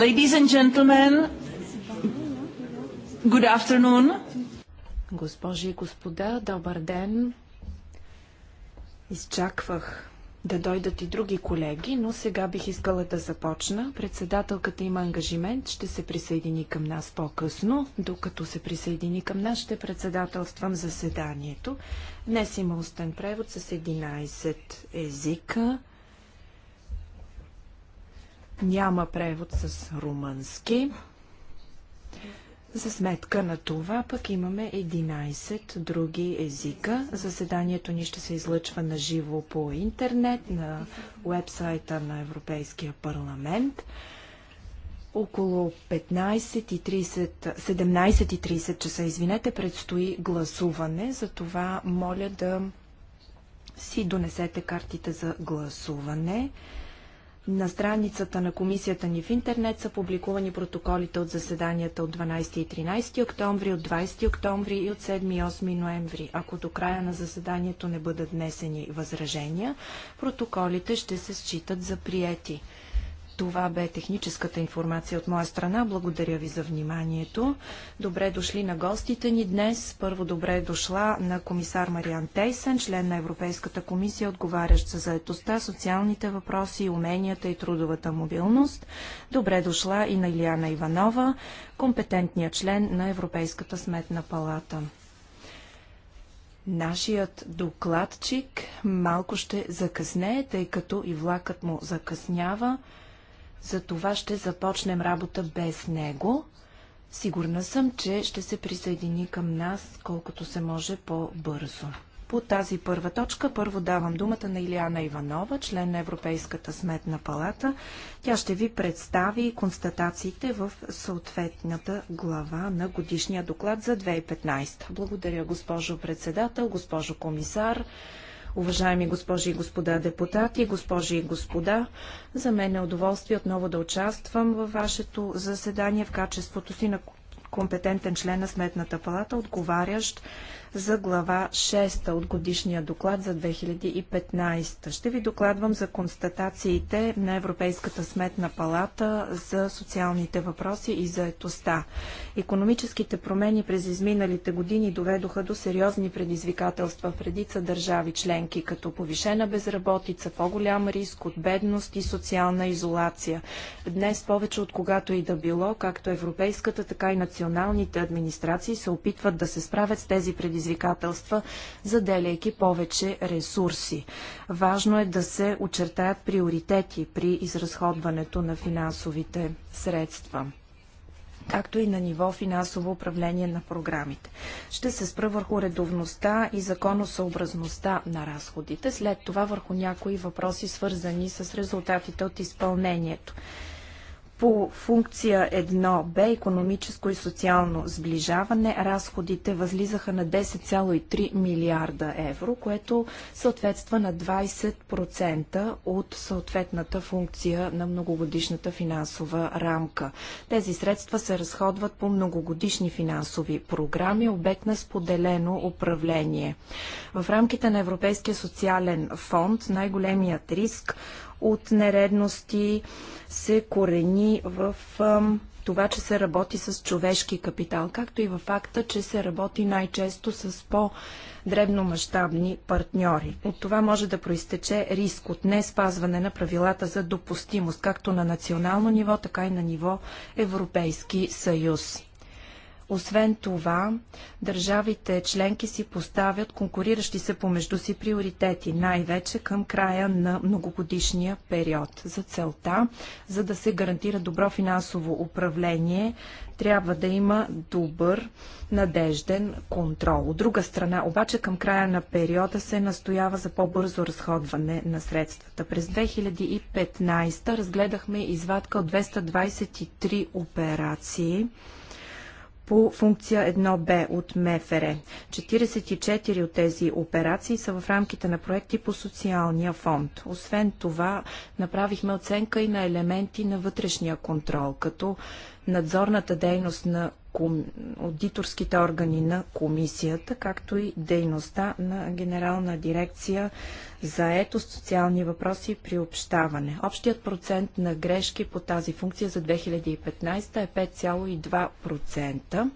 Ladies and gentlemen, good afternoon. Госпожи и господа, добър ден. Изчаквах да дойдат и други колеги, но сега бих искала да започна. Председателката има ангажимент, ще се присъедини към нас по-късно. Докато се присъедини към нас, ще председателствам заседанието. Днес има устен превод с 11 езика. Няма превод с румънски. За сметка на това пък имаме 11 други езика. Заседанието ни ще се излъчва на живо по интернет, на вебсайта на Европейския парламент. Около 15.30, 17.30 часа, извинете, предстои гласуване, затова моля да си донесете картите за гласуване. На страницата на комисията ни в интернет са публикувани протоколите от заседанията от 12 и 13 октомври, от 20 октомври и от 7 и 8 ноември. Ако до края на заседанието не бъдат внесени възражения, протоколите ще се считат за приети. Това бе техническата информация от моя страна. Благодаря ви за вниманието. Добре дошли на гостите ни днес. Първо добре е дошла на комисар Мариан Тейсен, член на Европейската комисия, отговарящ за заетостта, социалните въпроси, уменията и трудовата мобилност. Добре дошла и на Илияна Иванова, компетентния член на Европейската сметна палата. Нашият докладчик малко ще закъснее, тъй като и влакът му закъснява. За това ще започнем работа без него. Сигурна съм, че ще се присъедини към нас колкото се може по-бързо. По тази първа точка първо давам думата на Илиана Иванова, член на Европейската сметна палата. Тя ще ви представи констатациите в съответната глава на годишния доклад за 2015. Благодаря, госпожо председател, госпожо комисар, Уважаеми госпожи и господа депутати, госпожи и господа, за мен е удоволствие отново да участвам във вашето заседание в качеството си на компетентен член на Сметната палата, отговарящ за глава 6 от годишния доклад за 2015. Ще ви докладвам за констатациите на Европейската сметна палата за социалните въпроси и за етоста. Економическите промени през изминалите години доведоха до сериозни предизвикателства в редица държави членки, като повишена безработица, по-голям риск от бедност и социална изолация. Днес повече от когато и да било, както европейската, така и националните администрации се опитват да се справят с тези предизвикателства предизвикателства, заделяйки повече ресурси. Важно е да се очертаят приоритети при изразходването на финансовите средства както и на ниво финансово управление на програмите. Ще се спра върху редовността и законосъобразността на разходите, след това върху някои въпроси, свързани с резултатите от изпълнението. По функция 1Б економическо и социално сближаване разходите възлизаха на 10,3 милиарда евро, което съответства на 20% от съответната функция на многогодишната финансова рамка. Тези средства се разходват по многогодишни финансови програми, обект на споделено управление. В рамките на Европейския социален фонд най-големият риск от нередности се корени в това, че се работи с човешки капитал, както и във факта, че се работи най-често с по-дребномащабни партньори. От това може да проистече риск от не спазване на правилата за допустимост, както на национално ниво, така и на ниво Европейски съюз. Освен това, държавите членки си поставят конкуриращи се помежду си приоритети, най-вече към края на многогодишния период. За целта, за да се гарантира добро финансово управление, трябва да има добър, надежден контрол. От друга страна, обаче към края на периода се настоява за по-бързо разходване на средствата. През 2015 разгледахме извадка от 223 операции по функция 1Б от МФР. 44 от тези операции са в рамките на проекти по социалния фонд. Освен това, направихме оценка и на елементи на вътрешния контрол, като надзорната дейност на аудиторските органи на комисията, както и дейността на Генерална дирекция за ето социални въпроси при приобщаване. Общият процент на грешки по тази функция за 2015 е 5,2%.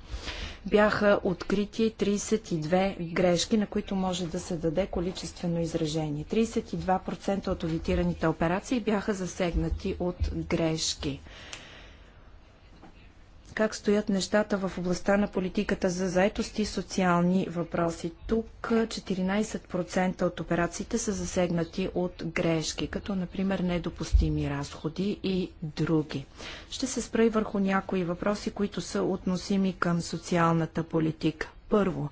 Бяха открити 32 грешки, на които може да се даде количествено изражение. 32% от аудитираните операции бяха засегнати от грешки как стоят нещата в областта на политиката за заетост и социални въпроси. Тук 14% от операциите са засегнати от грешки, като например недопустими разходи и други. Ще се спра и върху някои въпроси, които са относими към социалната политика. Първо,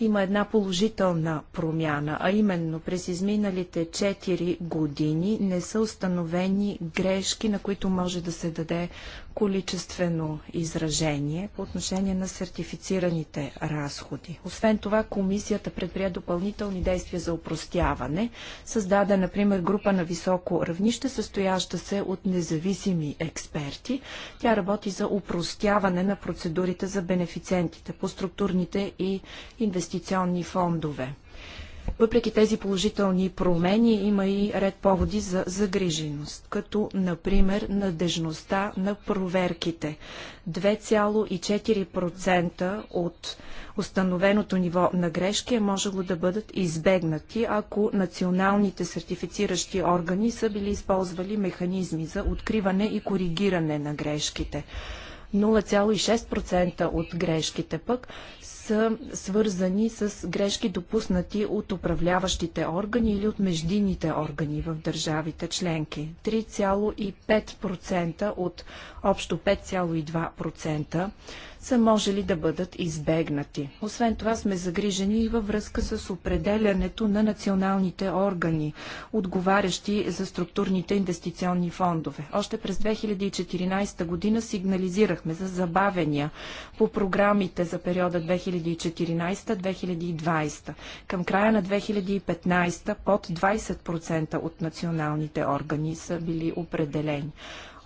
има една положителна промяна, а именно през изминалите 4 години не са установени грешки, на които може да се даде количествено изражение по отношение на сертифицираните разходи. Освен това, комисията предприе допълнителни действия за упростяване. Създаде, например, група на високо равнище, състояща се от независими експерти. Тя работи за упростяване на процедурите за бенефициентите по структурните и инвестиционни фондове. Въпреки тези положителни промени има и ред поводи за загриженост, като например надежността на проверките. 2,4% от установеното ниво на грешки е можело да бъдат избегнати, ако националните сертифициращи органи са били използвали механизми за откриване и коригиране на грешките. 0,6% от грешките пък са свързани с грешки допуснати от управляващите органи или от междинните органи в държавите членки. 3,5% от общо 5,2% са можели да бъдат избегнати. Освен това сме загрижени и във връзка с определянето на националните органи, отговарящи за структурните инвестиционни фондове. Още през 2014 година сигнализирахме за забавения по програмите за периода 2014-2020. Към края на 2015 под 20% от националните органи са били определени.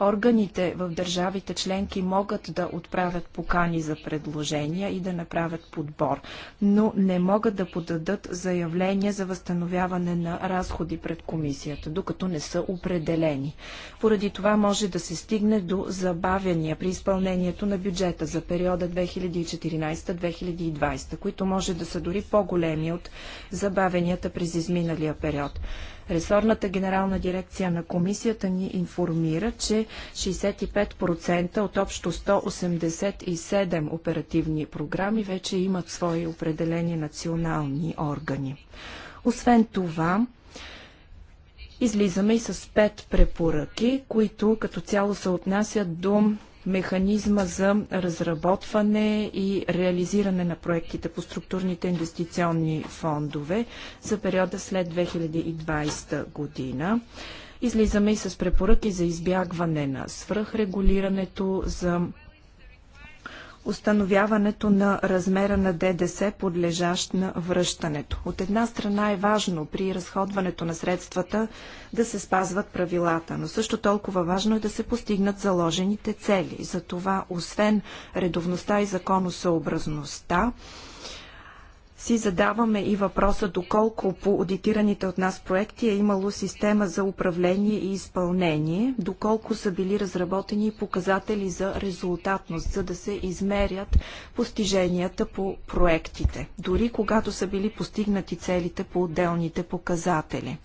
Органите в държавите членки могат да отправят покани за предложения и да направят подбор, но не могат да подадат заявления за възстановяване на разходи пред комисията, докато не са определени. Поради това може да се стигне до забавяния при изпълнението на бюджета за периода 2014-2020, които може да са дори по-големи от забавенията през изминалия период. Ресорната генерална дирекция на комисията ни информира, че 65% от общо 187 оперативни програми вече имат свои определени национални органи. Освен това, излизаме и с пет препоръки, които като цяло се отнасят до механизма за разработване и реализиране на проектите по структурните инвестиционни фондове за периода след 2020 година. Излизаме и с препоръки за избягване на свръхрегулирането, за установяването на размера на ДДС, подлежащ на връщането. От една страна е важно при разходването на средствата да се спазват правилата, но също толкова важно е да се постигнат заложените цели. Затова, освен редовността и законосъобразността, си задаваме и въпроса доколко по аудитираните от нас проекти е имало система за управление и изпълнение, доколко са били разработени показатели за резултатност, за да се измерят постиженията по проектите, дори когато са били постигнати целите по отделните показатели.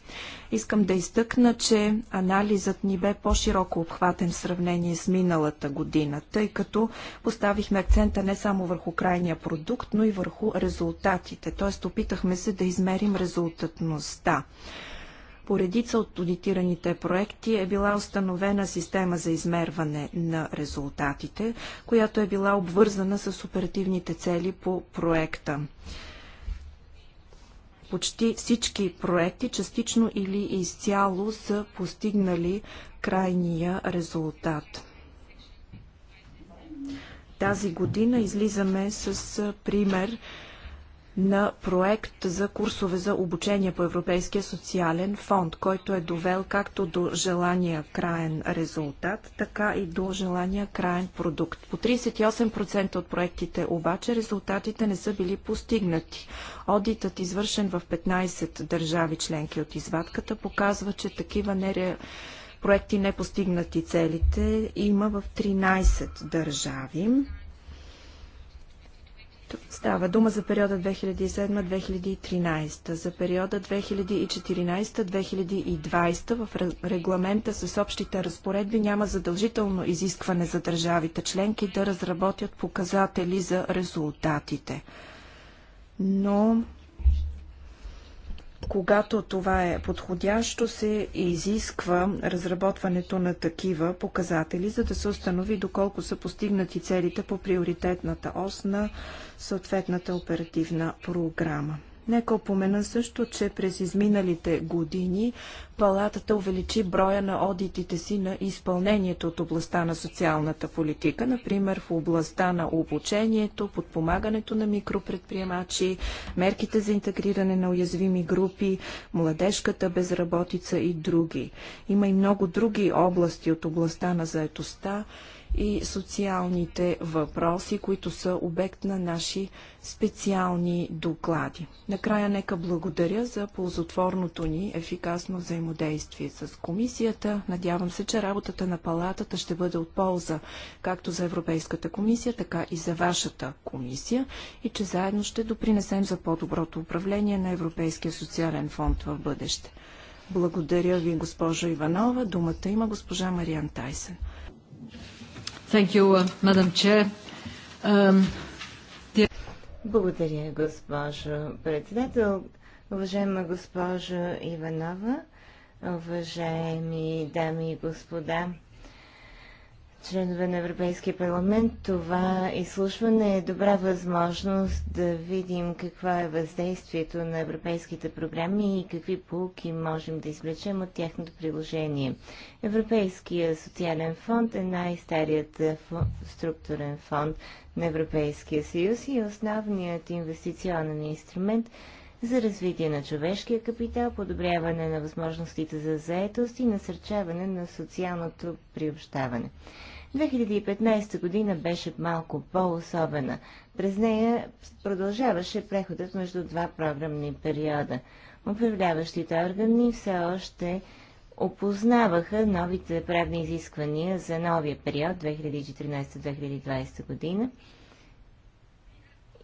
Искам да изтъкна, че анализът ни бе по-широко обхватен в сравнение с миналата година, тъй като поставихме акцента не само върху крайния продукт, но и върху резултатите. Т.е. опитахме се да измерим резултатността. По редица от аудитираните проекти е била установена система за измерване на резултатите, която е била обвързана с оперативните цели по проекта почти всички проекти частично или изцяло са постигнали крайния резултат. Тази година излизаме с пример на проект за курсове за обучение по Европейския социален фонд, който е довел както до желания краен резултат, така и до желания краен продукт. По 38% от проектите обаче резултатите не са били постигнати. Одитът, извършен в 15 държави членки от извадката, показва, че такива нере... проекти не постигнати целите има в 13 държави. Става дума за периода 2007-2013, за периода 2014-2020 в регламента с общите разпоредби няма задължително изискване за държавите членки да разработят показатели за резултатите. Но когато това е подходящо, се изисква разработването на такива показатели, за да се установи доколко са постигнати целите по приоритетната ос на съответната оперативна програма. Нека опомена също, че през изминалите години палатата увеличи броя на одитите си на изпълнението от областта на социалната политика, например в областта на обучението, подпомагането на микропредприемачи, мерките за интегриране на уязвими групи, младежката безработица и други. Има и много други области от областта на заетостта, и социалните въпроси, които са обект на наши специални доклади. Накрая нека благодаря за ползотворното ни ефикасно взаимодействие с комисията. Надявам се, че работата на палатата ще бъде от полза както за Европейската комисия, така и за вашата комисия и че заедно ще допринесем за по-доброто управление на Европейския социален фонд в бъдеще. Благодаря ви, госпожо Иванова. Думата има госпожа Мариан Тайсен. Thank you, uh, Madam Chair. Um, Благодаря, госпожо председател. Уважаема госпожо Иванова, уважаеми дами и господа членове на Европейския парламент, това изслушване е добра възможност да видим каква е въздействието на европейските програми и какви полки можем да извлечем от тяхното приложение. Европейския социален фонд е най-старият структурен фонд на Европейския съюз и е основният инвестиционен инструмент за развитие на човешкия капитал, подобряване на възможностите за заетост и насърчаване на социалното приобщаване. 2015 година беше малко по-особена. През нея продължаваше преходът между два програмни периода. Управляващите органи все още опознаваха новите правни изисквания за новия период 2014-2020 година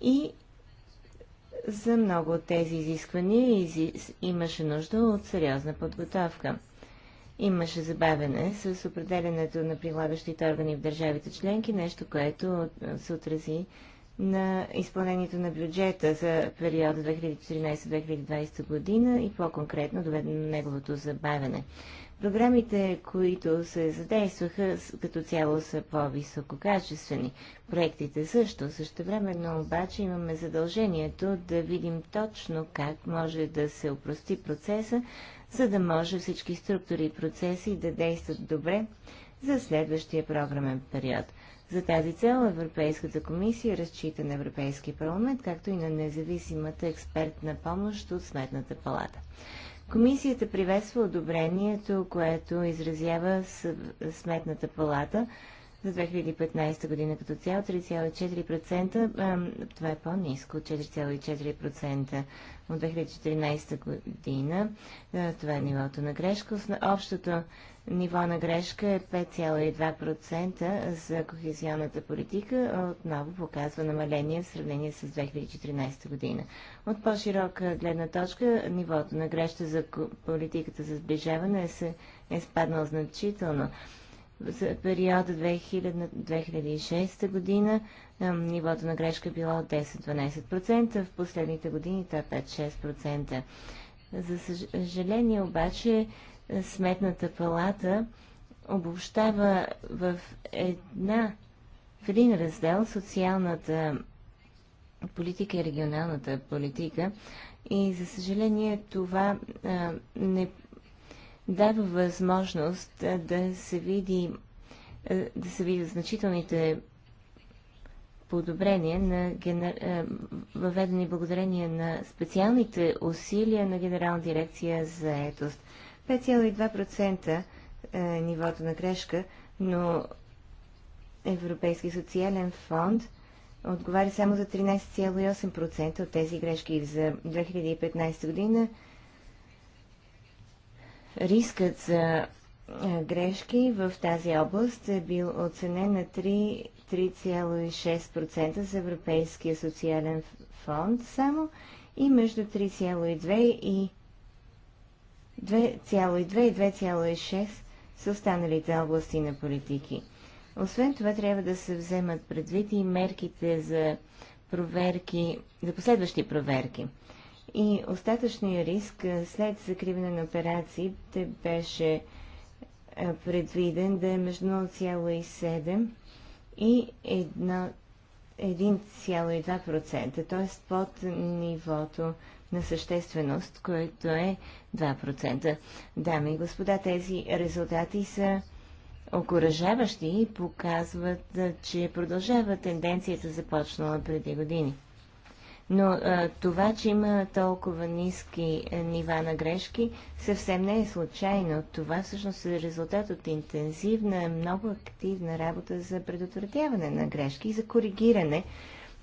и за много от тези изисквания имаше нужда от сериозна подготовка. Имаше забавене с определенето на прилагащите органи в държавите членки, нещо, което се отрази на изпълнението на бюджета за периода 2014-2020 година и по-конкретно доведено на неговото забавене. Програмите, които се задействаха, като цяло са по-висококачествени. Проектите също. но обаче имаме задължението да видим точно как може да се упрости процеса, за да може всички структури и процеси да действат добре за следващия програмен период. За тази цел Европейската комисия разчита на Европейския парламент, както и на независимата експертна помощ от Сметната палата. Комисията приветства одобрението, което изразява Сметната палата за 2015 година като цяло 3,4%. Това е по-низко от 4,4% от 2014 година. Това е нивото на грешка. Общото ниво на грешка е 5,2% за кохезионната политика. Отново показва намаление в сравнение с 2014 година. От по-широка гледна точка, нивото на грешка за политиката за сближаване е, е спаднал значително за периода 2000-2006 година нивото на грешка е било 10-12%, в последните години това 5-6%. Е за съжаление обаче Сметната палата обобщава в една в един раздел социалната политика и регионалната политика и за съжаление това а, не дава възможност е, да се види е, да се видят значителните подобрения на генер... Е, въведени благодарение на специалните усилия на Генерална дирекция за етост. 5,2% е нивото на грешка, но Европейски социален фонд отговаря само за 13,8% от тези грешки за 2015 година Рискът за грешки в тази област е бил оценен на 3,6% за Европейския социален фонд само и между 3,2 и 2,2 и 2,6 са останалите области на политики. Освен това трябва да се вземат предвид и мерките за проверки, за последващи проверки и остатъчния риск след закриване на операциите беше предвиден да е между 0,7 и 1,2%, т.е. под нивото на същественост, което е 2%. Дами и господа, тези резултати са окоръжаващи и показват, че продължава тенденцията започнала преди години. Но а, това, че има толкова ниски нива на грешки, съвсем не е случайно. Това всъщност е резултат от интензивна, много активна работа за предотвратяване на грешки и за коригиране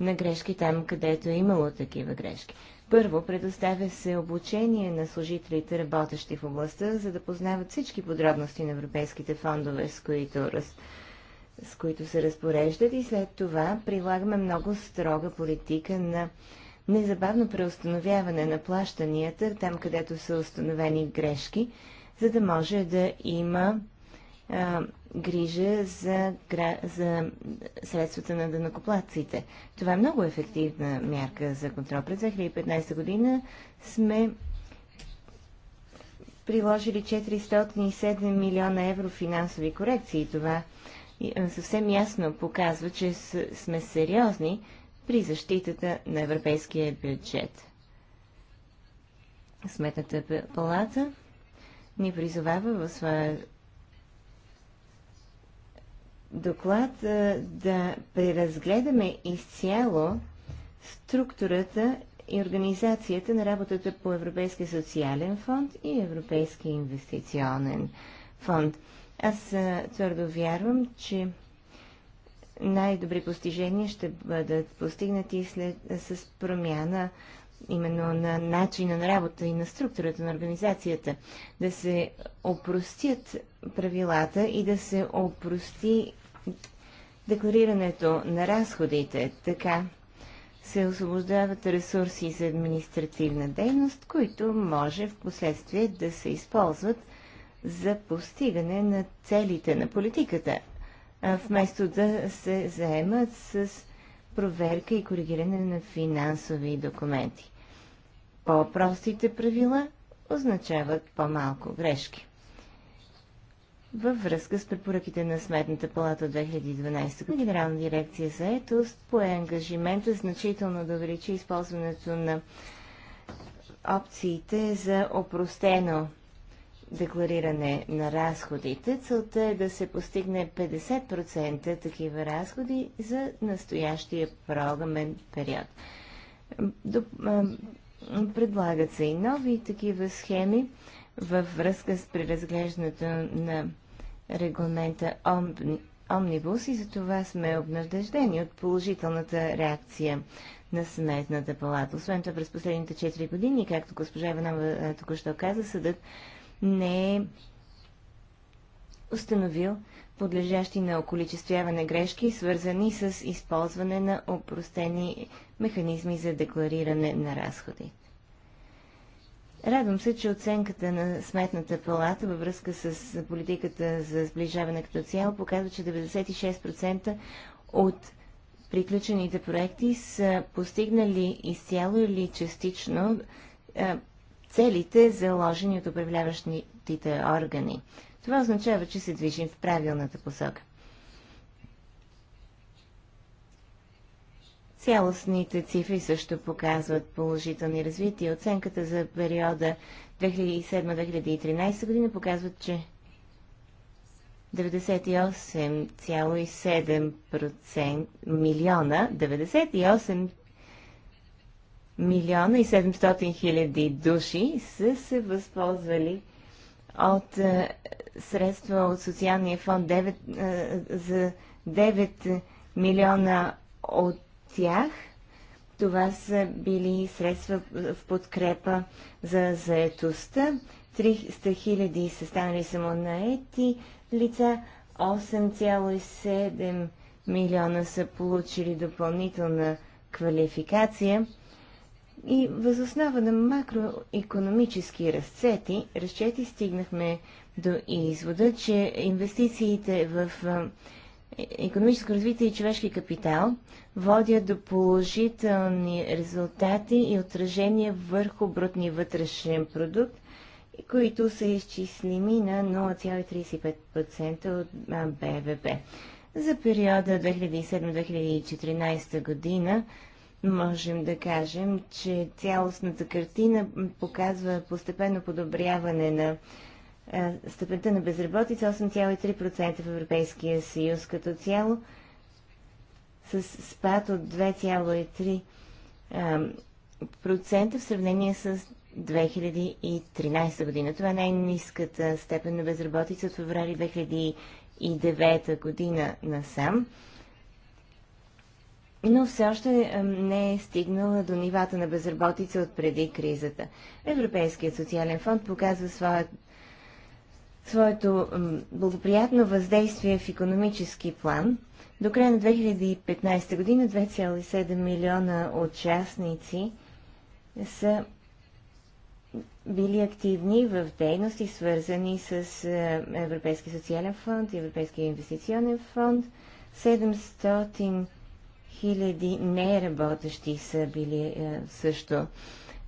на грешки там, където е имало такива грешки. Първо, предоставя се обучение на служителите, работещи в областта, за да познават всички подробности на европейските фондове, с които раз, с които се разпореждат и след това прилагаме много строга политика на незабавно преустановяване на плащанията там, където са установени грешки, за да може да има а, грижа за, за средствата на дънакоплаците. Това е много ефективна мярка за контрол. През 2015 година сме приложили 407 милиона евро финансови корекции. Това съвсем ясно показва, че сме сериозни при защитата на европейския бюджет. Сметната палата ни призовава в своя доклад да преразгледаме изцяло структурата и организацията на работата по Европейския социален фонд и Европейския инвестиционен фонд. Аз твърдо вярвам, че най-добри постижения ще бъдат постигнати след, с промяна именно на начина на работа и на структурата на организацията. Да се опростят правилата и да се опрости декларирането на разходите. Така се освобождават ресурси за административна дейност, които може в последствие да се използват – за постигане на целите на политиката, вместо да се заемат с проверка и коригиране на финансови документи. По-простите правила означават по-малко грешки. Във връзка с препоръките на Сметната палата от 2012 Генерална дирекция за етост пое ангажимента значително да увеличи използването на опциите за опростено деклариране на разходите. Целта е да се постигне 50% такива разходи за настоящия програмен период. Предлагат се и нови такива схеми във връзка с преразглеждането на регламента Омнибус и за това сме обнадеждени от положителната реакция на Сметната палата. Освен това, през последните 4 години, както госпожа Иванова току-що каза, съдът не е установил подлежащи на околичествяване грешки, свързани с използване на опростени механизми за деклариране на разходи. Радвам се, че оценката на Сметната палата във връзка с политиката за сближаване като цяло показва, че 96% от приключените проекти са постигнали изцяло или частично целите, заложени от управляващите органи. Това означава, че се движим в правилната посока. Цялостните цифри също показват положителни развития. Оценката за периода 2007-2013 година показват, че 98,7 милиона, 98 милиона и 700 хиляди души са се възползвали от е, средства от социалния фонд 9, е, за 9 милиона от тях. Това са били средства в подкрепа за заетостта. 300 хиляди са станали самонаети лица, 8,7 милиона са получили допълнителна квалификация и възоснова на макроекономически разцети, разчети стигнахме до извода, че инвестициите в економическо развитие и човешки капитал водят до положителни резултати и отражения върху брутния вътрешен продукт, които са изчислими на 0,35% от БВП. За периода 2007-2014 година можем да кажем, че цялостната картина показва постепенно подобряване на е, степента на безработица 8,3% в Европейския съюз като цяло с спад от 2,3% е, в сравнение с 2013 година. Това е най-низката степен на безработица от феврали 2009 година насам но все още не е стигнала до нивата на безработица от преди кризата. Европейският социален фонд показва своят, своето благоприятно въздействие в економически план. До края на 2015 година 2,7 милиона участници са били активни в дейности, свързани с е, Европейски социален фонд, Европейския инвестиционен фонд, 700 хиляди неработещи са били е, също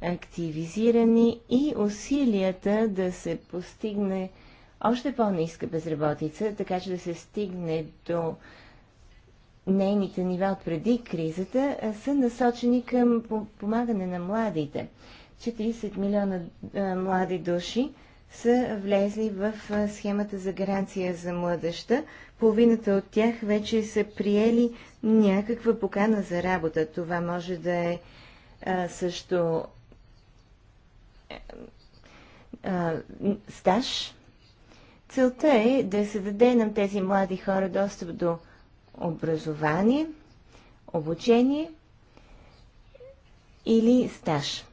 активизирани и усилията да се постигне още по-ниска безработица, така че да се стигне до нейните нива от преди кризата, е, са насочени към помагане на младите. 40 милиона е, млади души са влезли в схемата за гаранция за младеща. Половината от тях вече са приели някаква покана за работа. Това може да е а, също а, стаж. Целта е да се даде на тези млади хора достъп до образование, обучение или стаж.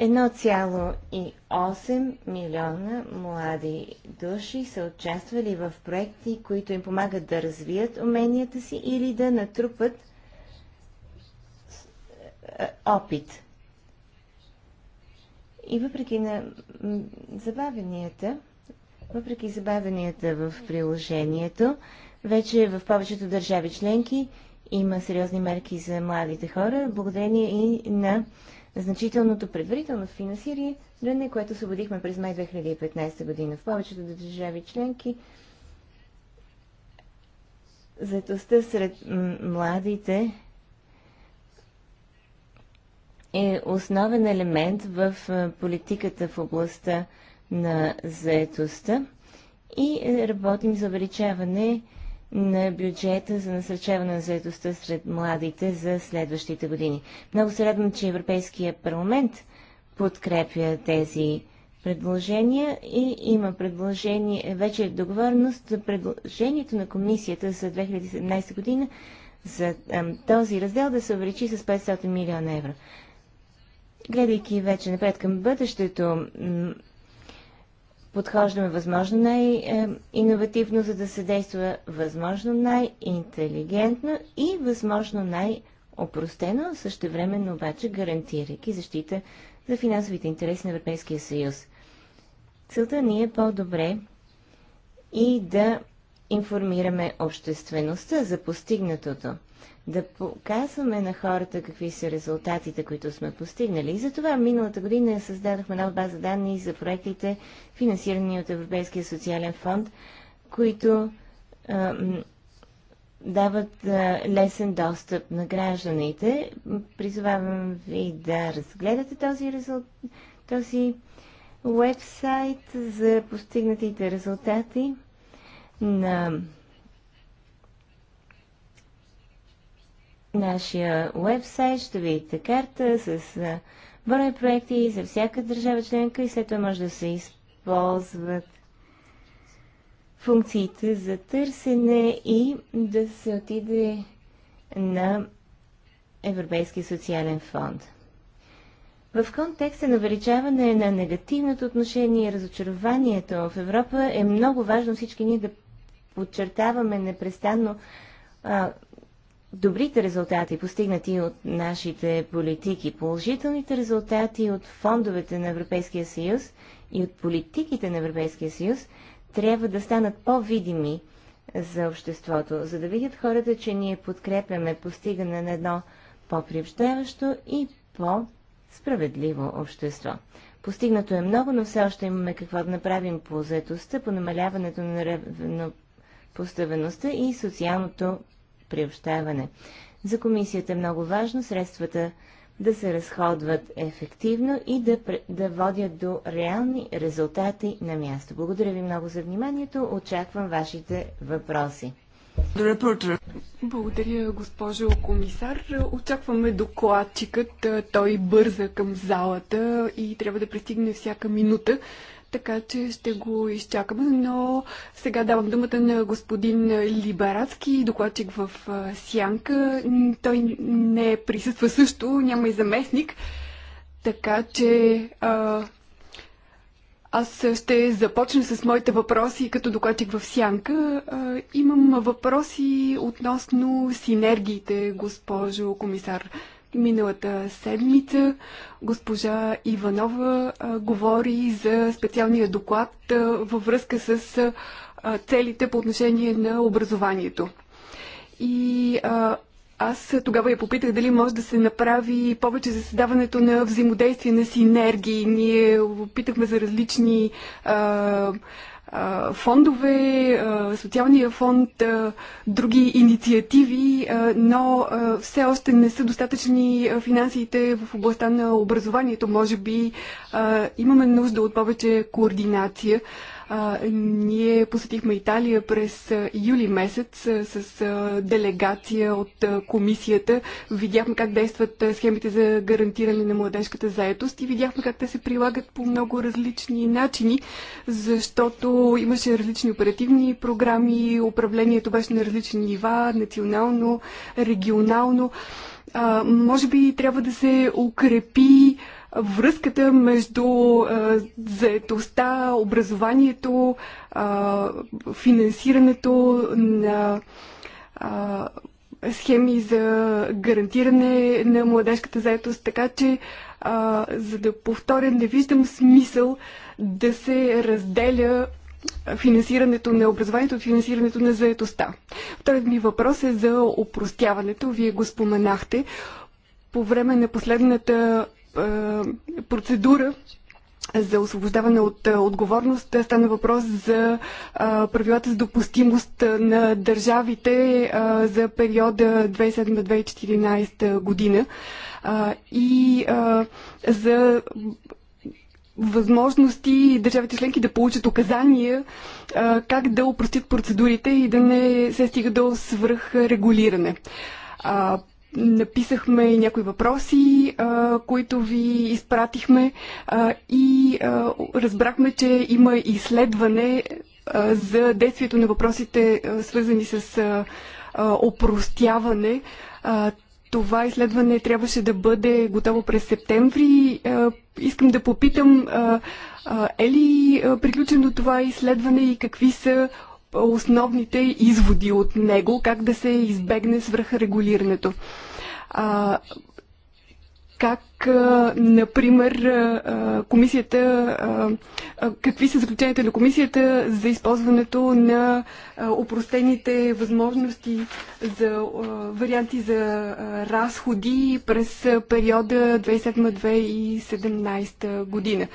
1,8 милиона млади души са участвали в проекти, които им помагат да развият уменията си или да натрупат е, опит. И въпреки на забавенията, въпреки забавенията в приложението, вече в повечето държави членки има сериозни мерки за младите хора, благодарение и на значителното предварително финансиране, което освободихме през май 2015 година. В повечето държави членки заетостта сред младите е основен елемент в политиката в областта на заетостта и е, работим за увеличаване на бюджета за насърчаване на заедостта сред младите за следващите години. Много се радвам, че Европейския парламент подкрепя тези предложения и има предложение, вече е договореност за предложението на комисията за 2017 година за ам, този раздел да се увеличи с 500 милиона евро. Гледайки вече напред към бъдещето, подхождаме възможно най-инновативно, за да се действа възможно най-интелигентно и възможно най-опростено, същевременно обаче гарантирайки защита за финансовите интереси на Европейския съюз. Целта ни е по-добре и да информираме обществеността за постигнатото да показваме на хората какви са резултатите, които сме постигнали. И затова миналата година създадохме нова база данни за проектите, финансирани от Европейския социален фонд, които а, дават а, лесен достъп на гражданите. Призовавам ви да разгледате този, резулт... този вебсайт за постигнатите резултати на нашия уебсайт ще видите карта с брой проекти за всяка държава членка и след това може да се използват функциите за търсене и да се отиде на Европейския социален фонд. В контекста на увеличаване на негативното отношение и разочарованието в Европа е много важно всички ние да подчертаваме непрестанно а, добрите резултати, постигнати от нашите политики, положителните резултати от фондовете на Европейския съюз и от политиките на Европейския съюз, трябва да станат по-видими за обществото, за да видят хората, че ние подкрепяме постигане на едно по-приобщаващо и по-справедливо общество. Постигнато е много, но все още имаме какво да направим по заетостта, по намаляването на поставеността и социалното приобщаване. За комисията е много важно средствата да се разходват ефективно и да, да водят до реални резултати на място. Благодаря ви много за вниманието. Очаквам вашите въпроси. Благодаря, госпожо комисар. Очакваме докладчикът. Той бърза към залата и трябва да пристигне всяка минута така че ще го изчакаме, но сега давам думата на господин Либарацки, докладчик в Сянка. Той не присъства също, няма и заместник, така че а, аз ще започна с моите въпроси като докладчик в Сянка. А, имам въпроси относно синергиите, госпожо комисар. Миналата седмица госпожа Иванова а, говори за специалния доклад а, във връзка с а, целите по отношение на образованието. И а, аз тогава я попитах дали може да се направи повече за създаването на взаимодействие на синергии. Ние опитахме за различни а, фондове, социалния фонд, други инициативи, но все още не са достатъчни финансите в областта на образованието. Може би имаме нужда от повече координация ние посетихме Италия през юли месец с делегация от комисията. Видяхме как действат схемите за гарантиране на младежката заетост и видяхме как те се прилагат по много различни начини, защото имаше различни оперативни програми, управлението беше на различни нива, национално, регионално а, може би трябва да се укрепи връзката между заетостта, образованието, финансирането на схеми за гарантиране на младежката заетост, така че а, за да повторя, не виждам смисъл да се разделя финансирането на образованието от финансирането на заетостта. Вторият ми въпрос е за опростяването. Вие го споменахте. По време на последната е, процедура за освобождаване от е, отговорност. Стана въпрос за е, правилата за допустимост на държавите за периода 2007-2014 година и за възможности държавите членки да получат указания как да упростят процедурите и да не се стига до свръхрегулиране написахме и някои въпроси, а, които ви изпратихме а, и а, разбрахме, че има изследване а, за действието на въпросите, а, свързани с а, а, опростяване. А, това изследване трябваше да бъде готово през септември. А, искам да попитам, а, а, е ли приключено това изследване и какви са основните изводи от него, как да се избегне свръхрегулирането. А, как, например, комисията, какви са заключенията на комисията за използването на опростените възможности за варианти за разходи през периода 2007-2017 година.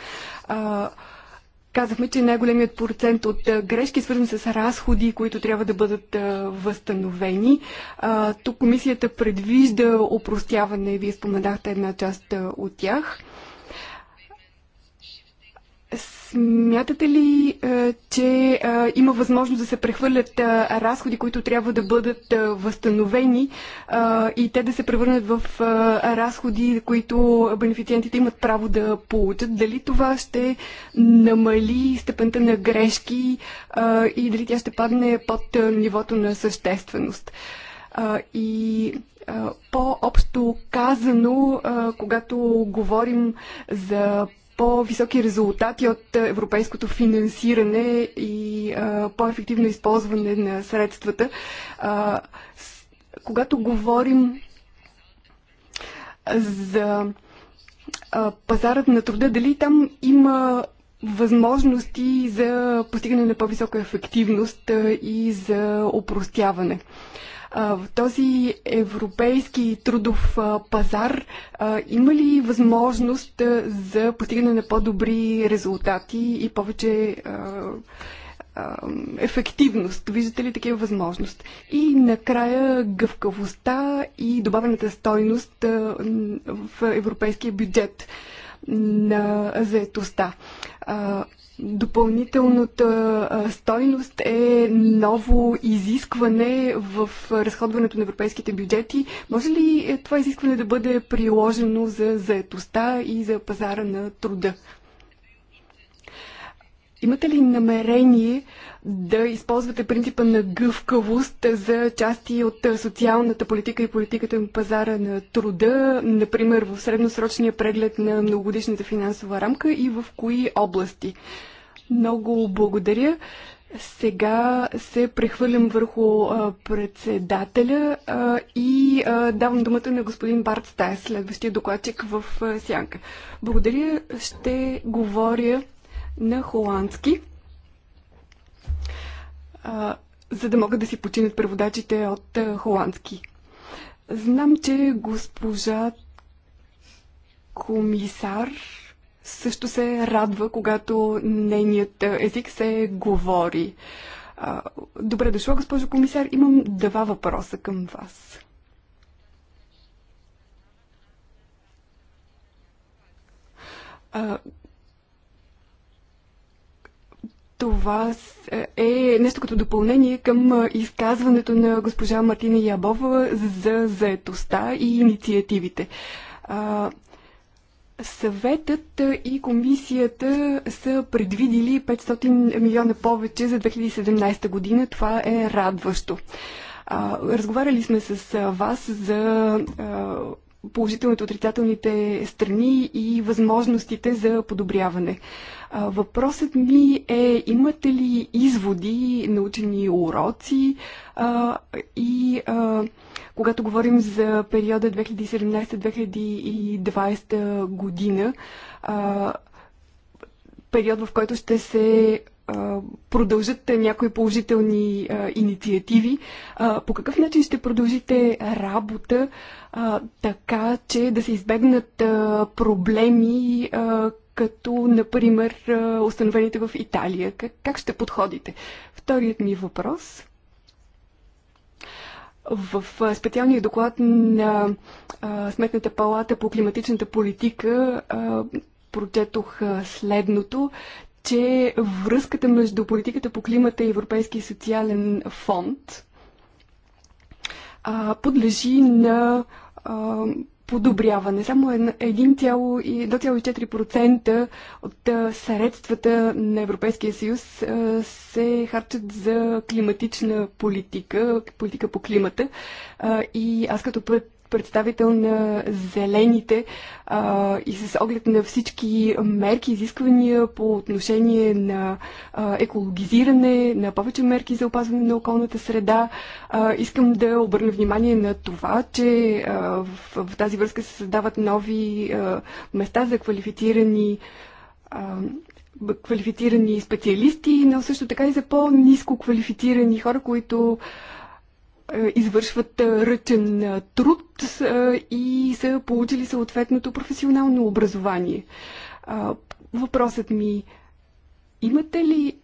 Казахме, че най-големият процент от грешки, свързани с разходи, които трябва да бъдат възстановени. Тук комисията предвижда опростяване, вие споменахте една част от тях. Смятате ли, е, че е, има възможност да се прехвърлят е, разходи, които трябва да бъдат възстановени и те да се превърнат в разходи, които бенефициентите имат право да получат? Дали това ще намали степента на грешки и дали тя ще падне под нивото на същественост? И по-общо казано, когато говорим за по-високи резултати от е, европейското финансиране и по-ефективно използване на средствата. А, с, когато говорим за а, пазарът на труда, дали там има възможности за постигане на по-висока ефективност и за опростяване. В този европейски трудов пазар има ли възможност за постигане на по-добри резултати и повече ефективност? Виждате ли такива възможност? И накрая гъвкавостта и добавената стойност в европейския бюджет на заетостта. Допълнителната стойност е ново изискване в разходването на европейските бюджети. Може ли е, това изискване да бъде приложено за заетостта и за пазара на труда? Имате ли намерение да използвате принципа на гъвкавост за части от социалната политика и политиката на пазара на труда, например в средносрочния преглед на многогодишната финансова рамка и в кои области? Много благодаря. Сега се прехвърлям върху председателя и давам думата на господин Барт Стая, следващия докладчик в Сянка. Благодаря. Ще говоря на холандски, за да могат да си починат преводачите от холандски. Знам, че госпожа комисар също се радва, когато нейният език се говори. Добре дошла, госпожо комисар. Имам два въпроса към вас. Това е нещо като допълнение към изказването на госпожа Мартина Ябова за заетостта и инициативите. Съветът и комисията са предвидили 500 милиона повече за 2017 година. Това е радващо. Разговаряли сме с вас за положителните, отрицателните страни и възможностите за подобряване. Въпросът ми е, имате ли изводи, научени уроци а, и а, когато говорим за периода 2017-2020 година, а, период в който ще се продължат някои положителни инициативи. По какъв начин ще продължите работа така, че да се избегнат проблеми, като, например, установените в Италия? Как ще подходите? Вторият ми въпрос в специалния доклад на Сметната палата по климатичната политика прочетох следното, че връзката между политиката по климата и Европейския социален фонд а, подлежи на а, подобряване. Само 1,4% от средствата на Европейския съюз се харчат за климатична политика, политика по климата. И аз като път представител на зелените а, и с оглед на всички мерки, изисквания по отношение на а, екологизиране, на повече мерки за опазване на околната среда, а, искам да обърна внимание на това, че а, в, в тази връзка се създават нови а, места за квалифицирани а, квалифицирани специалисти, но също така и за по-низко квалифицирани хора, които е, извършват е, ръчен е, труд и са получили съответното професионално образование. Въпросът ми, имате ли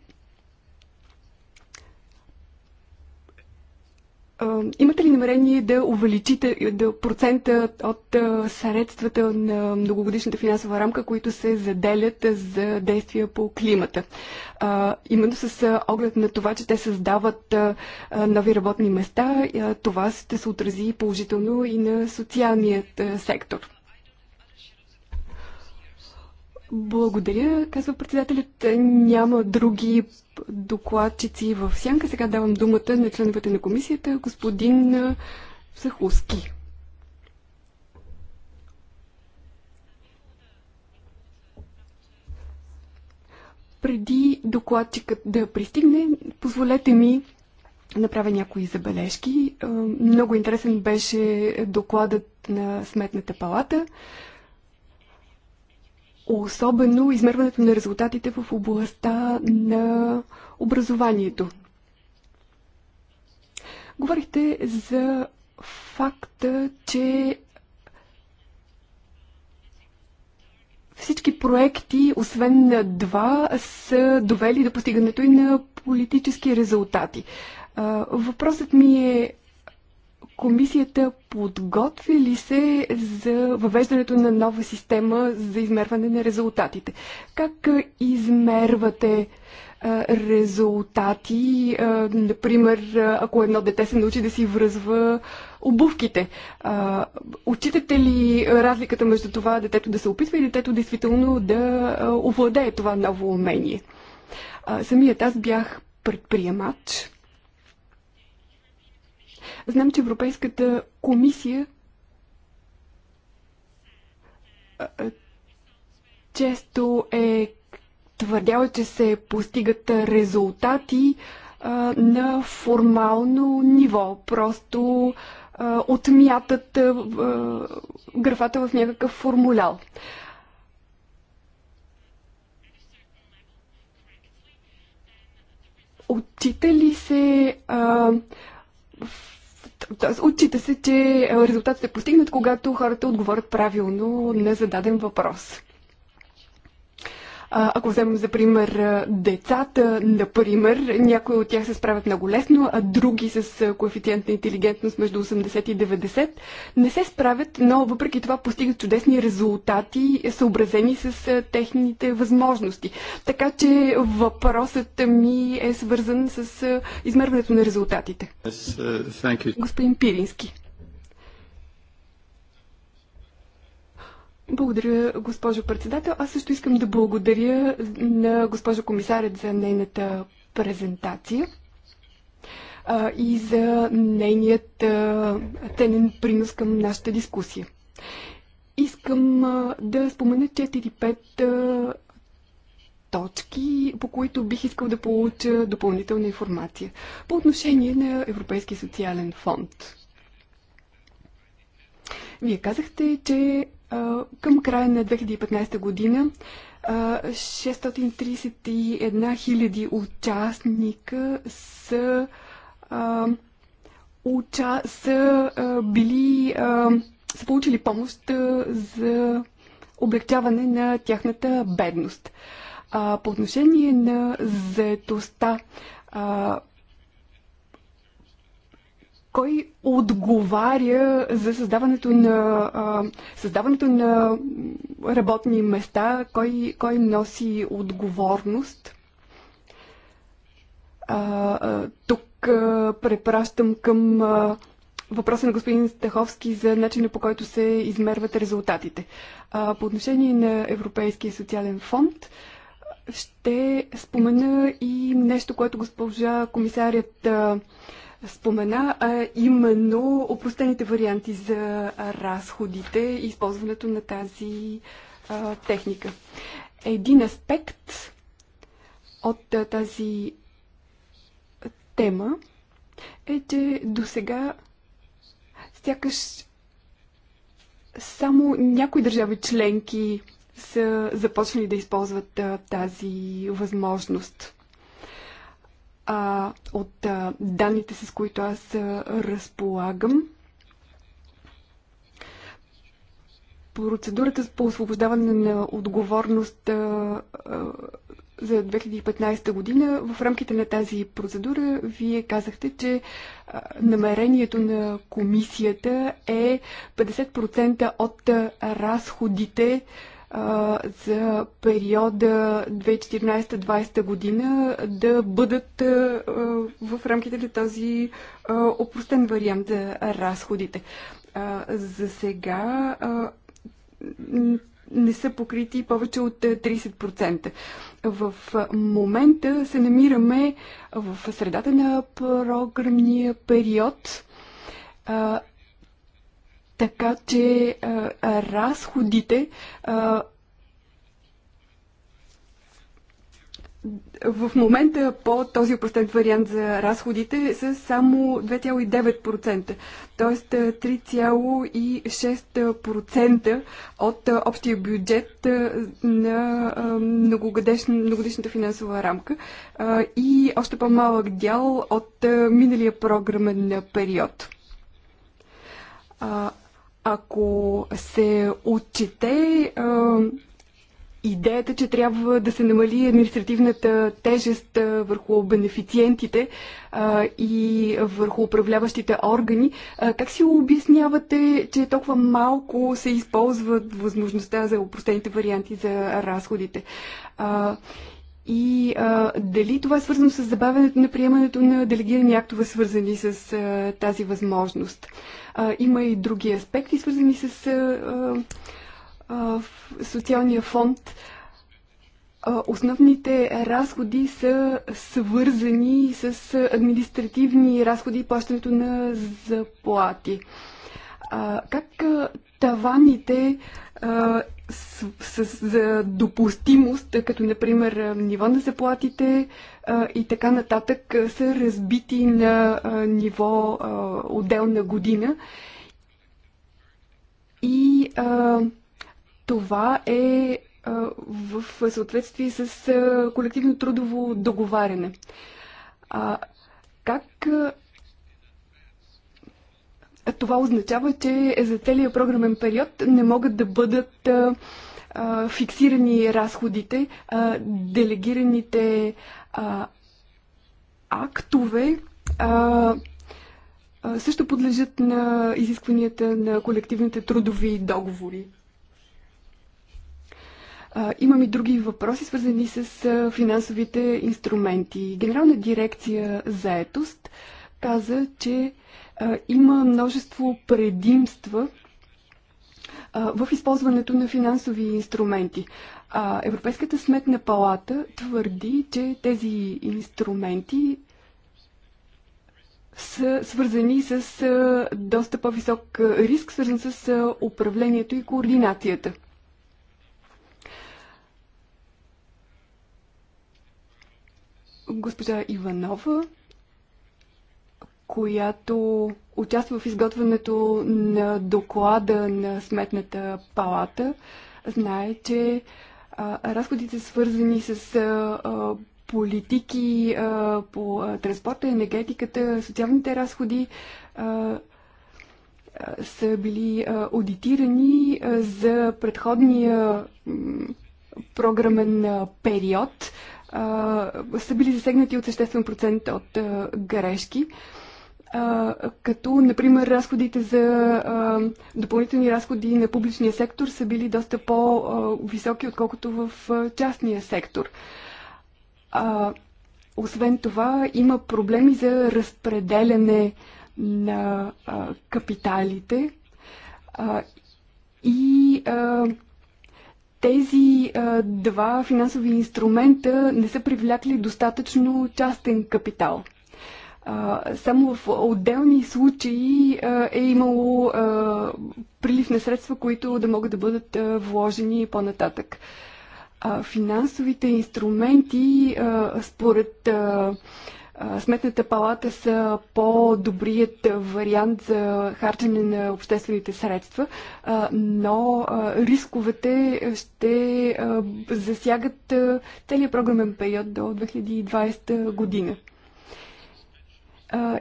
имате ли намерение да увеличите да процента от средствата на многогодишната финансова рамка, които се заделят за действия по климата? именно с оглед на това, че те създават нови работни места, това ще се отрази положително и на социалният сектор. Благодаря, казва председателят. Няма други докладчици в сянка. Сега давам думата на членовете на комисията, господин Сахуски. Преди докладчикът да пристигне, позволете ми направя някои забележки. Е, много интересен беше докладът на Сметната палата особено измерването на резултатите в областта на образованието. Говорихте за факта, че всички проекти, освен на два, са довели до постигането и на политически резултати. Въпросът ми е Комисията подготви ли се за въвеждането на нова система за измерване на резултатите? Как измервате резултати, например, ако едно дете се научи да си връзва обувките. Отчитате ли разликата между това детето да се опитва и детето действително да овладее това ново умение? Самият аз бях предприемач Знам, че Европейската комисия често е твърдяла, че се постигат резултати на формално ниво. Просто отмятат графата в някакъв формулял. Отчита ли се а, Тоест, отчита се, че резултатът е постигнат, когато хората отговорят правилно на зададен въпрос. Ако вземем за пример децата, например, някои от тях се справят много лесно, а други с коефициент на интелигентност между 80 и 90 не се справят, но въпреки това постигат чудесни резултати, съобразени с техните възможности. Така че въпросът ми е свързан с измерването на резултатите. Yes, uh, Господин Пирински. Благодаря, госпожо председател. Аз също искам да благодаря на госпожа комисарят за нейната презентация а, и за нейният а, ценен принос към нашата дискусия. Искам а, да спомена 4-5 точки, по които бих искал да получа допълнителна информация. По отношение на Европейския социален фонд. Вие казахте, че към края на 2015 година 631 хиляди участника са, уча, са били са получили помощ за облегчаване на тяхната бедност. по отношение на заетостта, кой отговаря за създаването на, а, създаването на работни места, кой, кой носи отговорност. А, а, тук а, препращам към а, въпроса на господин Стаховски за начина по който се измерват резултатите. А, по отношение на Европейския социален фонд, ще спомена и нещо, което госпожа комисарят. А, спомена, а именно опростените варианти за разходите и използването на тази а, техника. Един аспект от а, тази тема е, че до сега сякаш само някои държави членки са започнали да използват а, тази възможност а, от а, данните, с които аз а, разполагам. Процедурата по освобождаване на отговорност а, а, за 2015 година, в рамките на тази процедура, вие казахте, че а, намерението на комисията е 50% от а, разходите а, за периода 2014-2020 година да бъдат в рамките на този опростен вариант за разходите. За сега не са покрити повече от 30%. В момента се намираме в средата на програмния период така че а, разходите а, в момента по този упростен вариант за разходите са само 2,9%, т.е. 3,6% от общия бюджет на многодишната финансова рамка и още по-малък дял от миналия програмен период. Ако се отчете а, идеята, че трябва да се намали административната тежест а, върху бенефициентите а, и върху управляващите органи, а, как си обяснявате, че толкова малко се използват възможността за упростените варианти за разходите? А, и а, дали това е свързано с забавянето на приемането на делегирани актове, свързани с а, тази възможност? А, има и други аспекти, свързани с а, а, социалния фонд. А, основните разходи са свързани с административни разходи и плащането на заплати. А, как а, таваните а, с, с, за допустимост, като например ниво на заплатите а, и така нататък, са разбити на а, ниво а, отделна година. И а, това е а, в съответствие с а, колективно трудово договаряне. А, как това означава, че за целия програмен период не могат да бъдат фиксирани разходите, делегираните актове също подлежат на изискванията на колективните трудови договори. Имам и други въпроси, свързани с финансовите инструменти. Генерална дирекция заетост каза, че има множество предимства в използването на финансови инструменти. Европейската сметна палата твърди, че тези инструменти са свързани с доста по-висок риск, свързан с управлението и координацията. Госпожа Иванова която участва в изготвянето на доклада на Сметната палата, знае, че а, разходите свързани с а, политики а, по а, транспорта, енергетиката, социалните разходи а, са били а, аудитирани а, за предходния програмен а, период, а, са били засегнати от съществен процент от а, грешки. А, като, например, разходите за а, допълнителни разходи на публичния сектор са били доста по-високи, отколкото в а, частния сектор. А, освен това, има проблеми за разпределяне на а, капиталите а, и а, тези а, два финансови инструмента не са привлякли достатъчно частен капитал. Само в отделни случаи е имало прилив на средства, които да могат да бъдат вложени по-нататък. Финансовите инструменти, според Сметната палата са по-добрият вариант за харчене на обществените средства, но рисковете ще засягат целият програмен период до 2020 година.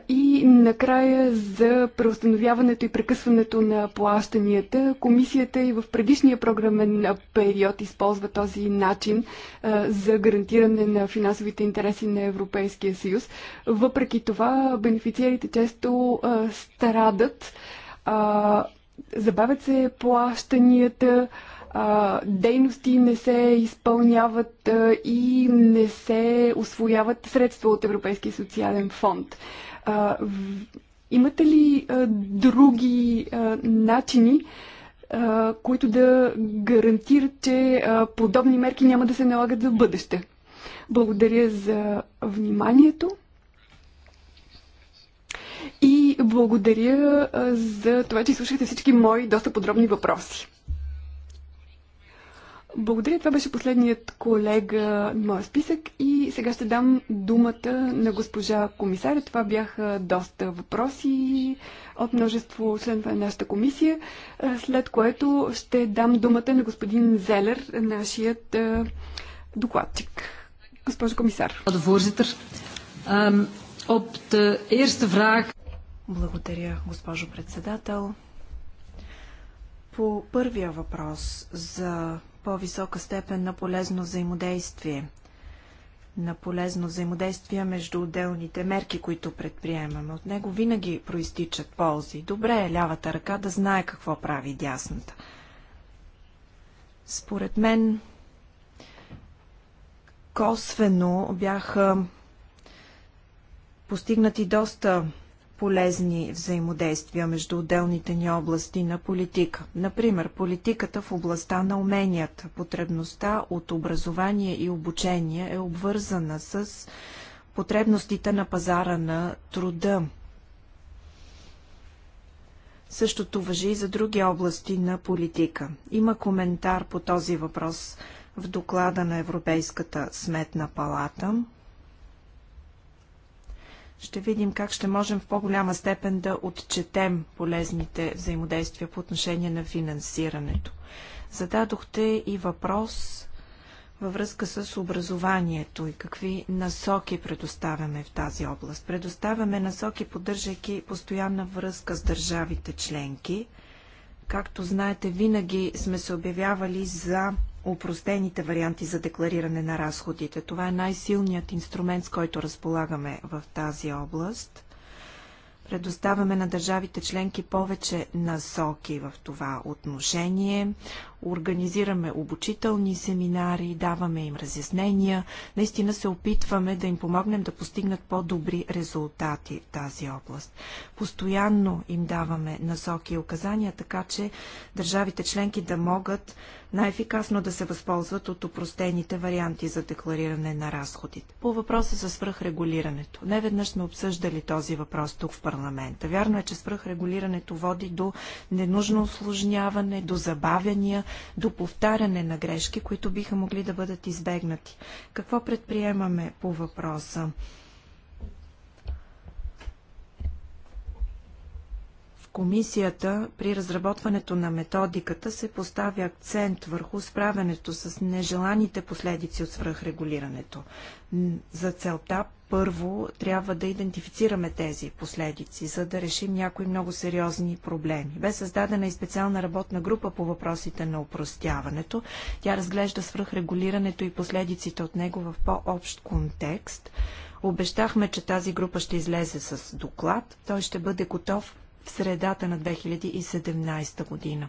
И накрая за преустановяването и прекъсването на плащанията. Комисията и в предишния програмен период използва този начин за гарантиране на финансовите интереси на Европейския съюз. Въпреки това, бенефициерите често страдат, забавят се плащанията, а, дейности не се изпълняват а, и не се освояват средства от Европейския социален фонд. А, в, имате ли а, други а, начини, а, които да гарантират, че а, подобни мерки няма да се налагат за бъдеще? Благодаря за вниманието. И благодаря за това, че слушахте всички мои доста подробни въпроси. Благодаря. Това беше последният колега на моя списък и сега ще дам думата на госпожа комисаря. Това бяха доста въпроси от множество членове на нашата комисия, след което ще дам думата на господин Зелер, нашият докладчик. Госпожо комисар. Благодаря, госпожо председател. По първия въпрос за по-висока степен на полезно взаимодействие. На полезно взаимодействие между отделните мерки, които предприемаме. От него винаги проистичат ползи. Добре е лявата ръка да знае какво прави дясната. Според мен, косвено бяха постигнати доста полезни взаимодействия между отделните ни области на политика. Например, политиката в областта на уменията. Потребността от образование и обучение е обвързана с потребностите на пазара на труда. Същото въжи и за други области на политика. Има коментар по този въпрос в доклада на Европейската сметна палата – ще видим как ще можем в по-голяма степен да отчетем полезните взаимодействия по отношение на финансирането. Зададохте и въпрос във връзка с образованието и какви насоки предоставяме в тази област. Предоставяме насоки, поддържайки постоянна връзка с държавите членки. Както знаете, винаги сме се обявявали за упростените варианти за деклариране на разходите. Това е най-силният инструмент, с който разполагаме в тази област. Предоставяме на държавите членки повече насоки в това отношение организираме обучителни семинари, даваме им разяснения. Наистина се опитваме да им помогнем да постигнат по-добри резултати в тази област. Постоянно им даваме насоки и указания, така че държавите членки да могат най-ефикасно да се възползват от упростените варианти за деклариране на разходите. По въпроса за свръхрегулирането. Не веднъж сме обсъждали този въпрос тук в парламента. Вярно е, че свръхрегулирането води до ненужно осложняване, до забавяния, до повтаряне на грешки, които биха могли да бъдат избегнати. Какво предприемаме по въпроса? комисията при разработването на методиката се поставя акцент върху справянето с нежеланите последици от свръхрегулирането. За целта първо, трябва да идентифицираме тези последици, за да решим някои много сериозни проблеми. Бе създадена и специална работна група по въпросите на упростяването. Тя разглежда свръхрегулирането и последиците от него в по-общ контекст. Обещахме, че тази група ще излезе с доклад. Той ще бъде готов в средата на 2017 година.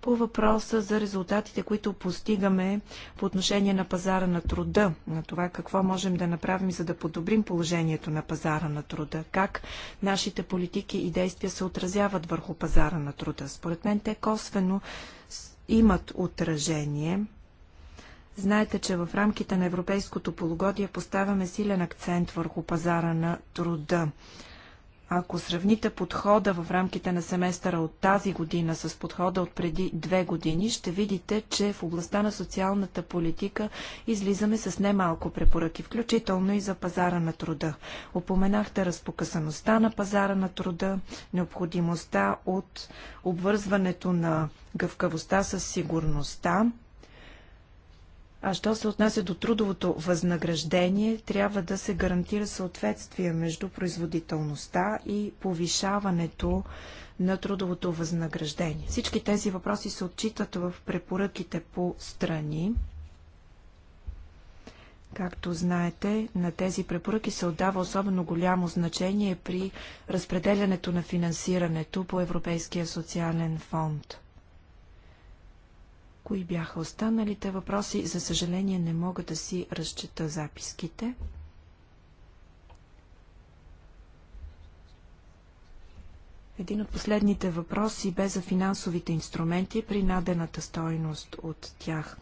По въпроса за резултатите, които постигаме по отношение на пазара на труда, на това какво можем да направим, за да подобрим положението на пазара на труда, как нашите политики и действия се отразяват върху пазара на труда. Според мен те косвено имат отражение Знаете, че в рамките на европейското полугодие поставяме силен акцент върху пазара на труда. Ако сравните подхода в рамките на семестъра от тази година с подхода от преди две години, ще видите, че в областта на социалната политика излизаме с немалко препоръки, включително и за пазара на труда. Опоменахте разпокъсаността на пазара на труда, необходимостта от обвързването на гъвкавостта с сигурността, а що се отнася до трудовото възнаграждение, трябва да се гарантира съответствие между производителността и повишаването на трудовото възнаграждение. Всички тези въпроси се отчитат в препоръките по страни. Както знаете, на тези препоръки се отдава особено голямо значение при разпределянето на финансирането по Европейския социален фонд. Кои бяха останалите въпроси? За съжаление не мога да си разчета записките. Един от последните въпроси бе за финансовите инструменти при надената стойност от тях.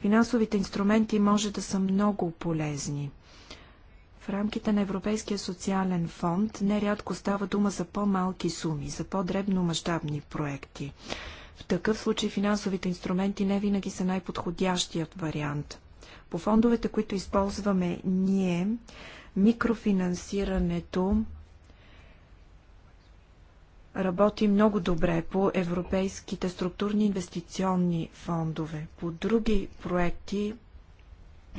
Финансовите инструменти може да са много полезни. В рамките на Европейския социален фонд нерядко става дума за по-малки суми, за по дребно мащабни проекти. В такъв случай финансовите инструменти не винаги са най-подходящият вариант. По фондовете, които използваме ние, микрофинансирането работи много добре по европейските структурни инвестиционни фондове. По други проекти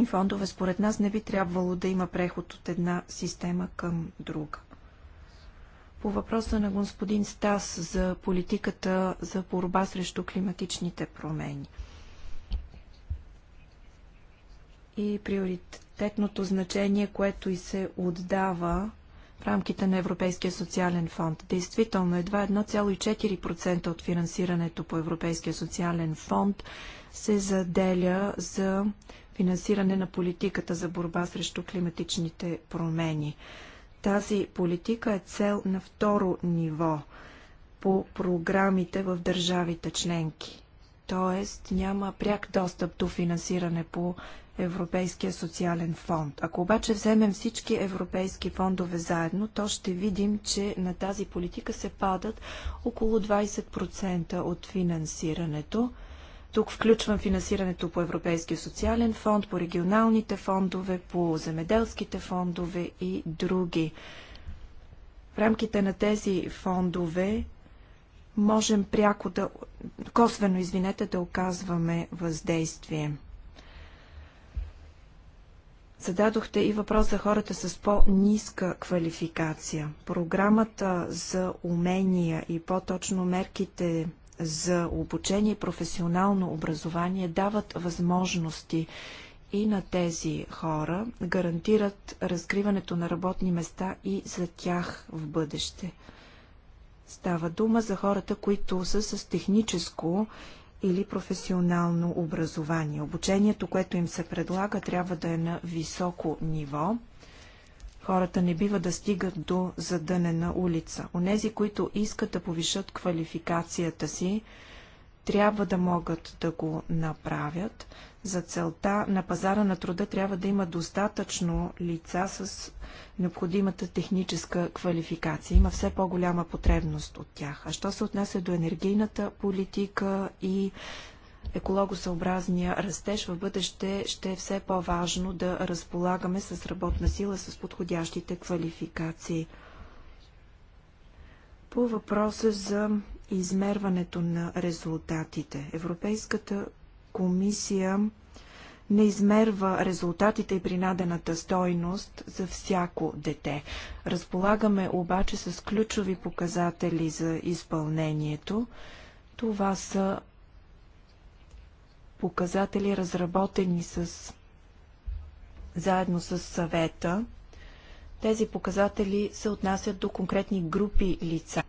и фондове, според нас, не би трябвало да има преход от една система към друга. По въпроса на господин Стас за политиката за борба срещу климатичните промени и приоритетното значение, което и се отдава в рамките на Европейския социален фонд. Действително, едва 1,4% от финансирането по Европейския социален фонд се заделя за финансиране на политиката за борба срещу климатичните промени. Тази политика е цел на второ ниво по програмите в държавите членки. Тоест няма пряк достъп до финансиране по Европейския социален фонд. Ако обаче вземем всички европейски фондове заедно, то ще видим, че на тази политика се падат около 20% от финансирането. Тук включвам финансирането по Европейския социален фонд, по регионалните фондове, по земеделските фондове и други. В рамките на тези фондове можем пряко да, косвено, извинете, да оказваме въздействие. Зададохте и въпрос за хората с по-ниска квалификация. Програмата за умения и по-точно мерките за обучение и професионално образование дават възможности и на тези хора, гарантират разкриването на работни места и за тях в бъдеще. Става дума за хората, които са с техническо или професионално образование. Обучението, което им се предлага, трябва да е на високо ниво. Хората не бива да стигат до задънена улица. Онези, които искат да повишат квалификацията си, трябва да могат да го направят. За целта на пазара на труда трябва да има достатъчно лица с необходимата техническа квалификация. Има все по-голяма потребност от тях. А що се отнася до енергийната политика и екологосъобразния растеж в бъдеще ще е все по-важно да разполагаме с работна сила с подходящите квалификации. По въпроса за измерването на резултатите. Европейската комисия не измерва резултатите и принадената стойност за всяко дете. Разполагаме обаче с ключови показатели за изпълнението. Това са показатели, разработени с, заедно с съвета. Тези показатели се отнасят до конкретни групи лица.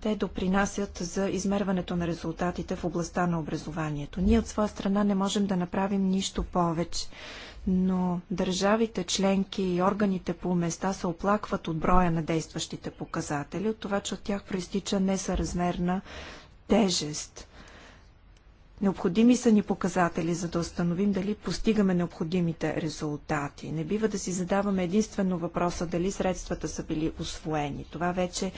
Те допринасят за измерването на резултатите в областта на образованието. Ние от своя страна не можем да направим нищо повече, но държавите, членки и органите по места се оплакват от броя на действащите показатели, от това, че от тях проистича несъразмерна тежест. Необходими са ни показатели, за да установим дали постигаме необходимите резултати. Не бива да си задаваме единствено въпроса дали средствата са били освоени. Това вече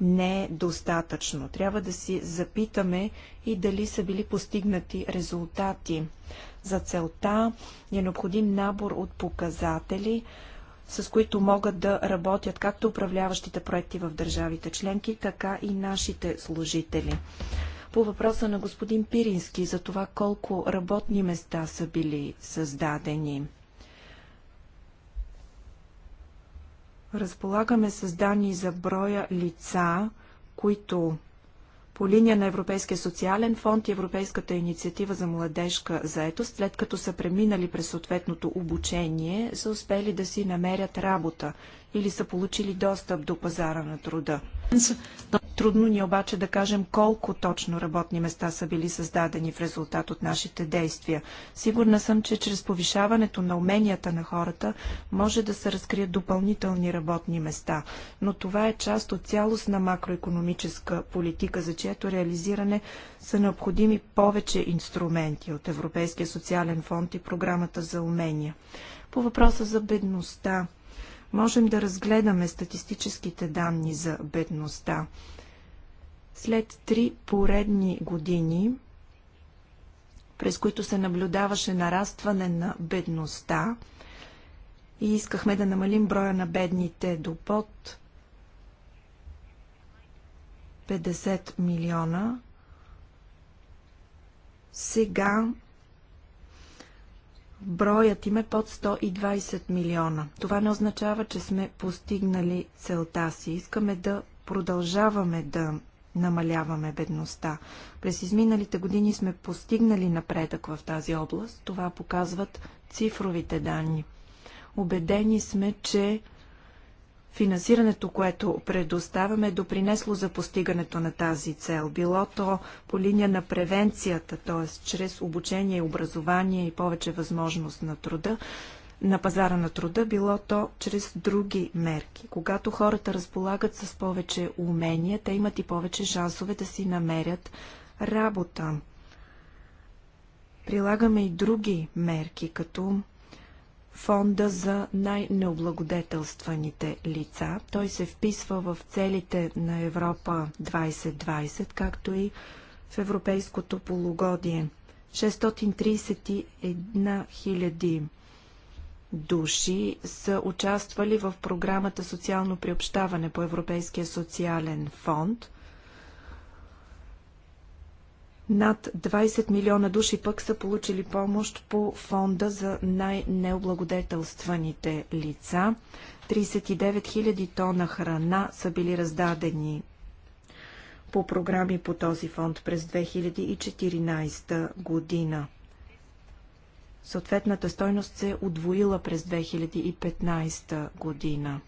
не е достатъчно. Трябва да си запитаме и дали са били постигнати резултати. За целта е необходим набор от показатели, с които могат да работят както управляващите проекти в държавите членки, така и нашите служители по въпроса на господин Пирински за това колко работни места са били създадени. Разполагаме създани за броя лица, които по линия на Европейския социален фонд и Европейската инициатива за младежка заетост, след като са преминали през съответното обучение, са успели да си намерят работа или са получили достъп до пазара на труда. Трудно ни е обаче да кажем колко точно работни места са били създадени в резултат от нашите действия. Сигурна съм, че чрез повишаването на уменията на хората може да се разкрият допълнителни работни места, но това е част от цялостна макроекономическа политика, за чието реализиране са необходими повече инструменти от Европейския социален фонд и програмата за умения. По въпроса за бедността, можем да разгледаме статистическите данни за бедността. След три поредни години, през които се наблюдаваше нарастване на бедността и искахме да намалим броя на бедните до под 50 милиона, сега броят им е под 120 милиона. Това не означава, че сме постигнали целта си. Искаме да продължаваме да намаляваме бедността. През изминалите години сме постигнали напредък в тази област. Това показват цифровите данни. Обедени сме, че Финансирането, което предоставяме, е допринесло за постигането на тази цел. Било то по линия на превенцията, т.е. чрез обучение, и образование и повече възможност на труда, на пазара на труда, било то чрез други мерки. Когато хората разполагат с повече умения, те имат и повече шансове да си намерят работа. Прилагаме и други мерки, като фонда за най-необлагодетелстваните лица. Той се вписва в целите на Европа 2020, както и в европейското полугодие. 631 000 души са участвали в програмата социално приобщаване по Европейския социален фонд. Над 20 милиона души пък са получили помощ по фонда за най-необлагодетелстваните лица. 39 000 тона храна са били раздадени по програми по този фонд през 2014 година. Съответната стойност се удвоила през 2015 година.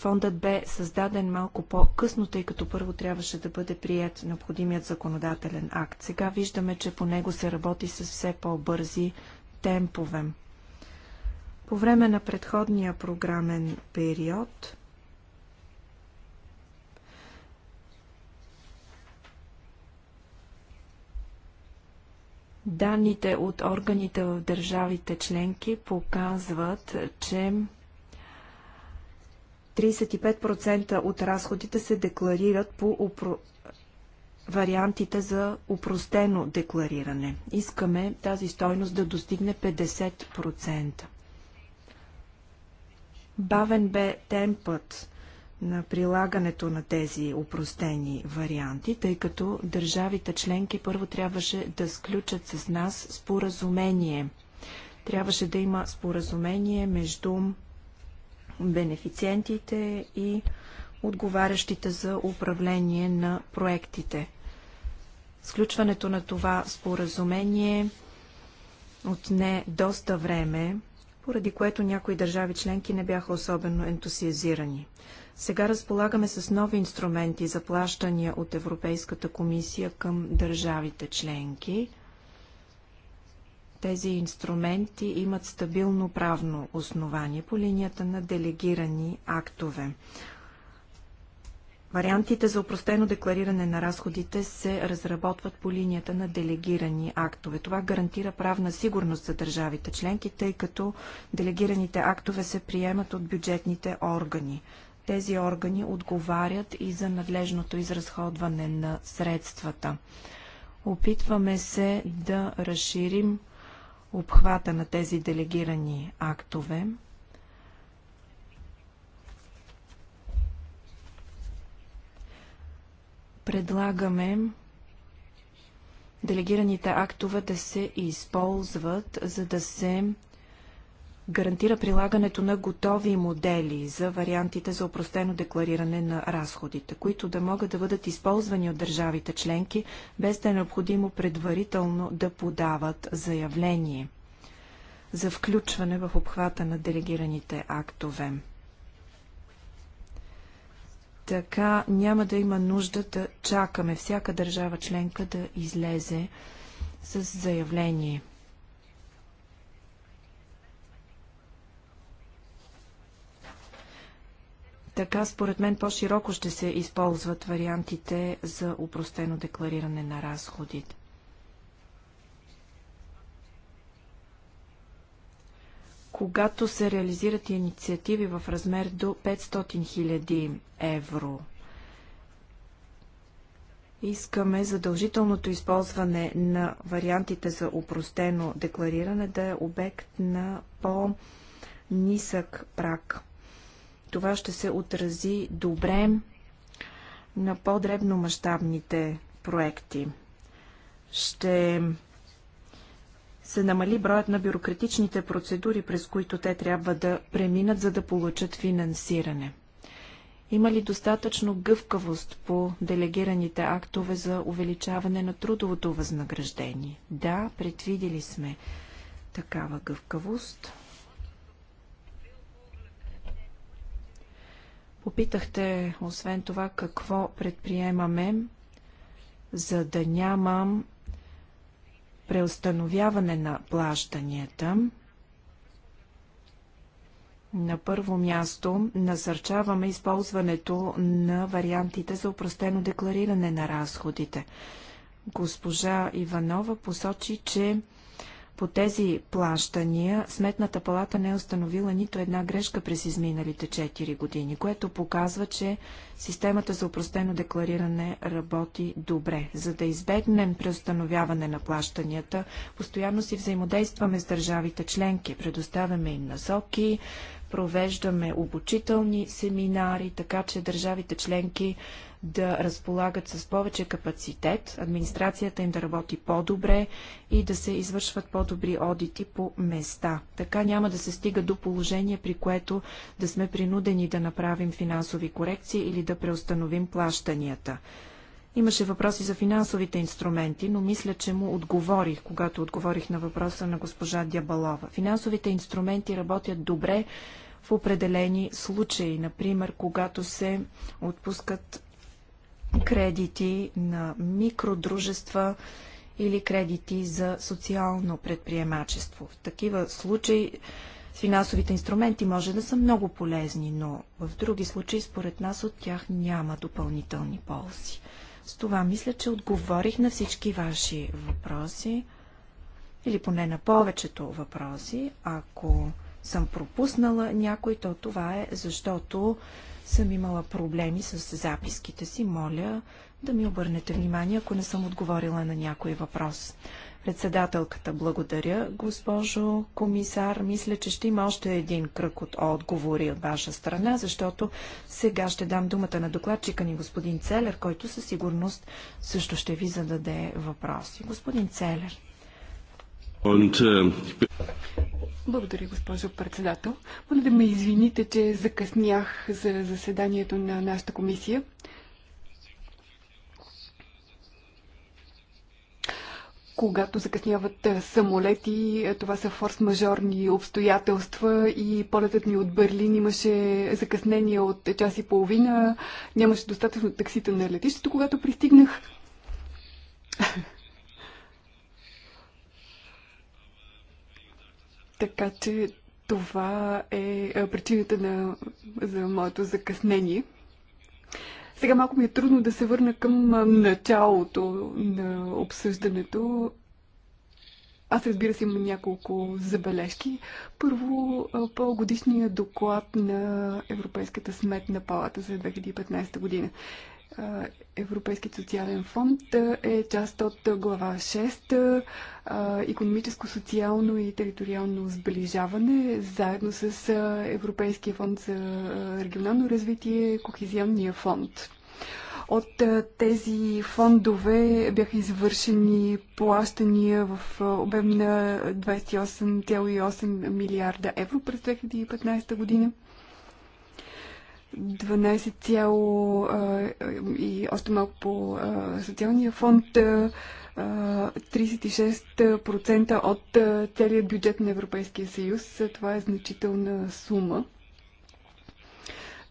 Фондът бе създаден малко по-късно, тъй като първо трябваше да бъде прият необходимият законодателен акт. Сега виждаме, че по него се работи с все по-бързи темпове. По време на предходния програмен период данните от органите в държавите членки показват, че 35% от разходите се декларират по упро... вариантите за упростено деклариране. Искаме тази стойност да достигне 50%. Бавен бе темпът на прилагането на тези упростени варианти, тъй като държавите членки първо трябваше да сключат с нас споразумение. Трябваше да има споразумение между бенефициентите и отговарящите за управление на проектите. Сключването на това споразумение отне доста време, поради което някои държави членки не бяха особено ентусиазирани. Сега разполагаме с нови инструменти за плащания от Европейската комисия към държавите членки – тези инструменти имат стабилно правно основание по линията на делегирани актове. Вариантите за упростено деклариране на разходите се разработват по линията на делегирани актове. Това гарантира правна сигурност за държавите членки, тъй като делегираните актове се приемат от бюджетните органи. Тези органи отговарят и за надлежното изразходване на средствата. Опитваме се да разширим обхвата на тези делегирани актове. Предлагаме делегираните актове да се използват, за да се гарантира прилагането на готови модели за вариантите за упростено деклариране на разходите, които да могат да бъдат използвани от държавите членки, без да е необходимо предварително да подават заявление за включване в обхвата на делегираните актове. Така няма да има нужда да чакаме всяка държава членка да излезе с заявление – Така, според мен, по-широко ще се използват вариантите за упростено деклариране на разходите. Когато се реализират инициативи в размер до 500 000 евро, искаме задължителното използване на вариантите за упростено деклариране да е обект на по-нисък прак това ще се отрази добре на по-дребно мащабните проекти. Ще се намали броят на бюрократичните процедури, през които те трябва да преминат, за да получат финансиране. Има ли достатъчно гъвкавост по делегираните актове за увеличаване на трудовото възнаграждение? Да, предвидели сме такава гъвкавост. Попитахте, освен това, какво предприемаме, за да нямам преустановяване на плащанията. На първо място насърчаваме използването на вариантите за упростено деклариране на разходите. Госпожа Иванова посочи, че по тези плащания Сметната палата не е установила нито една грешка през изминалите 4 години, което показва, че системата за упростено деклариране работи добре. За да избегнем преустановяване на плащанията, постоянно си взаимодействаме с държавите членки, предоставяме им насоки, провеждаме обучителни семинари, така че държавите членки да разполагат с повече капацитет, администрацията им да работи по-добре и да се извършват по-добри одити по места. Така няма да се стига до положение, при което да сме принудени да направим финансови корекции или да преустановим плащанията. Имаше въпроси за финансовите инструменти, но мисля, че му отговорих, когато отговорих на въпроса на госпожа Дябалова. Финансовите инструменти работят добре в определени случаи, например, когато се отпускат кредити на микродружества или кредити за социално предприемачество. В такива случаи финансовите инструменти може да са много полезни, но в други случаи според нас от тях няма допълнителни ползи. С това мисля, че отговорих на всички ваши въпроси или поне на повечето въпроси. Ако съм пропуснала някой, то това е защото съм имала проблеми с записките си. Моля да ми обърнете внимание, ако не съм отговорила на някой въпрос. Председателката, благодаря, госпожо комисар. Мисля, че ще има още един кръг от отговори от ваша страна, защото сега ще дам думата на докладчика ни господин Целер, който със сигурност също ще ви зададе въпроси. Господин Целер. Äh, Благодаря, госпожо председател. Моля да ме извините, че закъснях за заседанието на нашата комисия. когато закъсняват самолети, това са форс-мажорни обстоятелства и полетът ни от Берлин имаше закъснение от час и половина, нямаше достатъчно таксита на летището, когато пристигнах. Така че това е, е причината на, за моето закъснение. Сега малко ми е трудно да се върна към началото на обсъждането. Аз разбира се имам няколко забележки. Първо, по-годишния доклад на Европейската сметна палата за 2015 година. Европейският социален фонд е част от глава 6 економическо, социално и териториално сближаване, заедно с Европейския фонд за регионално развитие, Кохезионния фонд. От тези фондове бяха извършени плащания в обем на 28,8 милиарда евро през 2015 година. 12 цяло и още малко по социалния фонд 36% от целият бюджет на Европейския съюз. Това е значителна сума.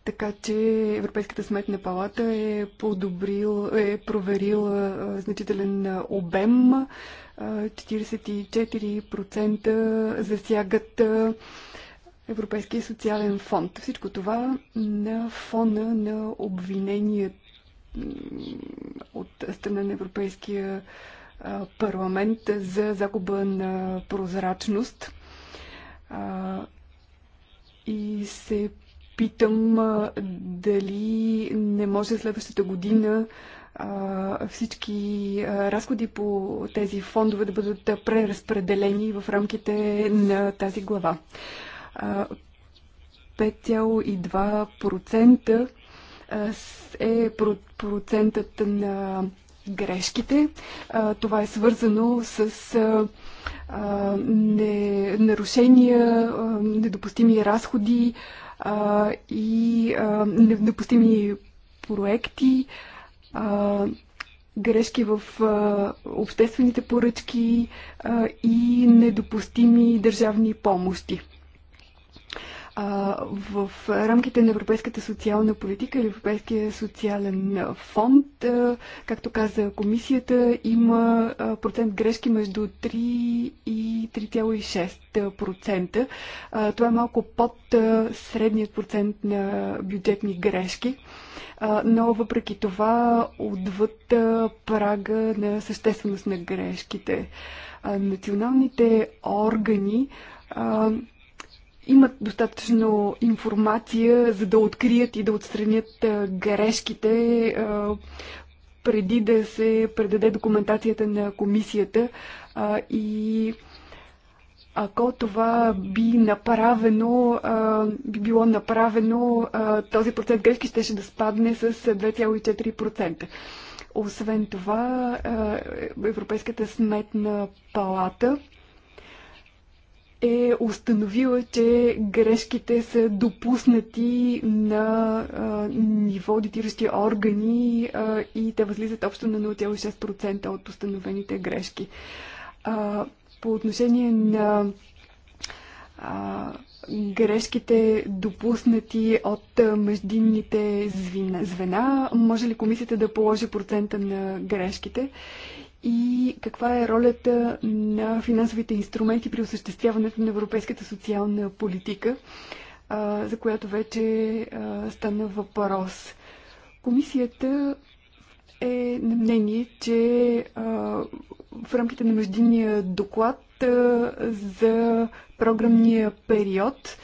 Така че Европейската сметна палата е, подобрил, е проверила значителен обем. 44% засягат Европейския социален фонд. Всичко това на фона на обвинения от страна на Европейския парламент за загуба на прозрачност. И се питам дали не може следващата година всички разходи по тези фондове да бъдат преразпределени в рамките на тази глава. 5,2% е процентът на грешките. Това е свързано с нарушения, недопустими разходи и недопустими проекти, грешки в обществените поръчки и недопустими държавни помощи в рамките на Европейската социална политика или Европейския социален фонд, както каза комисията, има процент грешки между 3 и 3,6%. Това е малко под средният процент на бюджетни грешки, но въпреки това отвъд прага на същественост на грешките. Националните органи имат достатъчно информация, за да открият и да отстранят грешките преди да се предаде документацията на комисията и ако това би направено, би било направено, този процент грешки щеше да спадне с 2,4%. Освен това, Европейската сметна палата е установила, че грешките са допуснати на а, ниво дитиращи органи а, и те възлизат общо на 0,6% от установените грешки. А, по отношение на а, грешките допуснати от междинните звена, звена, може ли комисията да положи процента на грешките и каква е ролята на финансовите инструменти при осъществяването на европейската социална политика, за която вече стана въпрос. Комисията е на мнение, че в рамките на междинния доклад за програмния период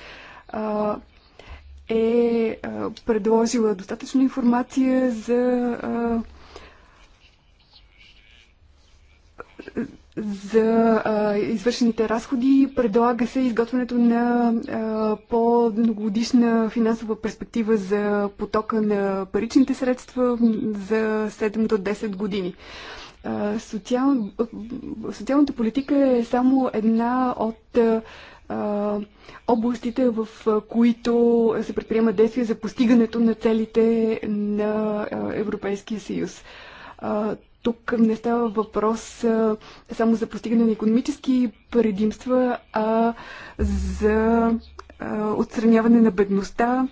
е предложила достатъчно информация за за а, извършените разходи предлага се изготвянето на по-многогодишна финансова перспектива за потока на паричните средства за 7 до 10 години. А, социал... Социалната политика е само една от а, областите, в които се предприема действия за постигането на целите на Европейския съюз тук не става въпрос само за постигане на економически предимства, а за отстраняване на бедността.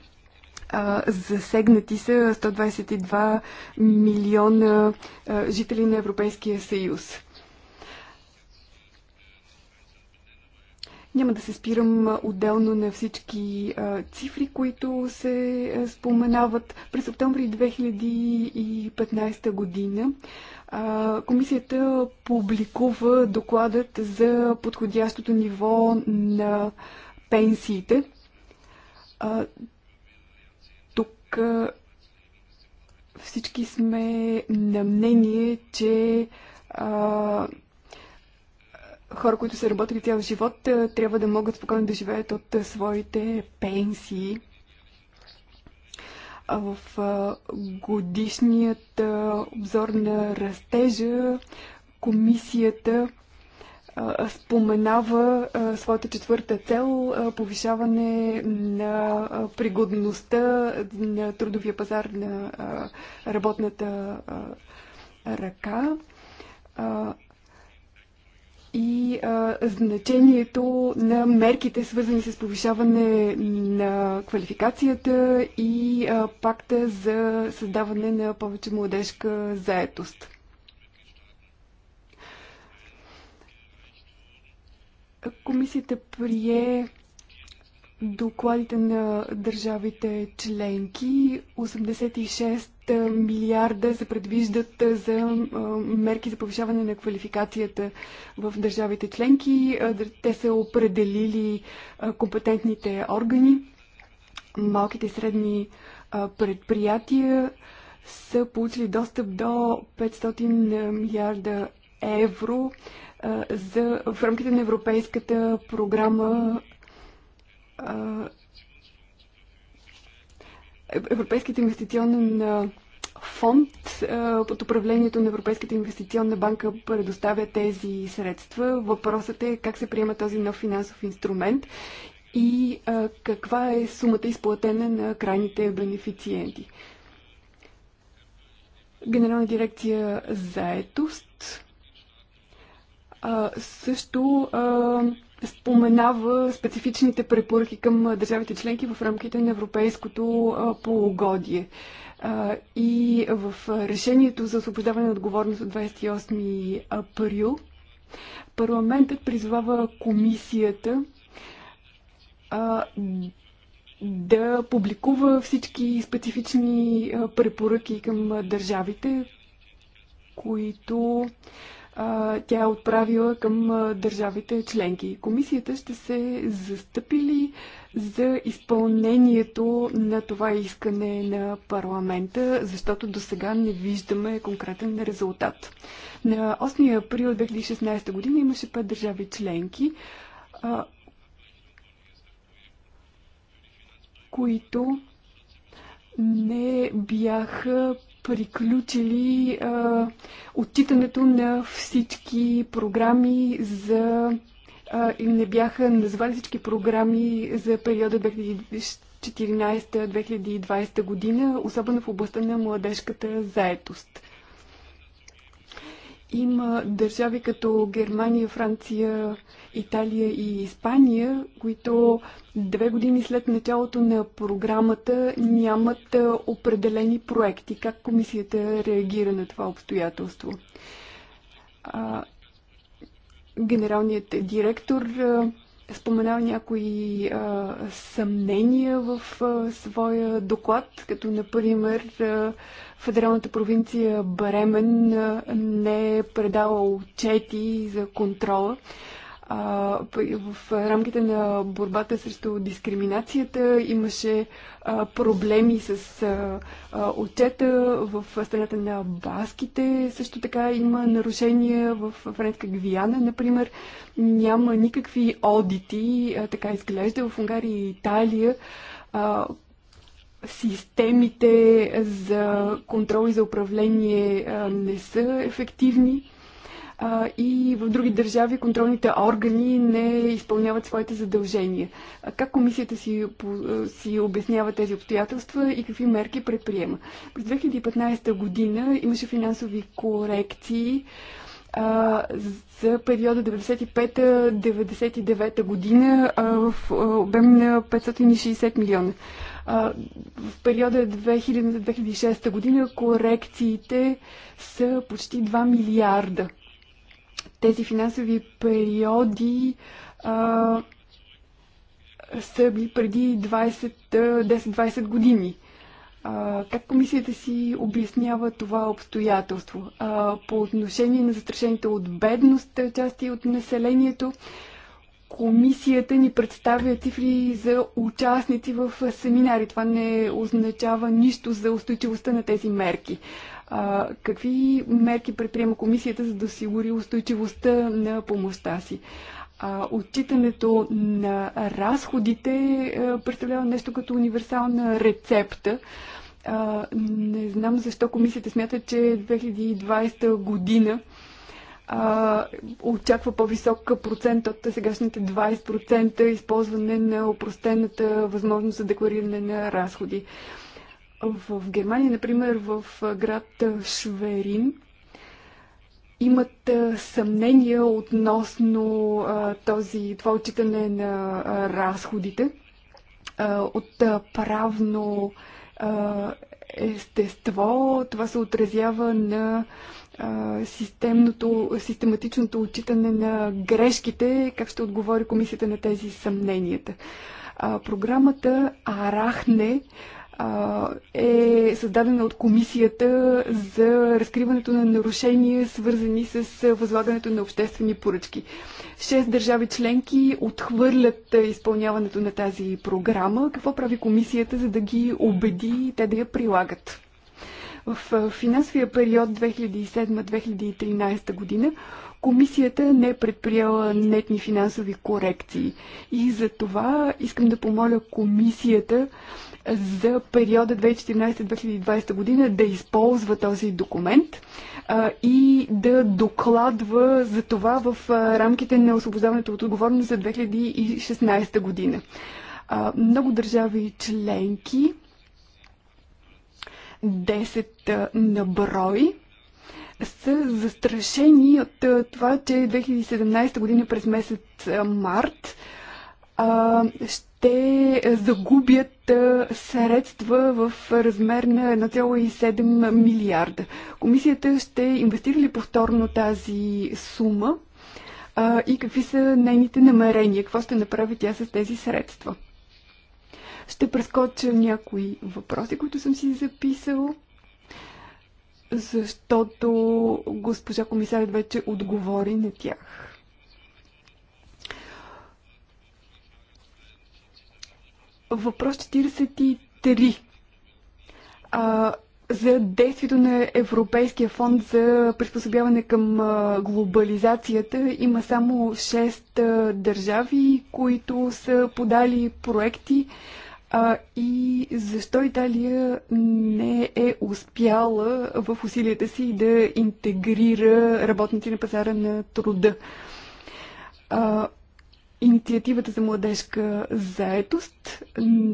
Засегнати са 122 милиона жители на Европейския съюз. Няма да се спирам отделно на всички цифри, които се споменават. През октомври 2015 година Комисията публикува докладът за подходящото ниво на пенсиите. Тук всички сме на мнение, че хора, които са работили цял живот, трябва да могат спокойно да живеят от своите пенсии. А в годишният обзор на растежа комисията споменава своята четвърта цел повишаване на пригодността на трудовия пазар на работната ръка и а, значението на мерките, свързани с повишаване на квалификацията и а, пакта за създаване на повече младежка заетост. Комисията прие докладите на държавите членки. 86 милиарда се предвиждат за мерки за повишаване на квалификацията в държавите членки. Те са определили компетентните органи. Малките и средни предприятия са получили достъп до 500 милиарда евро за, в рамките на Европейската програма Европейският инвестиционен фонд под управлението на Европейската инвестиционна банка предоставя тези средства. Въпросът е как се приема този нов финансов инструмент и каква е сумата изплатена на крайните бенефициенти. Генерална дирекция заетост също споменава специфичните препоръки към държавите членки в рамките на европейското полугодие. И в решението за освобождаване на отговорност от 28 април парламентът призвава комисията да публикува всички специфични препоръки към държавите, които тя е отправила към държавите членки. Комисията ще се застъпи ли за изпълнението на това искане на парламента, защото до сега не виждаме конкретен резултат. На 8 април 2016 година имаше 5 държави членки, които не бяха приключили а, отчитането на всички програми за а, и не бяха назвали всички програми за периода 2014-2020 година, особено в областта на младежката заетост. Има държави като Германия, Франция, Италия и Испания, които две години след началото на програмата нямат определени проекти. Как комисията реагира на това обстоятелство? Генералният директор споменал някои а, съмнения в а, своя доклад, като например а, федералната провинция Бремен а, не е предала отчети за контрола а, в рамките на борбата срещу дискриминацията имаше а, проблеми с а, а, отчета в страната на баските. Също така има нарушения в Френска Гвиана, например. Няма никакви одити, а, така изглежда в Унгария и Италия. А, системите за контрол и за управление а, не са ефективни а, и в други държави контролните органи не изпълняват своите задължения. А как комисията си, по, си обяснява тези обстоятелства и какви мерки предприема? През 2015 година имаше финансови корекции а, за периода 95-99 година а, в а, обем на 560 милиона. А, в периода 2000-2006 година корекциите са почти 2 милиарда. Тези финансови периоди а, са били преди 10-20 години. А, как комисията си обяснява това обстоятелство? А, по отношение на застрашените от бедност части от населението, комисията ни представя цифри за участници в семинари. Това не означава нищо за устойчивостта на тези мерки. А, какви мерки предприема комисията, за да осигури устойчивостта на помощта си? А, отчитането на разходите а, е, представлява нещо като универсална рецепта. А, не знам защо комисията смята, че 2020 година а, очаква по-висок процент от сегашните 20% използване на опростената възможност за деклариране на разходи. А, в Германия, например, в град Шверин, имат съмнения относно този, това отчитане на разходите от правно естество. Това се отразява на системното, систематичното отчитане на грешките. Как ще отговори комисията на тези съмненията? програмата Арахне е създадена от Комисията за разкриването на нарушения, свързани с възлагането на обществени поръчки. Шест държави членки отхвърлят изпълняването на тази програма. Какво прави Комисията, за да ги убеди те да я прилагат? В финансовия период 2007-2013 година комисията не е предприела нетни финансови корекции. И за това искам да помоля комисията за периода 2014-2020 година да използва този документ а, и да докладва за това в а, рамките на освобождаването от отговорност за 2016 година. А, много държави членки, 10 на брой, са застрашени от това, че 2017 година през месец март ще те загубят средства в размер на 1,7 милиарда. Комисията ще инвестира ли повторно тази сума и какви са нейните намерения? Какво ще направи тя с тези средства? Ще прескоча някои въпроси, които съм си записал, защото госпожа комисарят вече отговори на тях. Въпрос 43. А, за действието на Европейския фонд за приспособяване към глобализацията има само 6 държави, които са подали проекти. А, и защо Италия не е успяла в усилията си да интегрира работници на пазара на труда? А, инициативата за младежка заетост.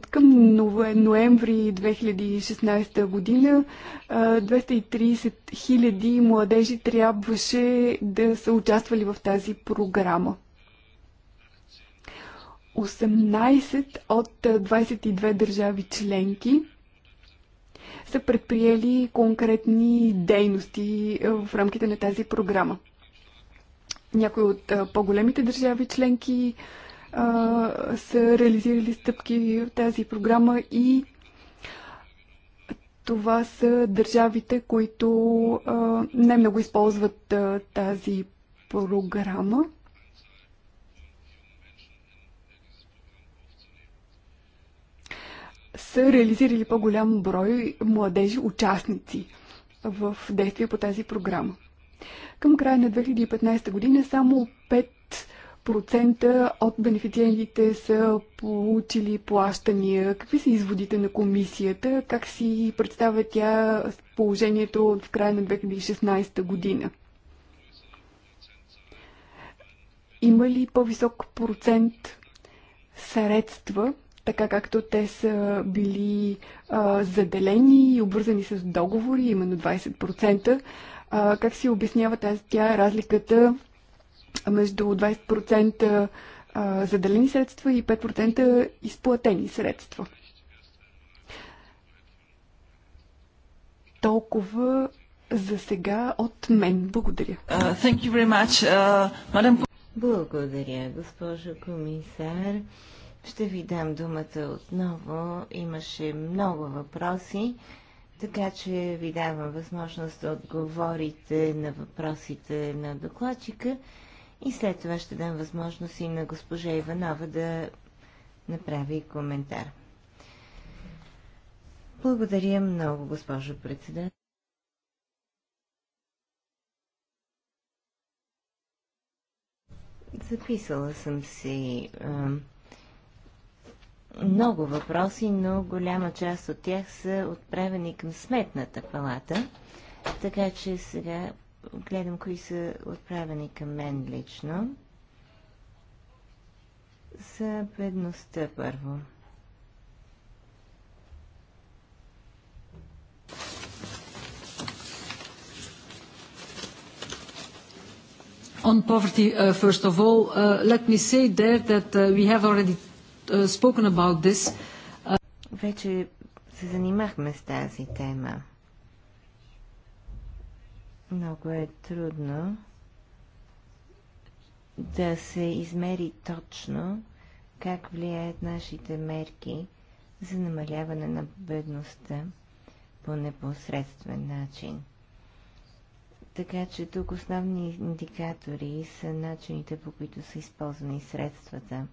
Към ноември 2016 година 230 хиляди младежи трябваше да са участвали в тази програма. 18 от 22 държави членки са предприели конкретни дейности в рамките на тази програма. Някои от по-големите държави членки а, са реализирали стъпки в тази програма и това са държавите, които а, не много използват а, тази програма. са реализирали по-голям брой младежи участници в действия по тази програма. Към края на 2015 година само 5% от бенефициентите са получили плащания. Какви са изводите на комисията? Как си представя тя положението в края на 2016 година? Има ли по-висок процент средства, така както те са били а, заделени и обвързани с договори, именно 20%, а, как си обяснява тази тя разликата между 20% заделени средства и 5% изплатени средства? Толкова за сега от мен. Благодаря. Uh, thank you very much, uh, madam... Благодаря, госпожо комисар. Ще ви дам думата отново. Имаше много въпроси. Така че ви давам възможност да отговорите на въпросите на докладчика и след това ще дам възможност и на госпожа Иванова да направи коментар. Благодаря много, госпожо председател. Записала съм си много въпроси, но голяма част от тях са отправени към сметната палата. Така че сега гледам кои са отправени към мен лично. За бедността първо. On poverty, uh, first of all, uh, let me say there that uh, we have already Uh, spoken about this. Uh, Вече се занимахме с тази тема. Много е трудно да се измери точно как влияят нашите мерки за намаляване на бедността по непосредствен начин. Така че тук основни индикатори са начините по които са използвани средствата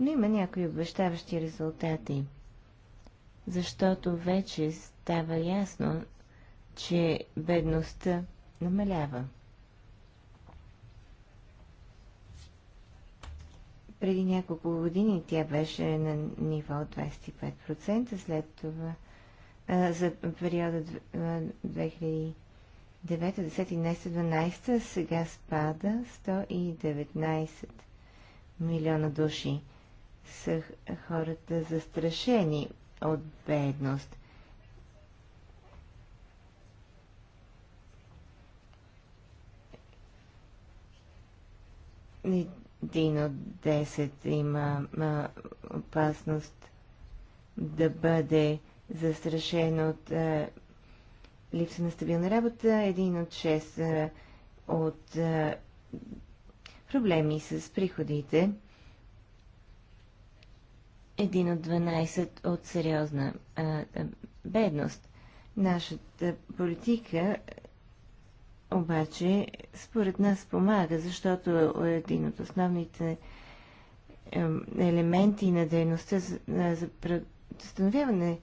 но има някои обещаващи резултати, защото вече става ясно, че бедността намалява. Преди няколко години тя беше на ниво 25%, след това а, за периода 2009, 2012 11, сега спада 119 милиона души са хората застрашени от бедност. Един от десет има а, опасност да бъде застрашен от а, липса на стабилна работа, един от 6 а, от а, проблеми с приходите един от 12 от сериозна а, бедност. Нашата политика обаче според нас помага, защото е един от основните елементи на дейността за, за предостановяване,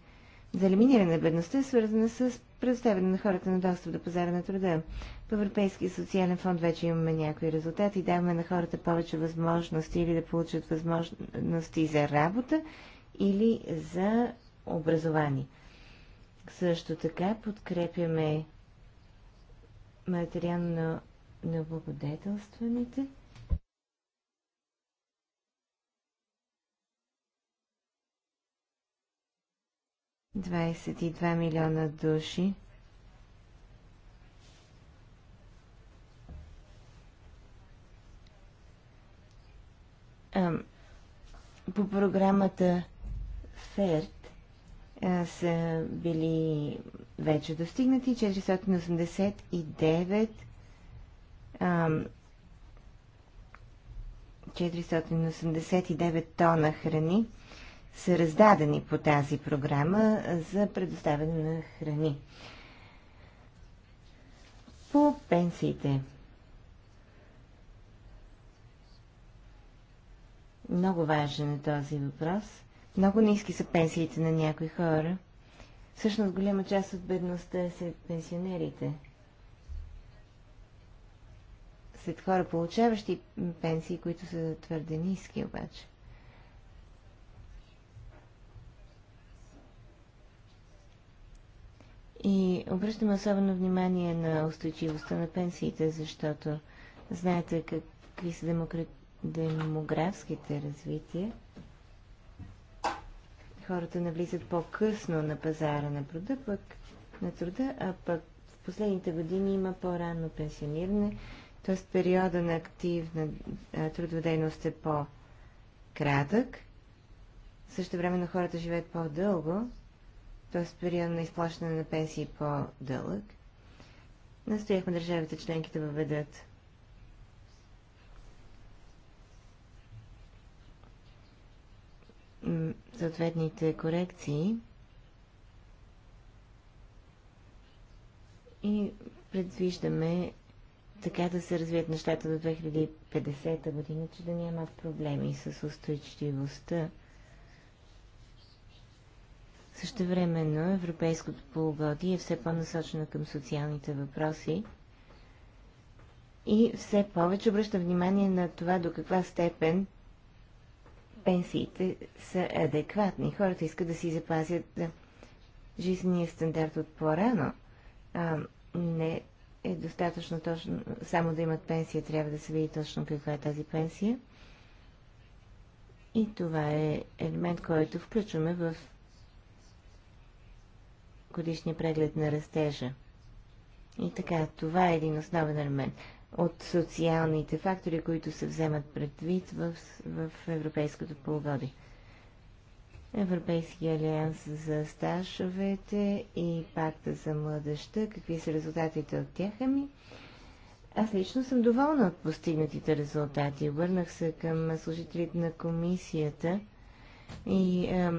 за елиминиране на бедността е свързана с предоставяне на хората на достъп до пазара на труда. В Европейския социален фонд вече имаме някои резултати. Даваме на хората повече възможности или да получат възможности за работа или за образование. Също така подкрепяме материално на благодетелстваните. Двадесет и два милиона души по програмата ФЕРТ са били вече достигнати 489 489 тона храни са раздадени по тази програма за предоставяне на храни. По пенсиите. много важен е този въпрос. Много ниски са пенсиите на някои хора. Всъщност голяма част от бедността е сред пенсионерите. Сред хора, получаващи пенсии, които са твърде ниски обаче. И обръщам особено внимание на устойчивостта на пенсиите, защото знаете какви са демократи демографските развития, хората навлизат по-късно на пазара на труда, пък на труда, а пък в последните години има по-ранно пенсиониране, т.е. периода на активна трудова дейност е по-кратък. Също време на хората живеят по-дълго, т.е. период на изплащане на пенсии е по-дълъг. Настояхме държавите членки да въведат съответните корекции. И предвиждаме така да се развият нещата до 2050 година, че да няма проблеми с устойчивостта. Също времено европейското полугодие е все по-насочено към социалните въпроси и все повече обръща внимание на това до каква степен пенсиите са адекватни. Хората искат да си запазят жизнения стандарт от по-рано. не е достатъчно точно само да имат пенсия, трябва да се види точно каква е тази пенсия. И това е елемент, който включваме в годишния преглед на растежа. И така, това е един основен елемент от социалните фактори, които се вземат предвид в, в европейското полугодие. Европейския алианс за стажовете и пакта за младеща, какви са резултатите от тях ми? Аз лично съм доволна от постигнатите резултати. Върнах се към служителите на комисията и е,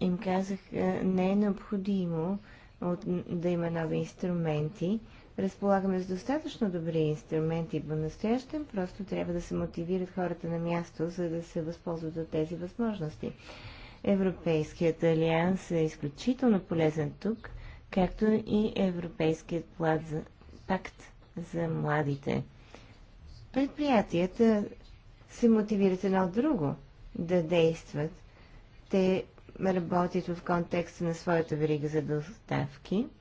им казах, е, не е необходимо от, да има нови инструменти, разполагаме с достатъчно добри инструменти по-настоящем, просто трябва да се мотивират хората на място, за да се възползват от тези възможности. Европейският алианс е изключително полезен тук, както и Европейският плат за, пакт за младите. Предприятията се мотивират едно от друго да действат. Те работят в контекста на своята верига за доставки –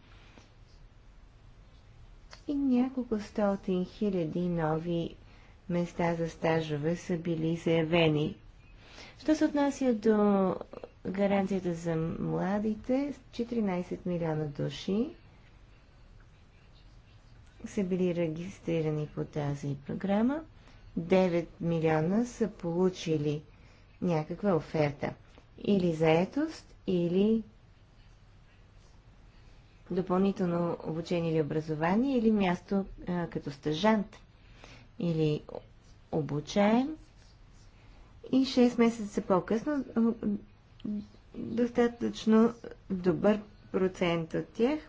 и няколко стотин хиляди нови места за стажове са били заявени. Що се отнася до гаранцията за младите, 14 милиона души са били регистрирани по тази програма. 9 милиона са получили някаква оферта. Или заетост, или допълнително обучение или образование, или място а, като стъжант, или обучаем. И 6 месеца по-късно достатъчно добър процент от тях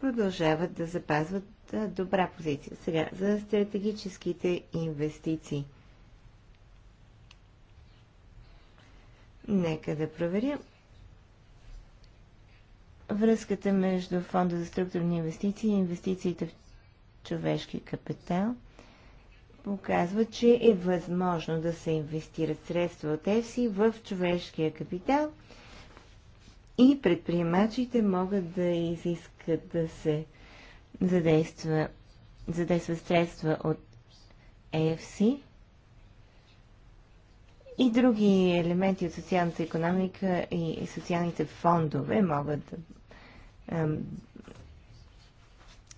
продължават да запазват добра позиция. Сега, за стратегическите инвестиции. Нека да проверим връзката между Фонда за структурни инвестиции и инвестициите в човешки капитал показва, че е възможно да се инвестират средства от ЕФСИ в човешкия капитал и предприемачите могат да изискат да се задейства, задейства средства от ЕФСИ и други елементи от социалната економика и социалните фондове могат да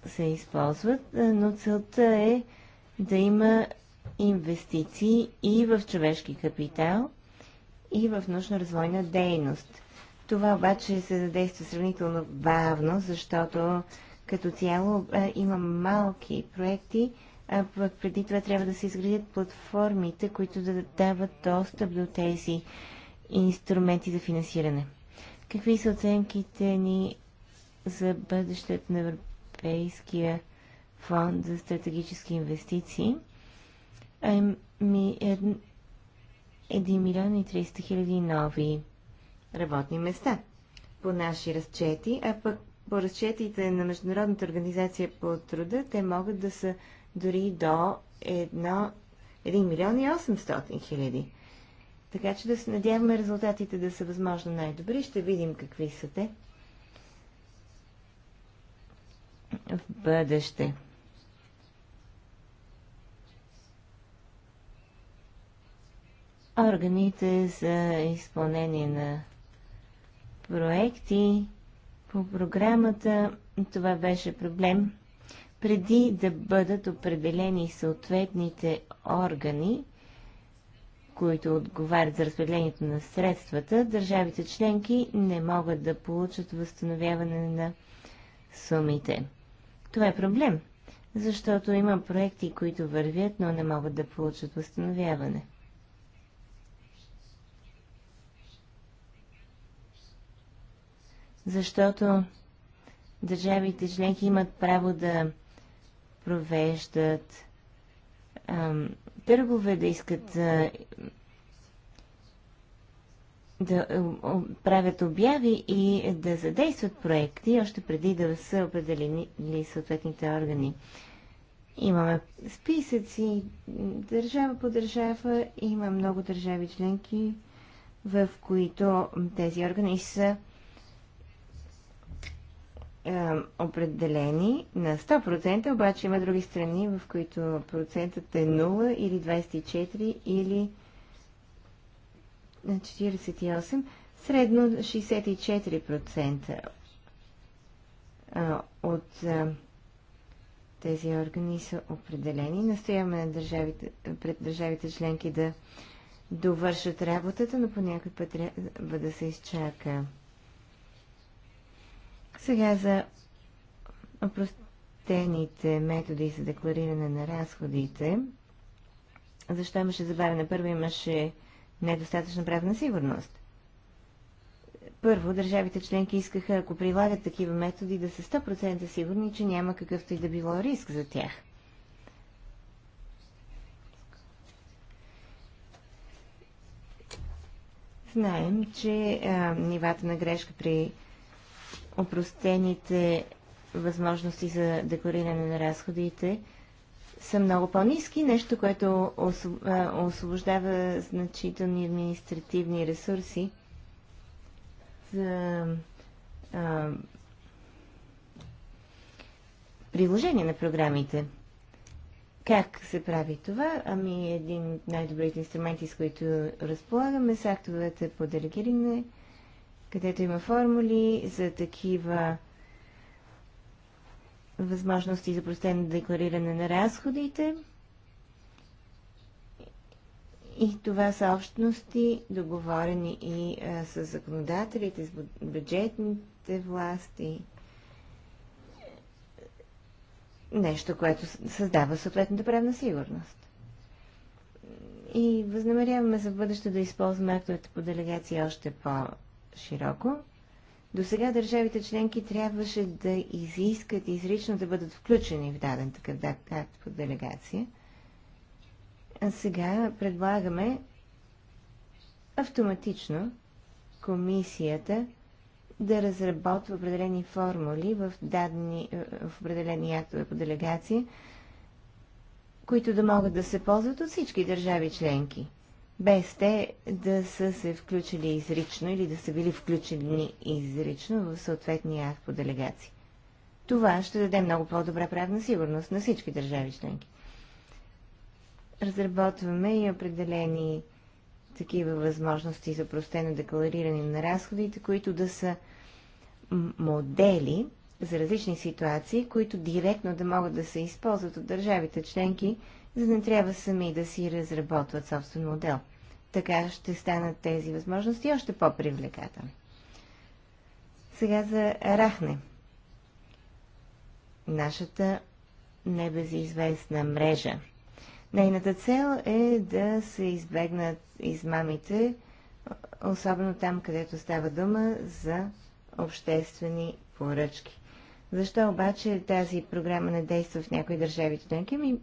се използват, е, но целта е да има инвестиции и в човешки капитал, и в научно-развойна дейност. Това обаче се задейства сравнително бавно, защото като цяло е, има малки проекти, а пък преди това трябва да се изградят платформите, които да дават достъп до тези инструменти за финансиране. Какви са оценките ни за бъдещето на Европейския фонд за стратегически инвестиции. Ами, 1 милион и 300 хиляди нови работни места по наши разчети, а пък по разчетите на Международната организация по труда те могат да са дори до едно 1 милион и 800 хиляди. Така че да се надяваме резултатите да са възможно най-добри. Ще видим какви са те. в бъдеще. Органите за изпълнение на проекти по програмата, това беше проблем. Преди да бъдат определени съответните органи, които отговарят за разпределението на средствата, държавите членки не могат да получат възстановяване на сумите. Това е проблем, защото има проекти, които вървят, но не могат да получат възстановяване. Защото държавите членки имат право да провеждат ам, търгове, да искат а, да е, правят обяви и да задействат проекти, още преди да са определени съответните органи. Имаме списъци държава по държава, има много държави членки, в които тези органи са е, определени на 100%, обаче има други страни, в които процентът е 0 или 24 или 48, средно 64% от тези органи са определени. Настояваме на държавите, пред държавите членки да довършат работата, но по някой път трябва да се изчака. Сега за опростените методи за деклариране на разходите. Защо имаше забавяне? Първо имаше недостатъчна правна сигурност. Първо, държавите членки искаха, ако прилагат такива методи, да са 100% сигурни, че няма какъвто и да било риск за тях. Знаем, че а, нивата на грешка при опростените възможности за деклариране на разходите – са много по-низки, нещо, което освобождава значителни административни ресурси за а, приложение на програмите. Как се прави това? Ами един от най-добрите инструменти, с които разполагаме, са актовете по делегиране, където има формули за такива възможности за простено деклариране на разходите. И това са общности, договорени и а, с законодателите, с бюджетните власти. Нещо, което създава съответната правна сигурност. И възнамеряваме за бъдеще да използваме актовете по делегация още по-широко. До сега държавите членки трябваше да изискат изрично да бъдат включени в даден такъв акт по делегация. А сега предлагаме автоматично комисията да разработва определени формули в, дадени, е, в определени актове по делегация, които да могат да се ползват от всички държави членки – без те да са се включили изрично или да са били включени изрично в съответния акт по делегация. Това ще даде много по-добра правна сигурност на всички държави членки. Разработваме и определени такива възможности за простено деклариране на разходите, които да са модели за различни ситуации, които директно да могат да се използват от държавите членки за да не трябва сами да си разработват собствен модел. Така ще станат тези възможности още по-привлекателни. Сега за Рахне. Нашата небезизвестна мрежа. Нейната цел е да се избегнат измамите, особено там, където става дума за обществени поръчки. Защо обаче тази програма не действа в някои държави членки? Ми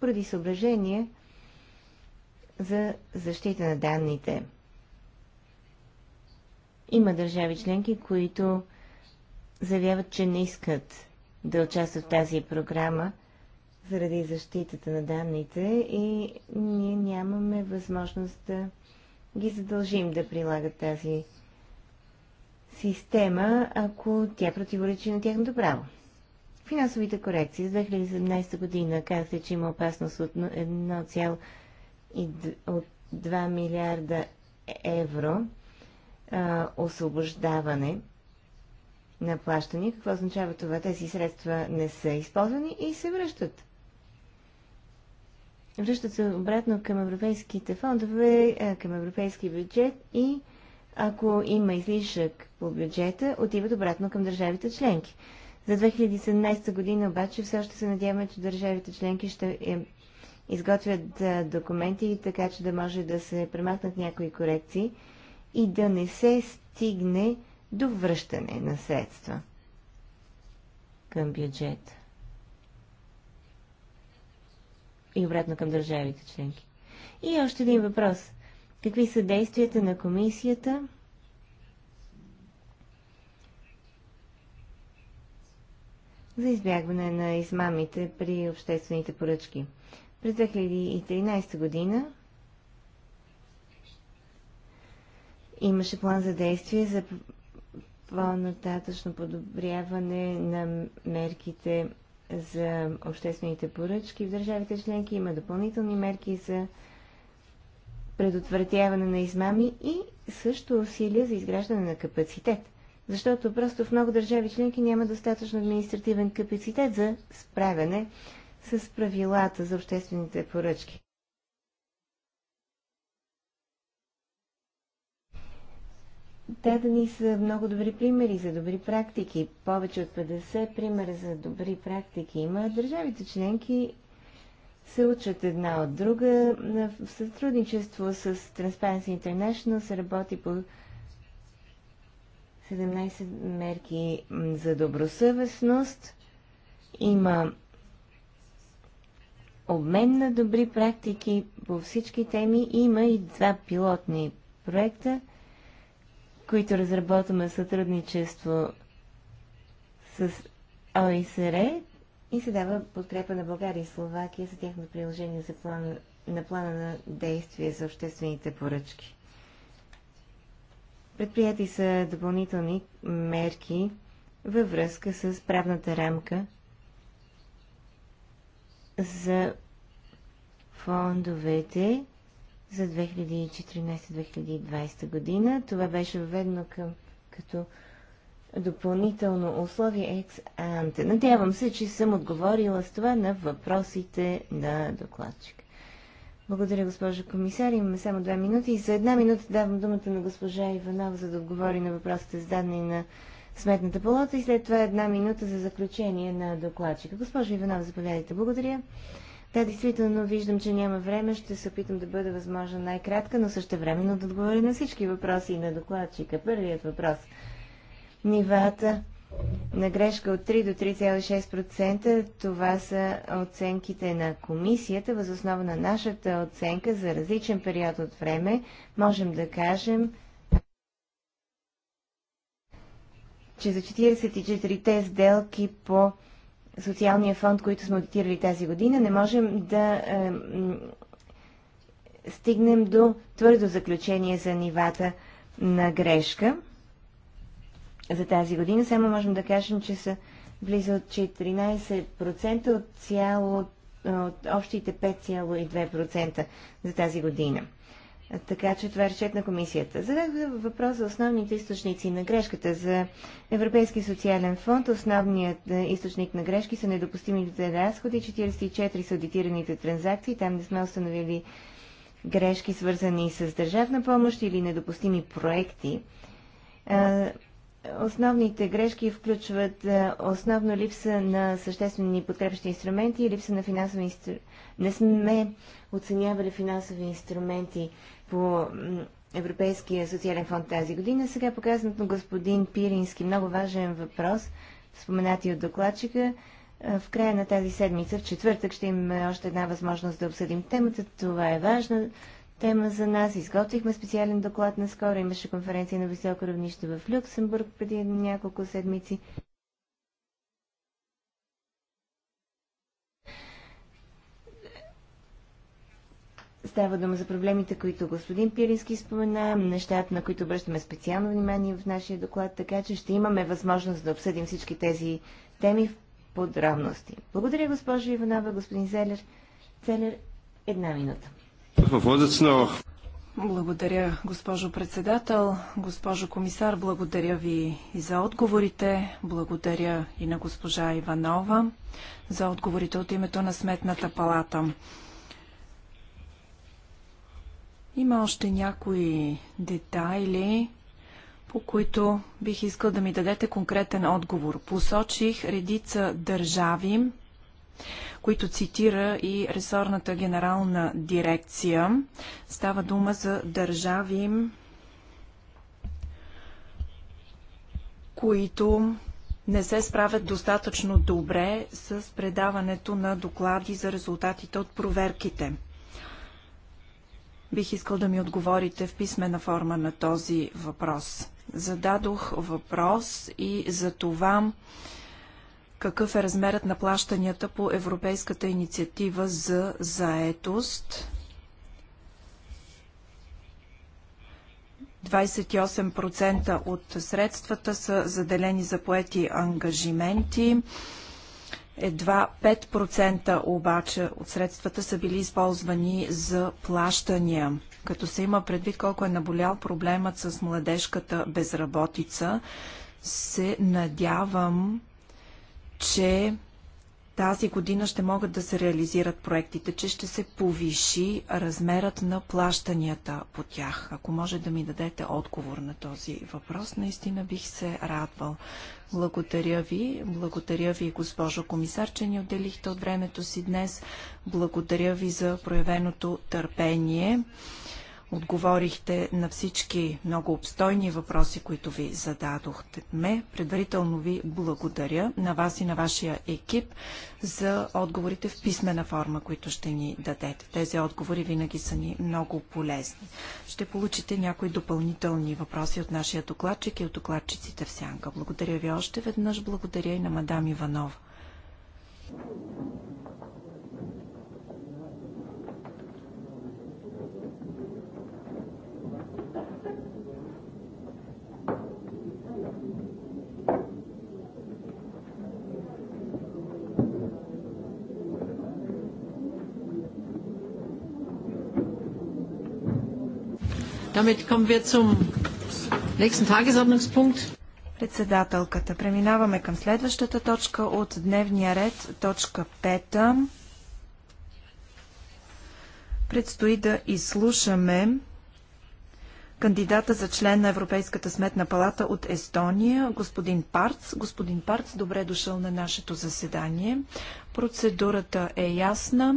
поради съображение за защита на данните. Има държави членки, които заявяват, че не искат да участват в тази програма заради защитата на данните и ние нямаме възможност да ги задължим да прилагат тази система, ако тя противоречи на тяхното право. Финансовите корекции за 2017 година казахте, че има опасност от 1,2 милиарда евро а, освобождаване на плащане. Какво означава това? Тези средства не са използвани и се връщат. Връщат се обратно към европейските фондове, към европейски бюджет и ако има излишък по бюджета, отиват обратно към държавите членки. За 2017 година обаче все още се надяваме, че държавите членки ще е, изготвят документи, така че да може да се премахнат някои корекции и да не се стигне до връщане на средства към бюджет. И обратно към държавите членки. И още един въпрос. Какви са действията на комисията за избягване на измамите при обществените поръчки. През 2013 година имаше план за действие за по-нататъчно подобряване на мерките за обществените поръчки в държавите членки. Има допълнителни мерки за предотвратяване на измами и също усилия за изграждане на капацитет – защото просто в много държави членки няма достатъчно административен капацитет за справяне с правилата за обществените поръчки. Дадени са много добри примери за добри практики. Повече от 50 примера за добри практики има. Държавите членки се учат една от друга. В сътрудничество с Transparency International се работи по 17 мерки за добросъвестност. Има обмен на добри практики по всички теми. Има и два пилотни проекта, които разработваме сътрудничество с ОИСР и се дава подкрепа на България и Словакия за тяхно приложение за план, на плана на действие за обществените поръчки. Предприяти са допълнителни мерки във връзка с правната рамка за фондовете за 2014-2020 година. Това беше введено към, като допълнително условие екс анте. Надявам се, че съм отговорила с това на въпросите на докладчика. Благодаря, госпожа комисар. Имаме само две минути. И за една минута давам думата на госпожа Иванов, за да отговори на въпросите данни на Сметната палата и след това една минута за заключение на докладчика. Госпожа Иванов, заповядайте. Благодаря. Да, действително виждам, че няма време. Ще се опитам да бъда възможно най-кратка, но също времено да отговоря на всички въпроси и на докладчика. Първият въпрос. Нивата на грешка от 3 до 3,6%. Това са оценките на комисията. Възоснова на нашата оценка за различен период от време можем да кажем, че за 44-те сделки по социалния фонд, които сме аудитирали тази година, не можем да е, стигнем до твърдо заключение за нивата на грешка за тази година. Само можем да кажем, че са близо 14% от, цяло, от общите 5,2% за тази година. Така че това е речет на комисията. Зададох въпрос за основните източници на грешката. За Европейски социален фонд основният е, източник на грешки са недопустимите разходи, 44 са аудитираните транзакции, там не сме установили грешки свързани с държавна помощ или недопустими проекти. Основните грешки включват е, основно липса на съществени подкрепящи инструменти и липса на финансови инструменти. Не сме оценявали финансови инструменти по Европейския социален фонд тази година. Сега показват на господин Пирински много важен въпрос, споменати от докладчика. Е, в края на тази седмица, в четвъртък, ще имаме още една възможност да обсъдим темата. Това е важно тема за нас. Изготвихме специален доклад наскоро. Имаше конференция на високо равнище в Люксембург преди няколко седмици. Става дума за проблемите, които господин Пирински спомена, нещата, на които обръщаме специално внимание в нашия доклад, така че ще имаме възможност да обсъдим всички тези теми в подробности. Благодаря, госпожо Иванова, господин Зелер. Целер, една минута. Благодаря, госпожо председател. Госпожо комисар, благодаря ви и за отговорите. Благодаря и на госпожа Иванова за отговорите от името на Сметната палата. Има още някои детайли, по които бих искал да ми дадете конкретен отговор. Посочих редица държави, които цитира и ресорната генерална дирекция. Става дума за държави, които не се справят достатъчно добре с предаването на доклади за резултатите от проверките. Бих искал да ми отговорите в писмена форма на този въпрос. Зададох въпрос и за това какъв е размерът на плащанията по Европейската инициатива за заетост. 28% от средствата са заделени за поети ангажименти. Едва 5% обаче от средствата са били използвани за плащания. Като се има предвид колко е наболял проблемът с младежката безработица, се надявам че тази година ще могат да се реализират проектите, че ще се повиши размерът на плащанията по тях. Ако може да ми дадете отговор на този въпрос, наистина бих се радвал. Благодаря ви. Благодаря ви, госпожо комисар, че ни отделихте от времето си днес. Благодаря ви за проявеното търпение. Отговорихте на всички много обстойни въпроси, които ви зададохте ме. Предварително ви благодаря на вас и на вашия екип за отговорите в писмена форма, които ще ни дадете. Тези отговори винаги са ни много полезни. Ще получите някои допълнителни въпроси от нашия докладчик и от докладчиците в Сянка. Благодаря ви още веднъж. Благодаря и на мадам Иванова. Damit kommen wir zum nächsten Tagesordnungspunkt. Председателката. Преминаваме към следващата точка от дневния ред, точка 5. Предстои да изслушаме кандидата за член на Европейската сметна палата от Естония, господин Парц. Господин Парц, добре дошъл на нашето заседание. Процедурата е ясна.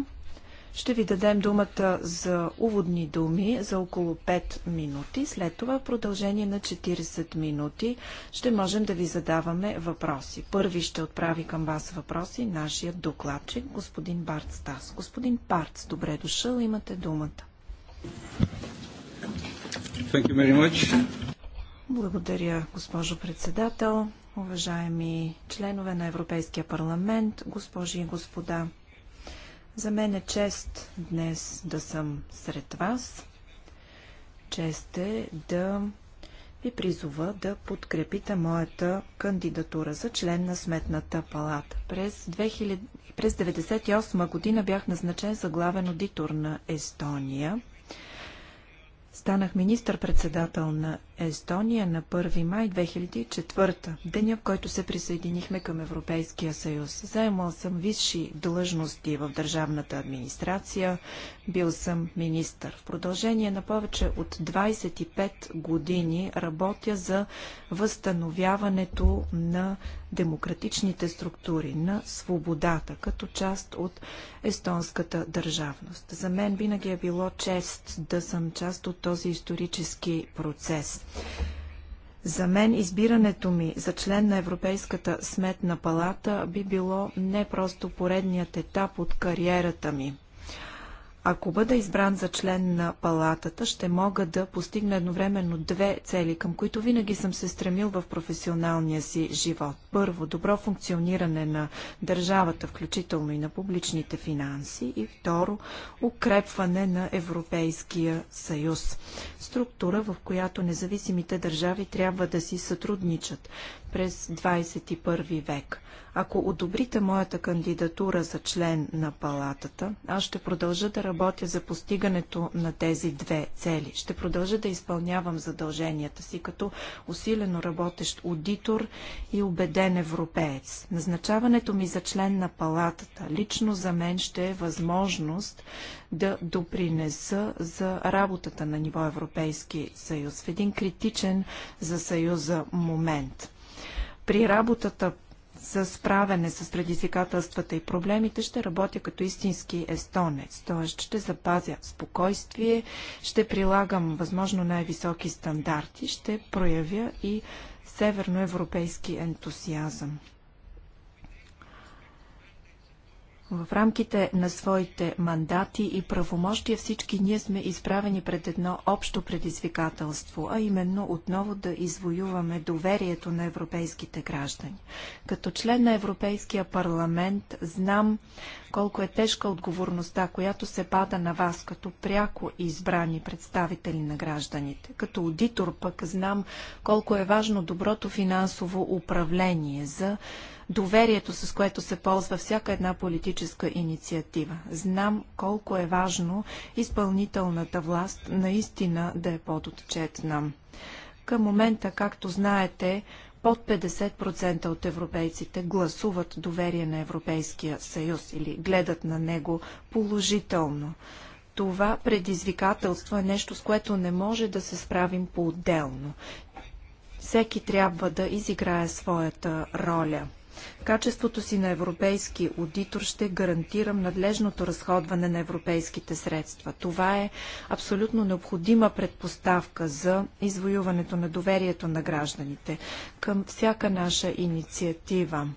Ще ви дадем думата за уводни думи за около 5 минути. След това в продължение на 40 минути ще можем да ви задаваме въпроси. Първи ще отправи към вас въпроси нашия докладчик, господин Барт Стас. Господин Барт, добре дошъл, имате думата. Thank you very much. Благодаря, госпожо председател, уважаеми членове на Европейския парламент, госпожи и господа. За мен е чест днес да съм сред вас. Чест е да ви призова да подкрепите моята кандидатура за член на Сметната палата. През, 2000... през 1998 година бях назначен за главен аудитор на Естония. Станах министър-председател на Естония на 1 май 2004, деня в който се присъединихме към Европейския съюз. Заемал съм висши длъжности в държавната администрация, бил съм министър. В продължение на повече от 25 години работя за възстановяването на демократичните структури, на свободата, като част от естонската държавност. За мен винаги е било чест да съм част от този исторически процес. За мен избирането ми за член на Европейската сметна палата би било не просто поредният етап от кариерата ми. Ако бъда избран за член на палатата, ще мога да постигна едновременно две цели, към които винаги съм се стремил в професионалния си живот. Първо, добро функциониране на държавата, включително и на публичните финанси. И второ, укрепване на Европейския съюз. Структура, в която независимите държави трябва да си сътрудничат през 21 век. Ако одобрите моята кандидатура за член на палатата, аз ще продължа да работя за постигането на тези две цели. Ще продължа да изпълнявам задълженията си като усилено работещ аудитор и убеден европеец. Назначаването ми за член на палатата лично за мен ще е възможност да допринеса за работата на ниво Европейски съюз в един критичен за съюза момент. При работата с справене с предизвикателствата и проблемите ще работя като истински естонец, т.е. ще запазя спокойствие, ще прилагам възможно най-високи стандарти, ще проявя и северноевропейски ентусиазъм. В рамките на своите мандати и правомощия всички ние сме изправени пред едно общо предизвикателство, а именно отново да извоюваме доверието на европейските граждани. Като член на Европейския парламент знам колко е тежка отговорността, която се пада на вас като пряко избрани представители на гражданите. Като аудитор пък знам колко е важно доброто финансово управление за доверието, с което се ползва всяка една политическа инициатива. Знам колко е важно изпълнителната власт наистина да е подотчетна. Към момента, както знаете, под 50% от европейците гласуват доверие на Европейския съюз или гледат на него положително. Това предизвикателство е нещо, с което не може да се справим по-отделно. Всеки трябва да изиграе своята роля качеството си на европейски аудитор ще гарантирам надлежното разходване на европейските средства. Това е абсолютно необходима предпоставка за извоюването на доверието на гражданите към всяка наша инициатива.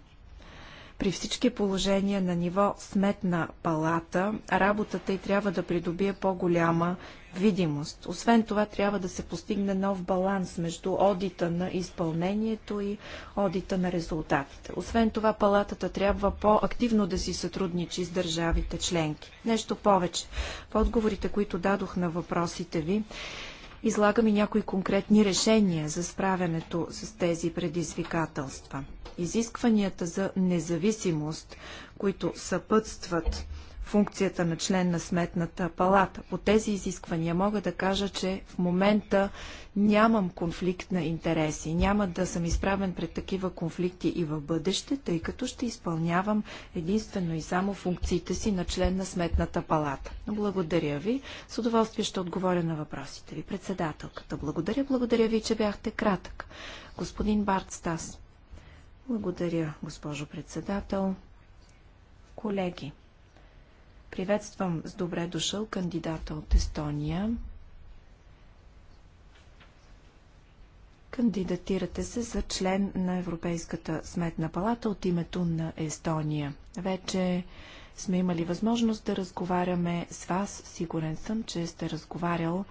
При всички положения на ниво сметна палата, работата й трябва да придобие по-голяма видимост. Освен това, трябва да се постигне нов баланс между одита на изпълнението и одита на резултатите. Освен това, палатата трябва по-активно да си сътрудничи с държавите членки. Нещо повече. В отговорите, които дадох на въпросите ви, излагаме някои конкретни решения за справянето с тези предизвикателства. Изискванията за независимост, които съпътстват функцията на член на Сметната палата. По тези изисквания мога да кажа, че в момента нямам конфликт на интереси. Няма да съм изправен пред такива конфликти и в бъдеще, тъй като ще изпълнявам единствено и само функциите си на член на Сметната палата. Благодаря ви. С удоволствие ще отговоря на въпросите ви. Председателката, благодаря. Благодаря ви, че бяхте кратък. Господин Барт Стас. Благодаря, госпожо председател. Колеги, Приветствам с добре дошъл кандидата от Естония. Кандидатирате се за член на Европейската сметна палата от името на Естония. Вече сме имали възможност да разговаряме с вас. Сигурен съм, че сте разговарял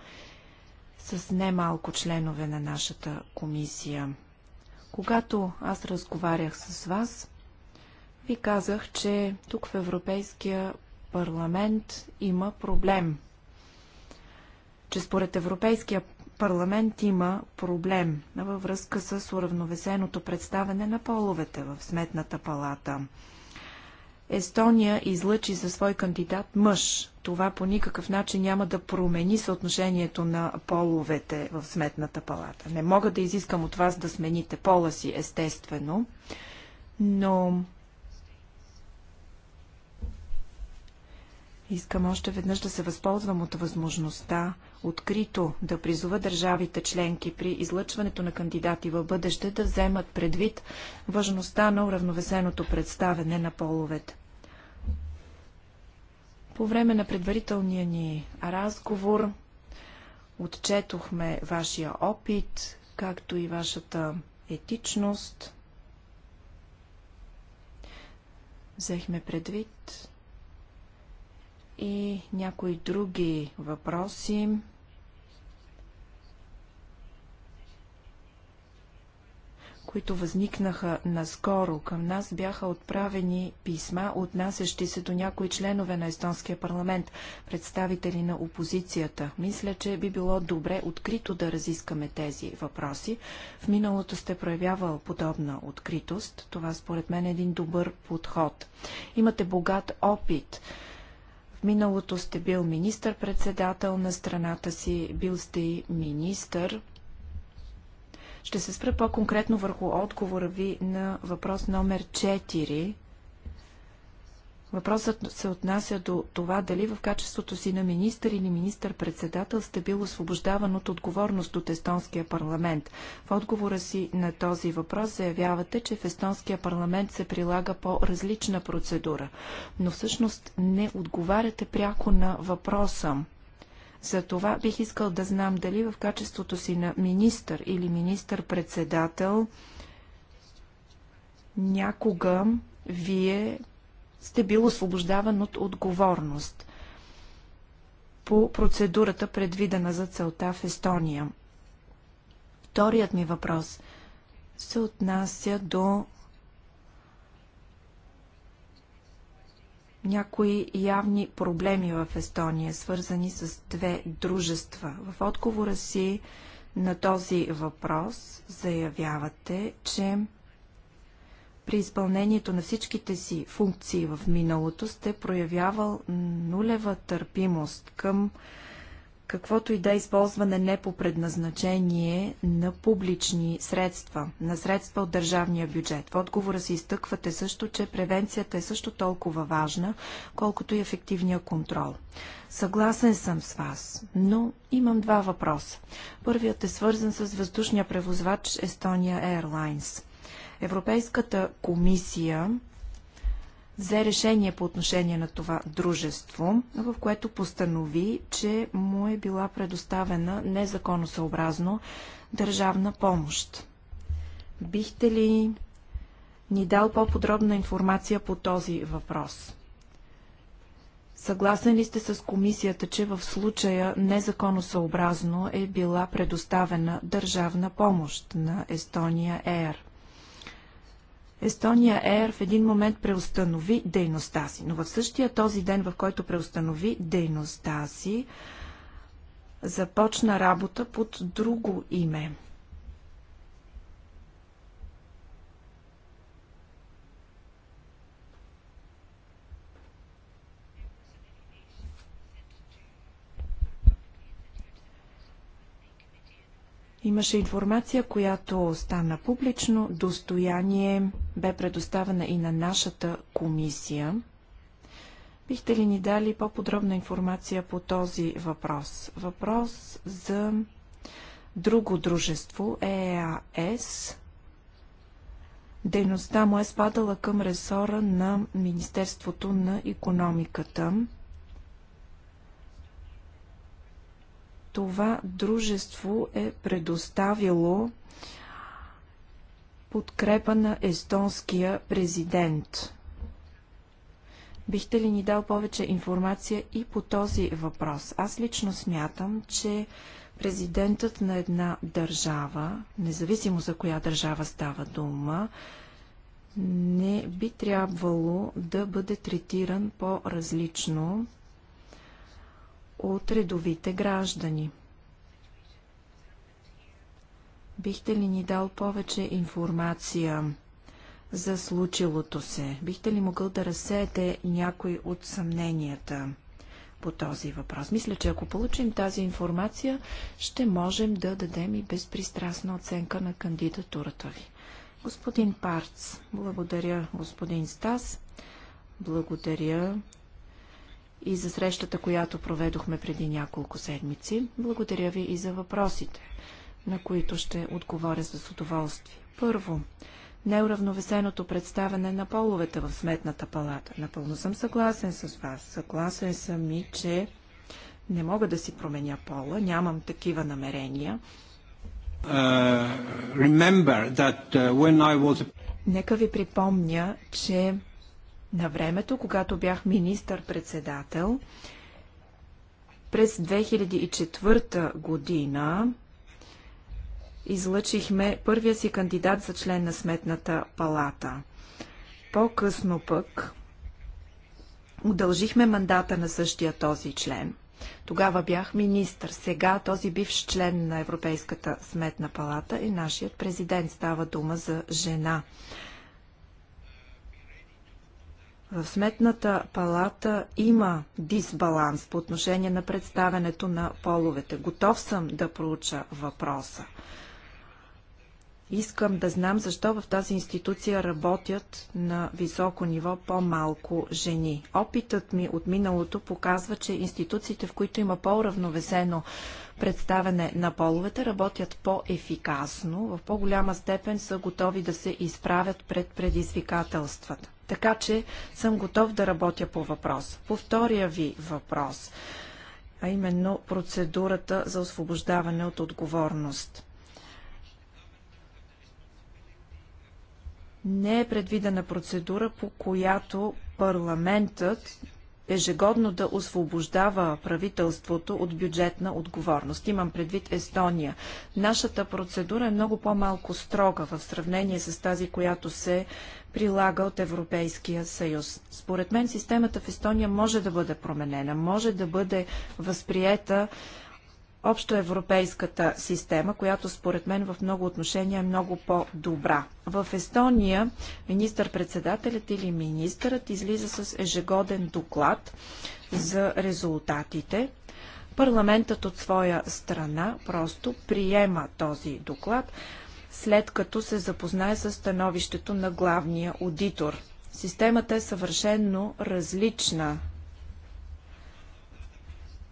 с немалко членове на нашата комисия. Когато аз разговарях с вас, ви казах, че тук в Европейския парламент има проблем. Че според Европейския парламент има проблем във връзка с уравновесеното представяне на половете в Сметната палата. Естония излъчи за свой кандидат мъж. Това по никакъв начин няма да промени съотношението на половете в Сметната палата. Не мога да изискам от вас да смените пола си, естествено, но Искам още веднъж да се възползвам от възможността открито да призова държавите членки при излъчването на кандидати в бъдеще да вземат предвид важността на уравновесеното представяне на половете. По време на предварителния ни разговор отчетохме вашия опит, както и вашата етичност. Взехме предвид и някои други въпроси. които възникнаха наскоро към нас, бяха отправени писма, отнасящи се до някои членове на Естонския парламент, представители на опозицията. Мисля, че би било добре открито да разискаме тези въпроси. В миналото сте проявявал подобна откритост. Това според мен е един добър подход. Имате богат опит в миналото сте бил министър-председател на страната си, бил сте и министър. Ще се спра по-конкретно върху отговора ви на въпрос номер 4 Въпросът се отнася до това дали в качеството си на министър или министър-председател сте бил освобождаван от отговорност от естонския парламент. В отговора си на този въпрос заявявате, че в естонския парламент се прилага по-различна процедура, но всъщност не отговаряте пряко на въпроса. За това бих искал да знам дали в качеството си на министър или министър-председател някога вие сте бил освобождаван от отговорност по процедурата, предвидена за целта в Естония. Вторият ми въпрос се отнася до някои явни проблеми в Естония, свързани с две дружества. В отговора си на този въпрос заявявате, че при изпълнението на всичките си функции в миналото сте проявявал нулева търпимост към каквото и да е използване не по предназначение на публични средства, на средства от държавния бюджет. В отговора си изтъквате също, че превенцията е също толкова важна, колкото и ефективния контрол. Съгласен съм с вас, но имам два въпроса. Първият е свързан с въздушния превозвач Estonia Airlines. Европейската комисия взе решение по отношение на това дружество, в което постанови, че му е била предоставена незаконосъобразно държавна помощ. Бихте ли ни дал по-подробна информация по този въпрос? Съгласен ли сте с комисията, че в случая незаконосъобразно е била предоставена държавна помощ на Естония Ер? Естония Ер в един момент преустанови дейността си, но в същия този ден, в който преустанови дейността си, започна работа под друго име. Имаше информация, която стана публично. Достояние бе предоставена и на нашата комисия. Бихте ли ни дали по-подробна информация по този въпрос? Въпрос за друго дружество ЕАС. Дейността му е спадала към ресора на Министерството на економиката. това дружество е предоставило подкрепа на естонския президент. Бихте ли ни дал повече информация и по този въпрос? Аз лично смятам, че президентът на една държава, независимо за коя държава става дума, не би трябвало да бъде третиран по-различно от редовите граждани. Бихте ли ни дал повече информация за случилото се? Бихте ли могъл да разсеете някой от съмненията по този въпрос? Мисля, че ако получим тази информация, ще можем да дадем и безпристрастна оценка на кандидатурата ви. Господин Парц, благодаря господин Стас, благодаря и за срещата, която проведохме преди няколко седмици. Благодаря ви и за въпросите, на които ще отговоря с удоволствие. Първо, неуравновесеното представяне на половете в Сметната палата. Напълно съм съгласен с вас. Съгласен съм и, че не мога да си променя пола, нямам такива намерения. Uh, uh was... Нека ви припомня, че на времето, когато бях министър-председател, през 2004 година излъчихме първия си кандидат за член на Сметната палата. По-късно пък удължихме мандата на същия този член. Тогава бях министър. Сега този бивш член на Европейската сметна палата е нашият президент. Става дума за жена. В сметната палата има дисбаланс по отношение на представенето на половете. Готов съм да проуча въпроса. Искам да знам защо в тази институция работят на високо ниво по-малко жени. Опитът ми от миналото показва, че институциите, в които има по-равновесено представене на половете, работят по-ефикасно, в по-голяма степен са готови да се изправят пред предизвикателствата. Така че съм готов да работя по въпрос. По втория ви въпрос, а именно процедурата за освобождаване от отговорност. Не е предвидена процедура, по която парламентът ежегодно да освобождава правителството от бюджетна отговорност. Имам предвид Естония. Нашата процедура е много по-малко строга в сравнение с тази, която се прилага от Европейския съюз. Според мен системата в Естония може да бъде променена, може да бъде възприета общоевропейската система, която според мен в много отношения е много по-добра. В Естония министър-председателят или министърът излиза с ежегоден доклад за резултатите. Парламентът от своя страна просто приема този доклад след като се запознае с становището на главния аудитор. Системата е съвършенно различна.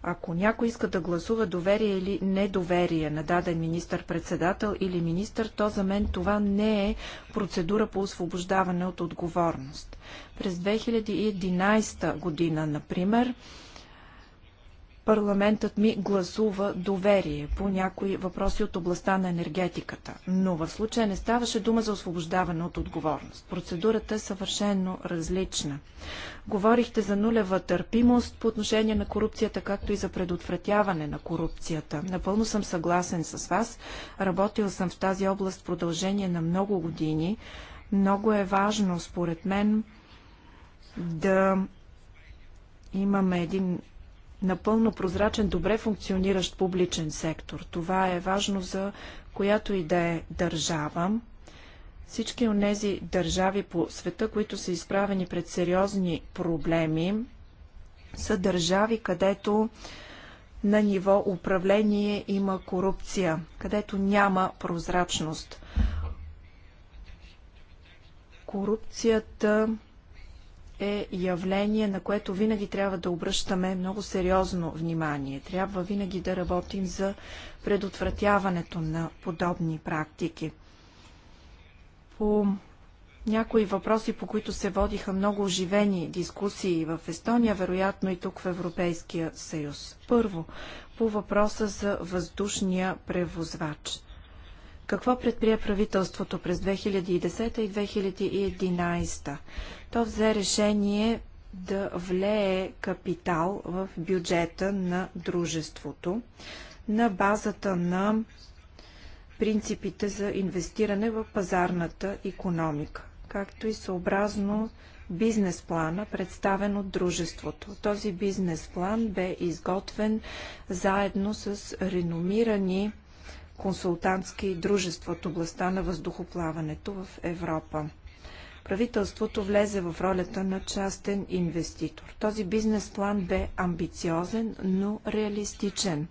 Ако някой иска да гласува доверие или недоверие на даден министър-председател или министър, то за мен това не е процедура по освобождаване от отговорност. През 2011 година, например, парламентът ми гласува доверие по някои въпроси от областта на енергетиката. Но в случая не ставаше дума за освобождаване от отговорност. Процедурата е съвършенно различна. Говорихте за нулева търпимост по отношение на корупцията, както и за предотвратяване на корупцията. Напълно съм съгласен с вас. Работил съм в тази област в продължение на много години. Много е важно, според мен, да имаме един напълно прозрачен, добре функциониращ публичен сектор. Това е важно за която и да е държава. Всички от тези държави по света, които са изправени пред сериозни проблеми, са държави, където на ниво управление има корупция, където няма прозрачност. Корупцията е явление, на което винаги трябва да обръщаме много сериозно внимание. Трябва винаги да работим за предотвратяването на подобни практики. По някои въпроси, по които се водиха много оживени дискусии в Естония, вероятно и тук в Европейския съюз. Първо, по въпроса за въздушния превозвач – какво предприе правителството през 2010 и 2011? То взе решение да влее капитал в бюджета на дружеството на базата на принципите за инвестиране в пазарната економика, както и съобразно бизнес плана, представен от дружеството. Този бизнес план бе изготвен заедно с реномирани консултантски дружества от областта на въздухоплаването в Европа. Правителството влезе в ролята на частен инвеститор. Този бизнес план бе амбициозен, но реалистичен.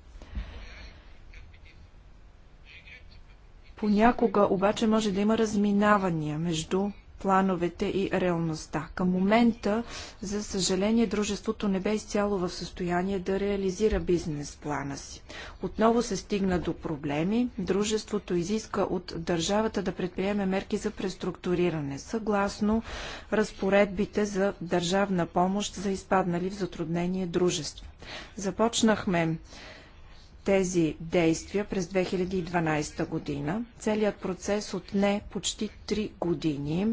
Понякога обаче може да има разминавания между плановете и реалността. Към момента, за съжаление, дружеството не бе изцяло в състояние да реализира бизнес плана си. Отново се стигна до проблеми. Дружеството изиска от държавата да предприеме мерки за преструктуриране, съгласно разпоредбите за държавна помощ за изпаднали в затруднение дружество. Започнахме тези действия през 2012 година. Целият процес отне почти 3 години.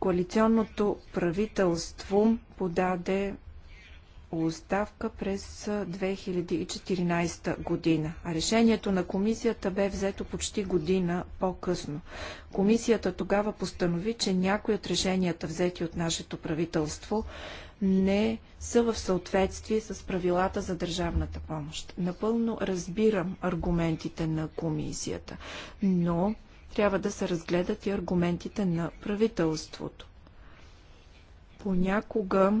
Коалиционното правителство подаде оставка през 2014 година. А решението на комисията бе взето почти година по-късно. Комисията тогава постанови, че някои от решенията, взети от нашето правителство, не са в съответствие с правилата за държавната помощ. Напълно разбирам аргументите на комисията, но трябва да се разгледат и аргументите на правителството. Понякога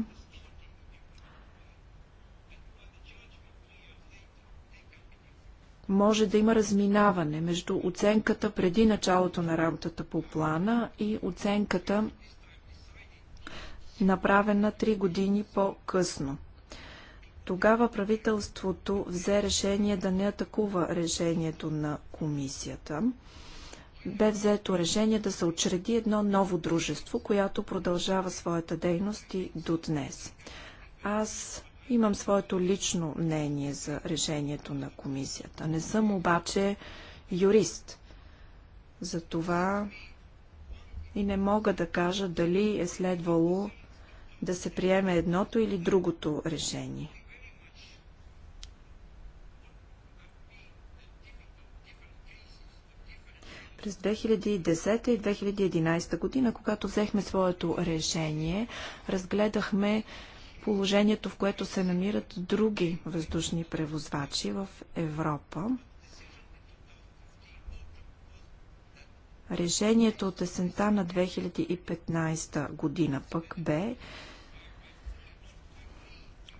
може да има разминаване между оценката преди началото на работата по плана и оценката направена три години по-късно. Тогава правителството взе решение да не атакува решението на комисията бе взето решение да се учреди едно ново дружество, която продължава своята дейност и до днес. Аз имам своето лично мнение за решението на комисията. Не съм обаче юрист. Затова и не мога да кажа дали е следвало да се приеме едното или другото решение. през 2010 и 2011 година, когато взехме своето решение, разгледахме положението, в което се намират други въздушни превозвачи в Европа. Решението от есента на 2015 година пък бе,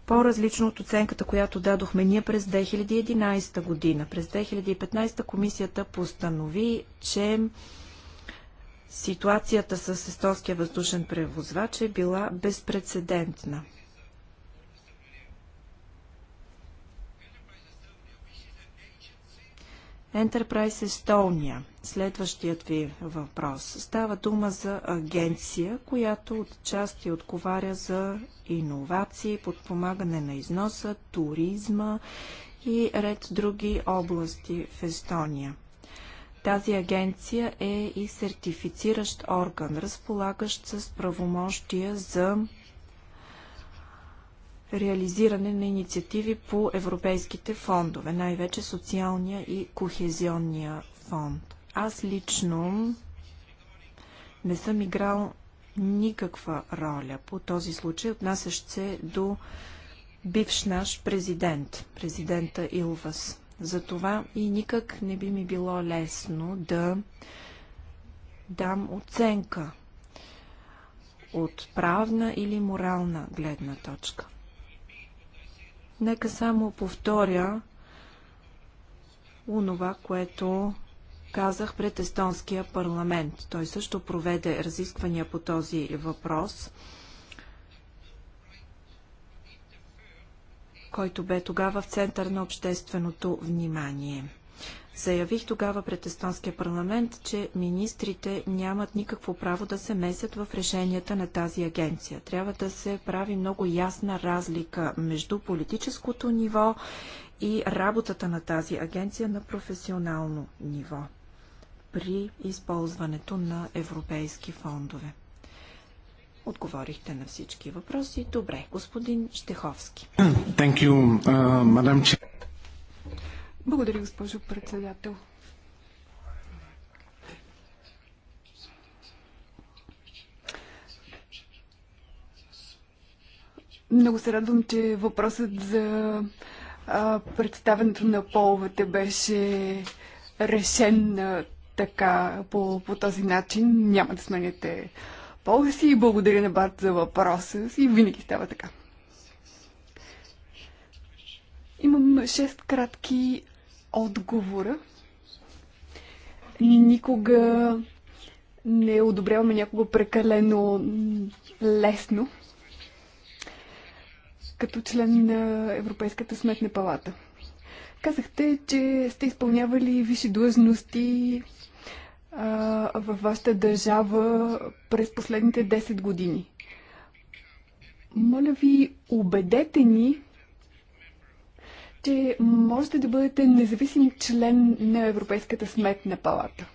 по-различно от оценката, която дадохме ние през 2011 година. През 2015 комисията постанови, че ситуацията с естонския въздушен превозвач е била безпредседентна. Enterprise Estonia. Следващият ви въпрос. Става дума за агенция, която от части отговаря за иновации, подпомагане на износа, туризма и ред други области в Естония. Тази агенция е и сертифициращ орган, разполагащ с правомощия за реализиране на инициативи по европейските фондове, най-вече социалния и кохезионния фонд. Аз лично не съм играл никаква роля по този случай, отнасящ се до бивш наш президент, президента Илвас. Затова и никак не би ми било лесно да дам оценка от правна или морална гледна точка. Нека само повторя онова, което казах пред естонския парламент. Той също проведе разисквания по този въпрос, който бе тогава в център на общественото внимание. Заявих тогава пред Естонския парламент, че министрите нямат никакво право да се месят в решенията на тази агенция. Трябва да се прави много ясна разлика между политическото ниво и работата на тази агенция на професионално ниво при използването на европейски фондове. Отговорихте на всички въпроси. Добре, господин Штеховски. Thank you, uh, благодаря, госпожо председател. Много се радвам, че въпросът за а, представенето на половете беше решен а, така, по, по този начин. Няма да сменяте полове си и благодаря на Барт за въпроса си. Винаги става така. Имам шест кратки отговора. Никога не одобряваме някого прекалено лесно като член на Европейската сметна палата. Казахте, че сте изпълнявали висши длъжности а, във вашата държава през последните 10 години. Моля ви, убедете ни, че можете да бъдете независим член на Европейската сметна палата.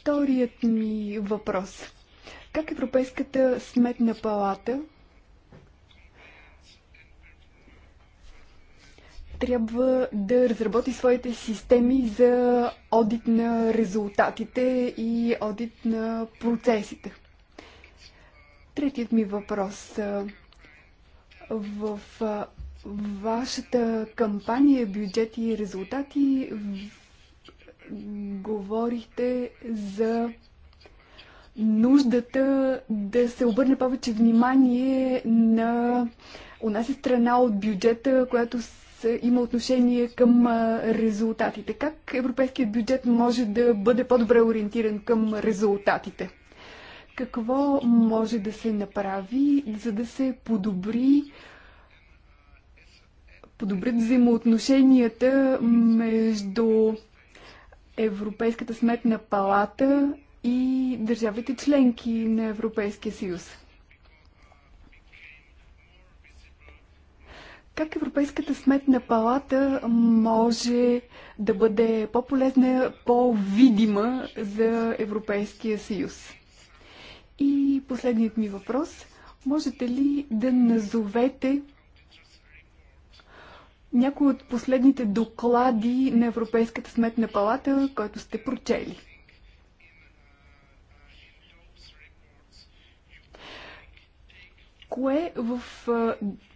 Вторият ми въпрос. Как Европейската сметна палата трябва да разработи своите системи за одит на резултатите и одит на процесите? Третият ми въпрос. В Вашата кампания бюджет и резултати говорихте за нуждата да се обърне повече внимание на унася страна от бюджета, която има отношение към резултатите. Как европейският бюджет може да бъде по-добре ориентиран към резултатите? Какво може да се направи, за да се подобри подобрят взаимоотношенията между Европейската сметна палата и държавите членки на Европейския съюз. Как Европейската сметна палата може да бъде по-полезна, по-видима за Европейския съюз? И последният ми въпрос. Можете ли да назовете някои от последните доклади на Европейската сметна палата, който сте прочели. Кое в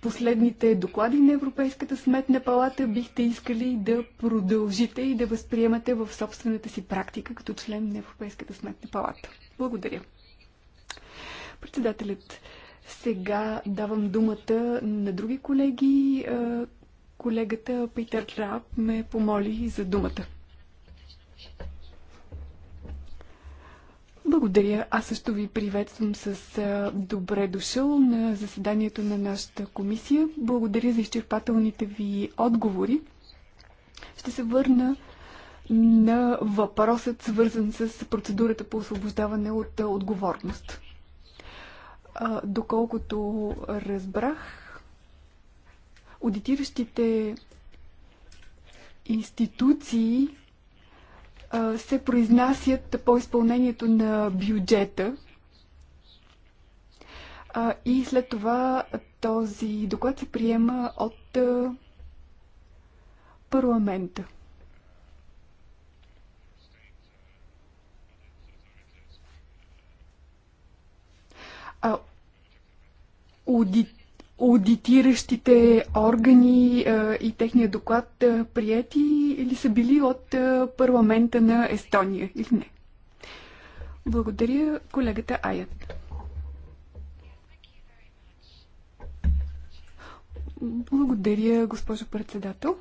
последните доклади на Европейската сметна палата бихте искали да продължите и да възприемате в собствената си практика като член на Европейската сметна палата? Благодаря. Председателят, сега давам думата на други колеги, Колегата Питър Трап ме помоли за думата. Благодаря. Аз също ви приветствам с добре дошъл на заседанието на нашата комисия. Благодаря за изчерпателните ви отговори. Ще се върна на въпросът, свързан с процедурата по освобождаване от отговорност. Доколкото разбрах, аудитиращите институции а, се произнасят по изпълнението на бюджета. А, и след това този доклад се приема от а, парламента. А, аудит аудитиращите органи а, и техния доклад а, прияти или са били от а, парламента на Естония или не? Благодаря колегата Аят. Благодаря, госпожо председател.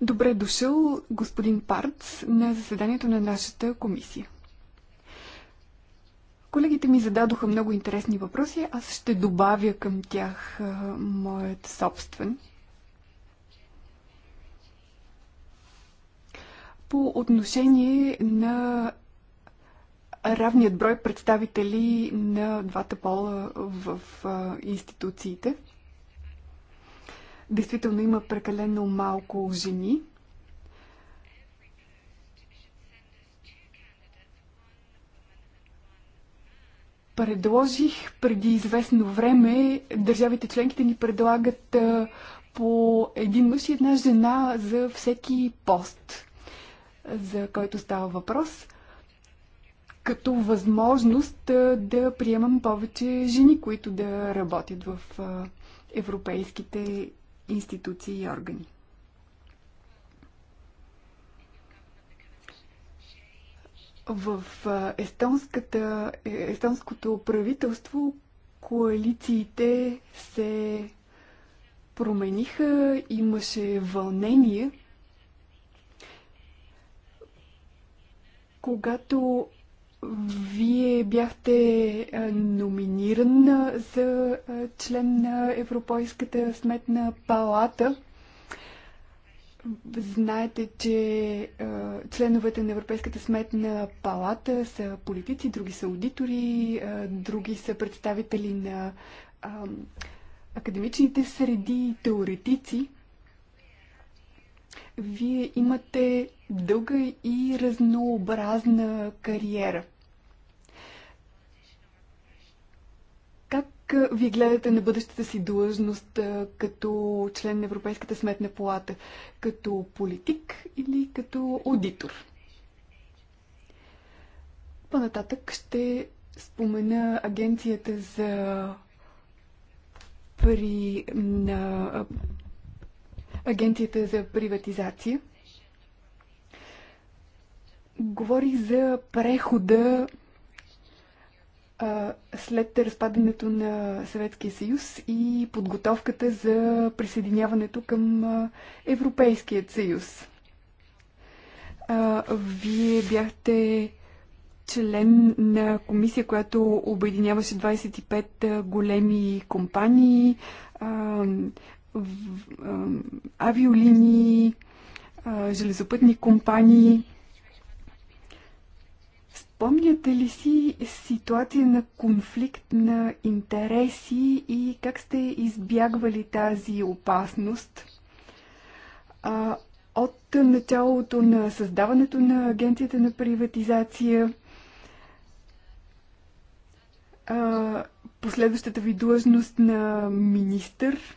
Добре дошъл господин Парц на заседанието на нашата комисия. Колегите ми зададоха много интересни въпроси. Аз ще добавя към тях моят собствен. По отношение на равният брой представители на двата пола в институциите. Действително има прекалено малко жени – предложих преди известно време, държавите членките ни предлагат по един мъж и една жена за всеки пост, за който става въпрос, като възможност да приемам повече жени, които да работят в европейските институции и органи. В естонската, е, естонското правителство коалициите се промениха, имаше вълнение. Когато вие бяхте номиниран за член на Европейската сметна палата, Знаете, че членовете на Европейската сметна палата са политици, други са аудитори, други са представители на академичните среди, теоретици. Вие имате дълга и разнообразна кариера – как ви гледате на бъдещата си длъжност като член на Европейската сметна палата? Като политик или като аудитор? По-нататък ще спомена агенцията за при, на агенцията за приватизация. Говорих за прехода след разпадането на Съветския съюз и подготовката за присъединяването към Европейския съюз. Вие бяхте член на комисия, която обединяваше 25 големи компании, авиолинии, железопътни компании. Спомняте ли си ситуация на конфликт на интереси и как сте избягвали тази опасност? А, от началото на създаването на агенцията на приватизация, а, последващата ви длъжност на министър,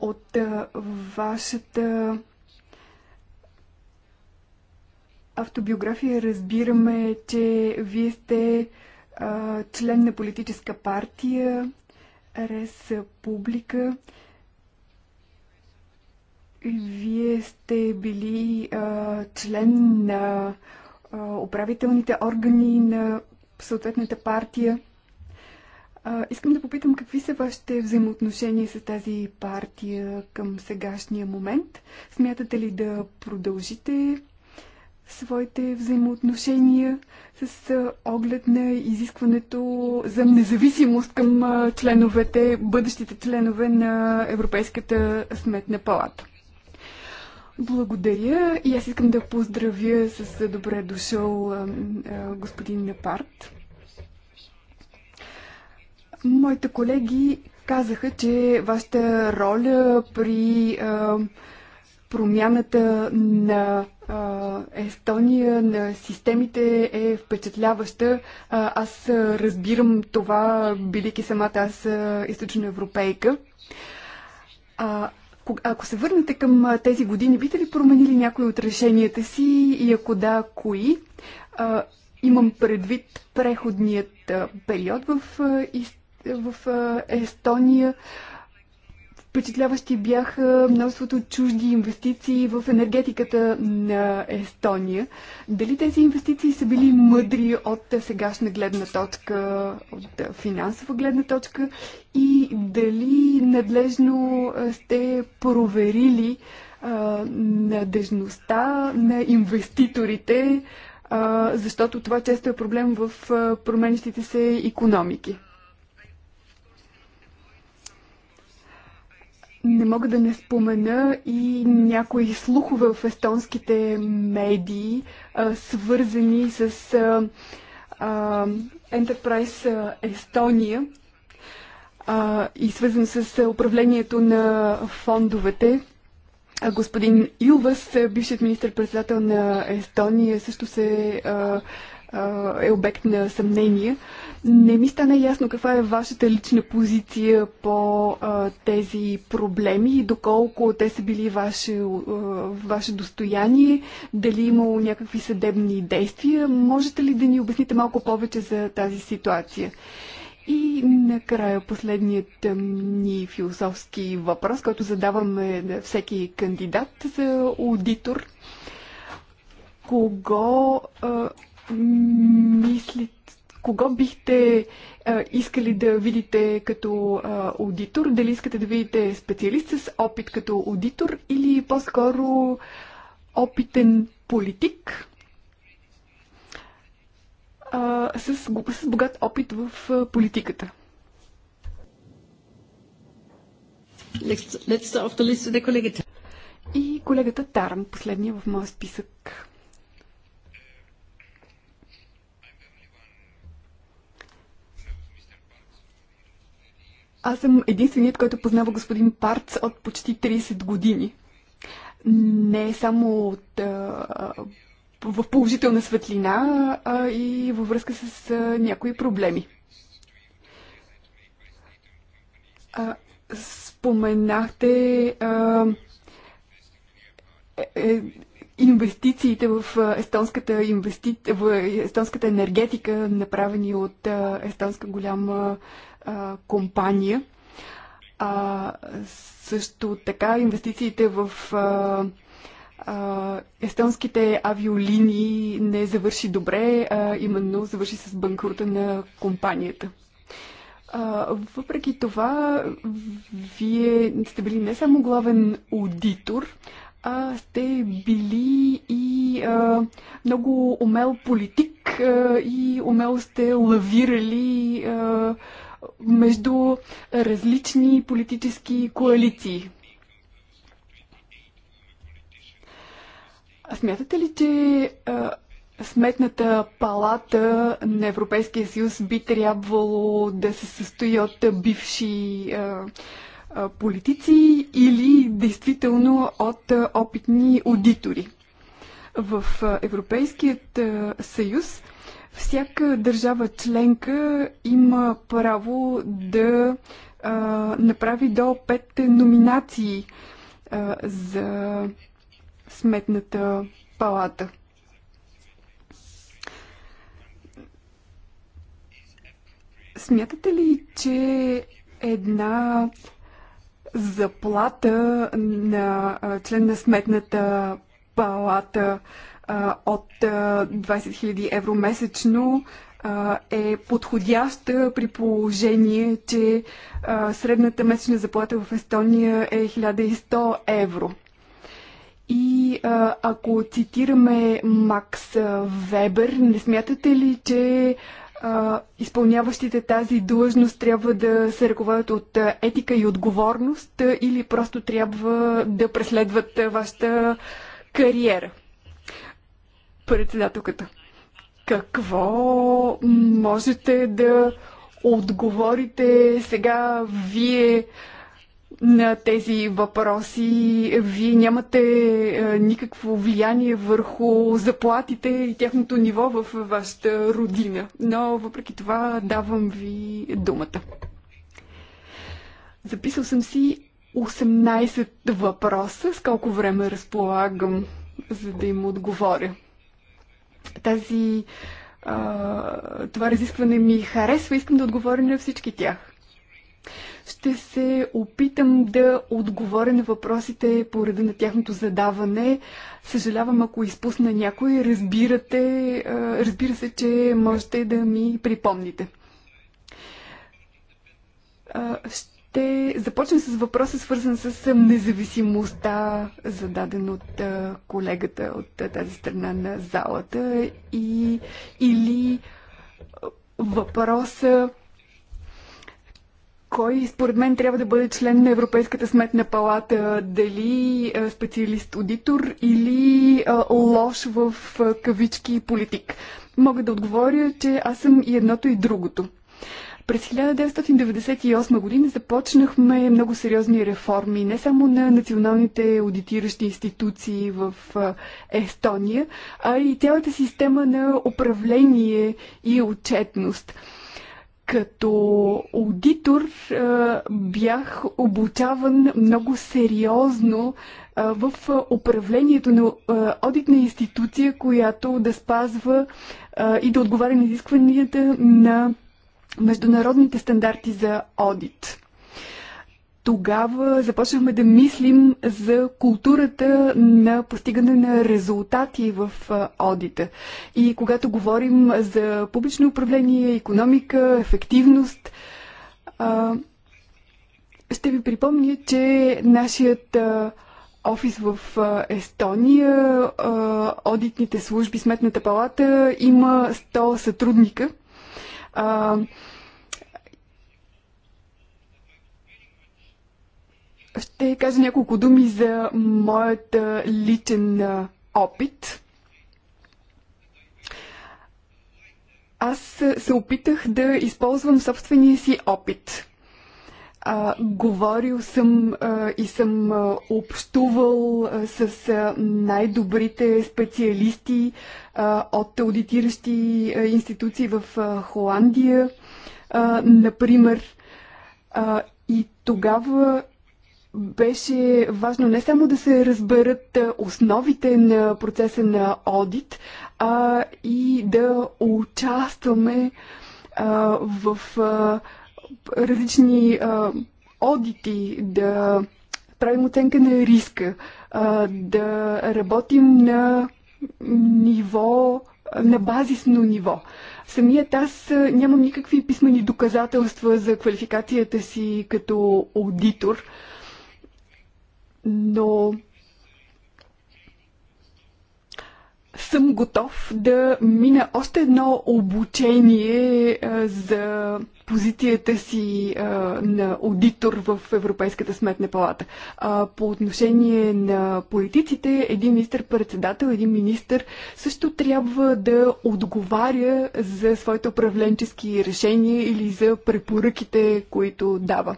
от а, вашата автобиография разбираме, че вие сте а, член на политическа партия, РС Публика. Вие сте били а, член на а, управителните органи на съответната партия. А, искам да попитам какви са вашите взаимоотношения с тази партия към сегашния момент. Смятате ли да продължите своите взаимоотношения с оглед на изискването за независимост към членовете, бъдещите членове на Европейската сметна палата. Благодаря и аз искам да поздравя с добре дошъл господин Непарт. Моите колеги казаха, че вашата роля при промяната на а, Естония, на системите е впечатляваща. А, аз разбирам това, билики самата аз източна европейка. А, ако се върнете към тези години, бите ли променили някои от решенията си и ако да, кои? А, имам предвид преходният период в, в Естония. Впечатляващи бяха множеството чужди инвестиции в енергетиката на Естония. Дали тези инвестиции са били мъдри от сегашна гледна точка, от финансова гледна точка и дали надлежно сте проверили надежността на инвеститорите, защото това често е проблем в променящите се економики? Не мога да не спомена и някои слухове в естонските медии, а, свързани с а, а, Enterprise Естония а, и свързан с управлението на фондовете. А господин Илвас, бившият министр-председател на Естония, също се а, а, е обект на съмнение. Не ми стана ясно каква е вашата лична позиция по а, тези проблеми и доколко те са били ваше, а, ваше достояние, дали е имало някакви съдебни действия. Можете ли да ни обясните малко повече за тази ситуация? И накрая последният ни философски въпрос, който задаваме на всеки кандидат за аудитор. Кого а, мислите? Кого бихте а, искали да видите като а, аудитор? Дали искате да видите специалист с опит като аудитор или по-скоро опитен политик а, с, с богат опит в политиката? И колегата Таран, последния в моя списък. Аз съм единственият, който познава господин Парц от почти 30 години. Не само от, а, в положителна светлина, а и във връзка с а, някои проблеми. А, споменахте а, е, е инвестициите в естонската, инвести... в е, естонската енергетика, направени от естонска голяма а, компания. А, също така инвестициите в а, а, естонските авиолинии не завърши добре, а именно завърши с банкрута на компанията. А, въпреки това, вие сте били не само главен аудитор, а сте били и а, много умел политик а, и умел сте лавирали а, между различни политически коалиции. А смятате ли, че а, Сметната палата на Европейския съюз би трябвало да се състои от бивши а, а, политици или действително от а, опитни аудитори? В Европейският съюз всяка държава членка има право да а, направи до пет номинации а, за сметната палата. Смятате ли, че една заплата на член на сметната палата от 20 000 евро месечно е подходяща при положение, че средната месечна заплата в Естония е 1100 евро. И ако цитираме Макс Вебер, не смятате ли, че изпълняващите тази длъжност трябва да се ръководят от етика и отговорност или просто трябва да преследват вашата кариера? Председателката. Какво можете да отговорите сега вие на тези въпроси? Вие нямате е, никакво влияние върху заплатите и тяхното ниво в вашата родина. Но въпреки това давам ви думата. Записал съм си 18 въпроса. С колко време разполагам, за да им отговоря? тази, а, това разискване ми харесва, искам да отговоря на всички тях. Ще се опитам да отговоря на въпросите по реда на тяхното задаване. Съжалявам, ако изпусна някой. Разбирате, разбира се, че можете да ми припомните. Ще ще започнем с въпроса, свързан с независимостта, зададен от колегата от тази страна на залата и, или въпроса кой според мен трябва да бъде член на Европейската сметна палата? Дали специалист-аудитор или лош в кавички политик? Мога да отговоря, че аз съм и едното и другото. През 1998 година започнахме много сериозни реформи, не само на националните аудитиращи институции в Естония, а и цялата система на управление и отчетност. Като аудитор бях обучаван много сериозно в управлението на одитна институция, която да спазва и да отговаря на изискванията на международните стандарти за одит. Тогава започнахме да мислим за културата на постигане на резултати в одита. И когато говорим за публично управление, економика, ефективност, ще ви припомня, че нашият офис в Естония, одитните служби, сметната палата има 100 сътрудника – а, ще кажа няколко думи за моят личен опит. Аз се опитах да използвам собствения си опит. А, говорил съм а, и съм а, общувал а, с а, най-добрите специалисти а, от аудитиращи а, институции в а, Холандия, а, например. А, и тогава беше важно не само да се разберат основите на процеса на одит, а и да участваме а, в. А, различни а, одити, да правим оценка на риска, а, да работим на ниво, на базисно ниво. Самият аз нямам никакви писмени доказателства за квалификацията си като аудитор, но съм готов да мина още едно обучение за позицията си на аудитор в Европейската сметна палата. По отношение на политиците, един министр-председател, един министр също трябва да отговаря за своите управленчески решения или за препоръките, които дава.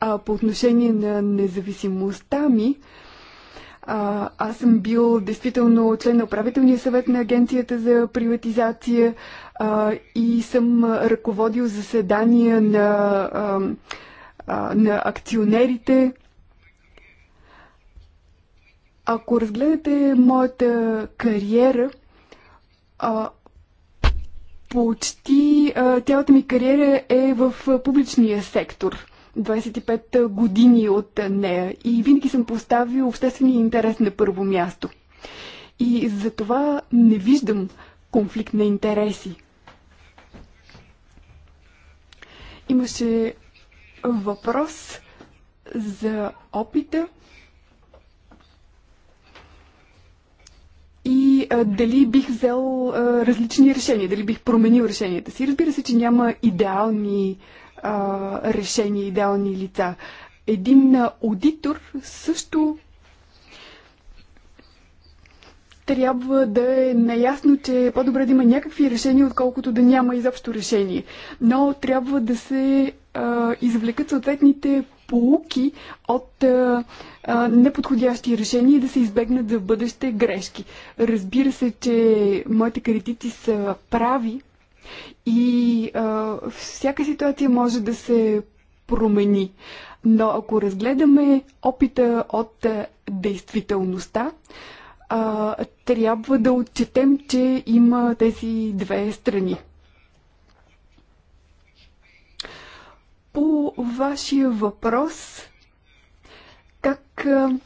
А по отношение на независимостта ми, а, аз съм бил действително член на управителния съвет на Агенцията за приватизация а, и съм ръководил заседания на, а, а, на акционерите. Ако разгледате моята кариера, а, почти а, цялата ми кариера е в публичния сектор – 25 години от нея и винаги съм поставил обществения интерес на първо място. И за това не виждам конфликт на интереси. Имаше въпрос за опита и а, дали бих взел а, различни решения, дали бих променил решенията си. Разбира се, че няма идеални а, решения идеални лица. Един аудитор също трябва да е наясно, че е по-добре да има някакви решения, отколкото да няма изобщо решение. Но трябва да се а, извлекат съответните полуки от а, а, неподходящи решения и да се избегнат за бъдеще грешки. Разбира се, че моите критици са прави, и а, всяка ситуация може да се промени. Но ако разгледаме опита от действителността, а, трябва да отчетем, че има тези две страни. По вашия въпрос, как а,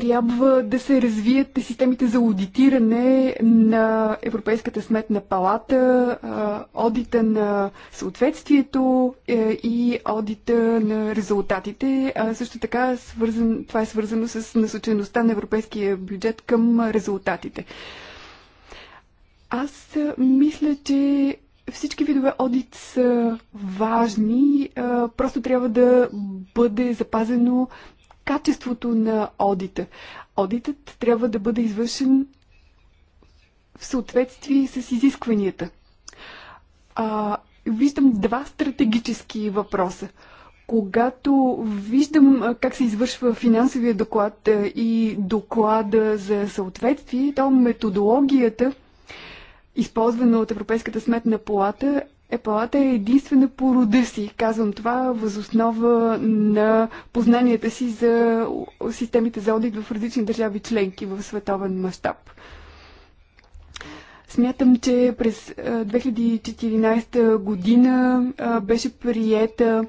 трябва да се развият системите за аудитиране на Европейската сметна палата, одита на съответствието е, и одита на резултатите. А също така свързан, това е свързано с насочеността на европейския бюджет към резултатите. Аз мисля, че всички видове одит са важни, просто трябва да бъде запазено качеството на одита. Одитът трябва да бъде извършен в съответствие с изискванията. А, виждам два стратегически въпроса. Когато виждам как се извършва финансовия доклад и доклада за съответствие, то методологията, използвана от Европейската сметна палата, е палата е единствена по рода си. Казвам това възоснова на познанията си за системите за одит в различни държави членки в световен мащаб. Смятам, че през 2014 година беше приета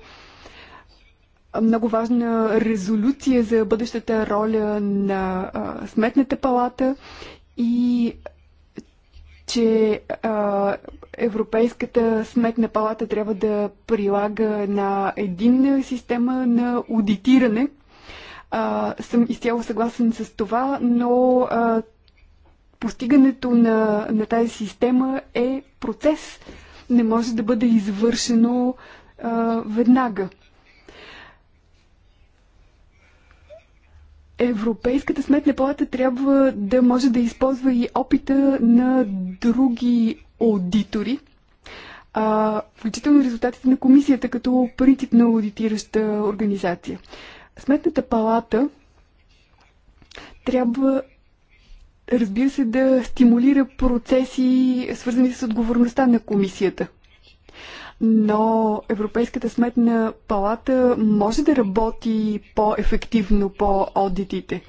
много важна резолюция за бъдещата роля на Сметната палата и че а, Европейската сметна палата трябва да прилага на единна система на аудитиране. А, съм изцяло съгласен с това, но а, постигането на, на тази система е процес. Не може да бъде извършено а, веднага. Европейската сметна палата трябва да може да използва и опита на други аудитори, а, включително резултатите на комисията като принципна аудитираща организация. Сметната палата трябва, разбира се, да стимулира процеси, свързани с отговорността на комисията но Европейската сметна палата може да работи по-ефективно по аудитите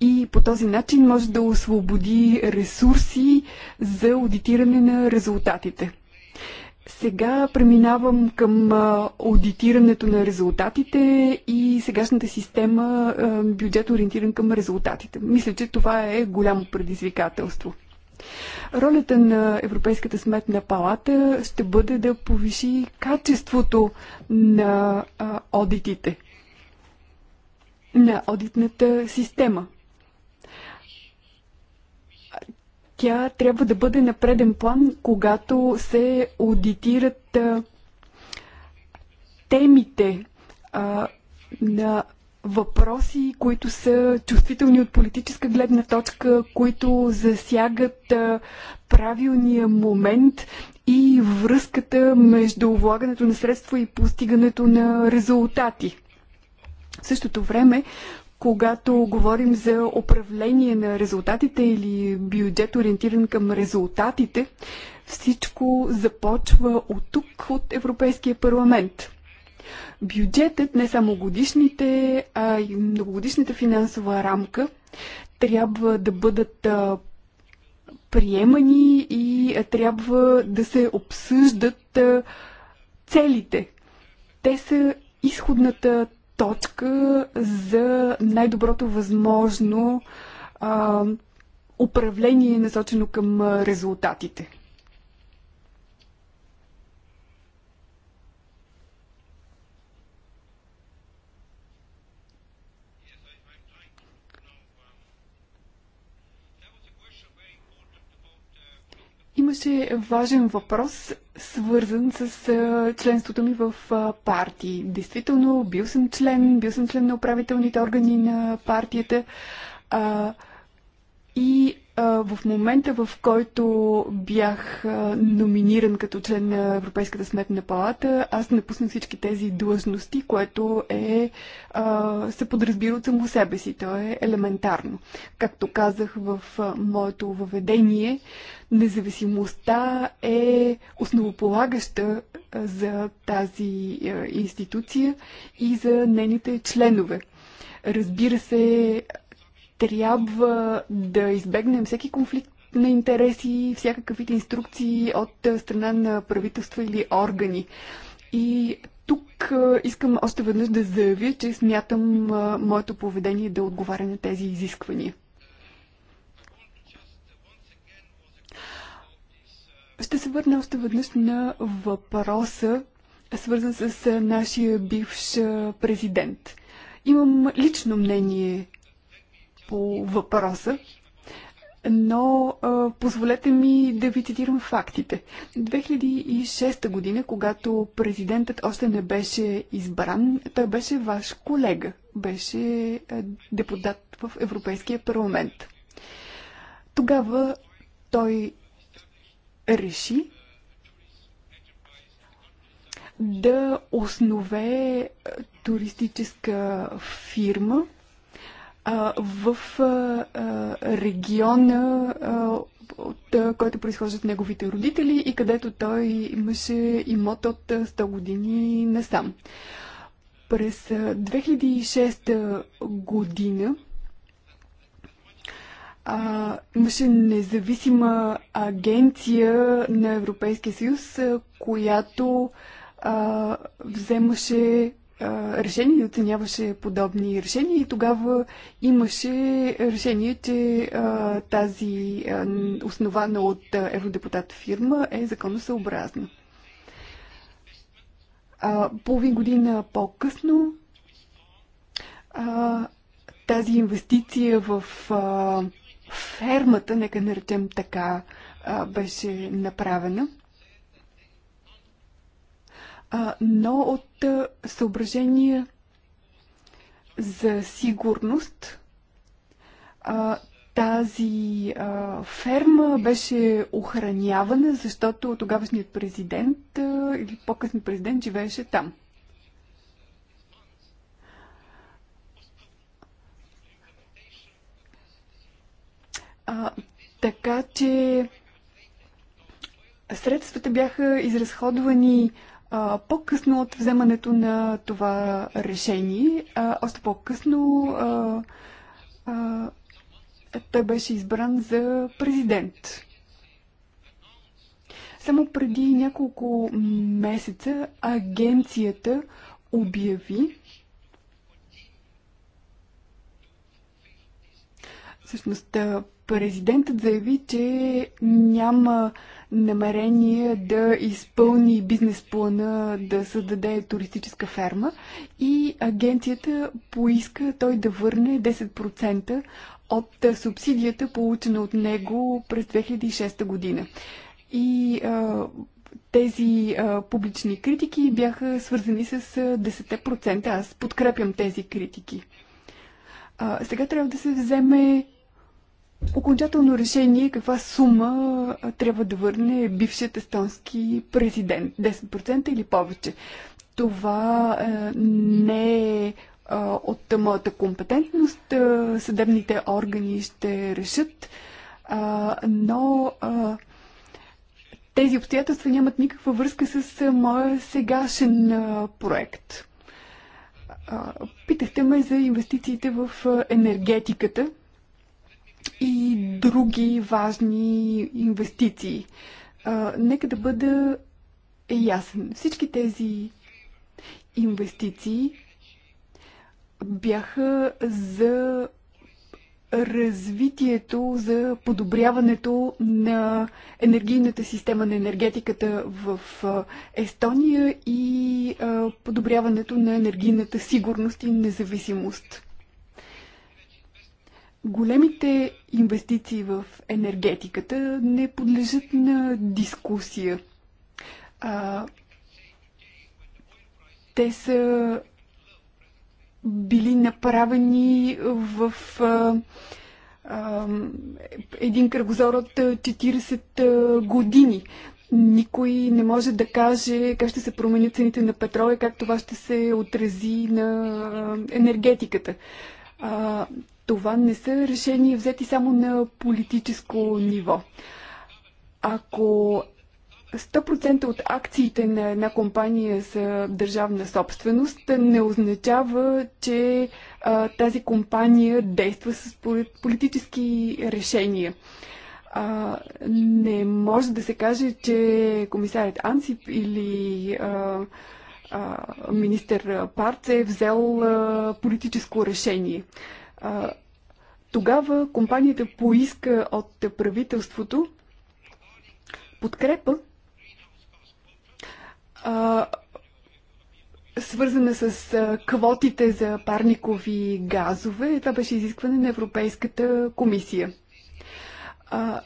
И по този начин може да освободи ресурси за аудитиране на резултатите. Сега преминавам към аудитирането на резултатите и сегашната система бюджет ориентиран към резултатите. Мисля, че това е голямо предизвикателство. Ролята на Европейската сметна палата ще бъде да повиши качеството на а, одитите, на одитната система. Тя трябва да бъде на преден план, когато се аудитират а, темите а, на въпроси, които са чувствителни от политическа гледна точка, които засягат правилния момент и връзката между влагането на средства и постигането на резултати. В същото време, когато говорим за управление на резултатите или бюджет ориентиран към резултатите, всичко започва от тук, от Европейския парламент. Бюджетът, не само годишните, а и многогодишната финансова рамка трябва да бъдат приемани и трябва да се обсъждат целите. Те са изходната точка за най-доброто възможно а, управление, насочено към резултатите. Имаше важен въпрос, свързан с а, членството ми в а, партии. Действително, бил съм член, бил съм член на управителните органи на партията а, и в момента, в който бях номиниран като член на Европейската сметна палата, аз напуснах всички тези длъжности, което е, се подразбира от само себе си. То е елементарно. Както казах в моето въведение, независимостта е основополагаща за тази институция и за нейните членове. Разбира се, трябва да избегнем всеки конфликт на интереси, всякакъв вид инструкции от страна на правителства или органи. И тук искам още веднъж да заявя, че смятам моето поведение да отговаря на тези изисквания. Ще се върна още веднъж на въпроса, свързан с нашия бивш президент. Имам лично мнение по въпроса, но а, позволете ми да ви цитирам фактите. 2006 година, когато президентът още не беше избран, той беше ваш колега, беше депутат в Европейския парламент. Тогава той реши да основе туристическа фирма – в региона, от който произхождат неговите родители и където той имаше имот от 100 години насам. През 2006 година а, имаше независима агенция на Европейския съюз, която а, вземаше решение и оценяваше подобни решения и тогава имаше решение, че а, тази а, основана от евродепутат фирма е законосъобразна. А, половин година по-късно а, тази инвестиция в а, фермата, нека наречем така, а, беше направена – но от съображения за сигурност тази а, ферма беше охранявана, защото тогавашният президент а, или по-късният президент живееше там. А, така че средствата бяха изразходвани а, по-късно от вземането на това решение, а, още по-късно а, а, той беше избран за президент. Само преди няколко месеца агенцията обяви, всъщност Президентът заяви, че няма намерение да изпълни бизнес плана да създаде туристическа ферма и агенцията поиска той да върне 10% от субсидията, получена от него през 2006 година. И а, тези а, публични критики бяха свързани с 10%. Аз подкрепям тези критики. А, сега трябва да се вземе окончателно решение каква сума трябва да върне бившият естонски президент. 10% или повече. Това не е от моята компетентност. Съдебните органи ще решат, но тези обстоятелства нямат никаква връзка с моя сегашен проект. Питахте ме за инвестициите в енергетиката и други важни инвестиции. А, нека да бъда е ясен. Всички тези инвестиции бяха за развитието, за подобряването на енергийната система на енергетиката в Естония и подобряването на енергийната сигурност и независимост. Големите инвестиции в енергетиката не подлежат на дискусия. А, те са били направени в а, а, един кръгозор от 40 години. Никой не може да каже как ще се променят цените на петрола и как това ще се отрази на енергетиката. А, това не са решения взети само на политическо ниво. Ако 100% от акциите на една компания са държавна собственост, не означава, че а, тази компания действа с политически решения. А, не може да се каже, че комисарят Ансип или а, министър Парц е взел политическо решение. Тогава компанията поиска от правителството подкрепа, а, свързана с квотите за парникови газове. Това беше изискване на Европейската комисия. А,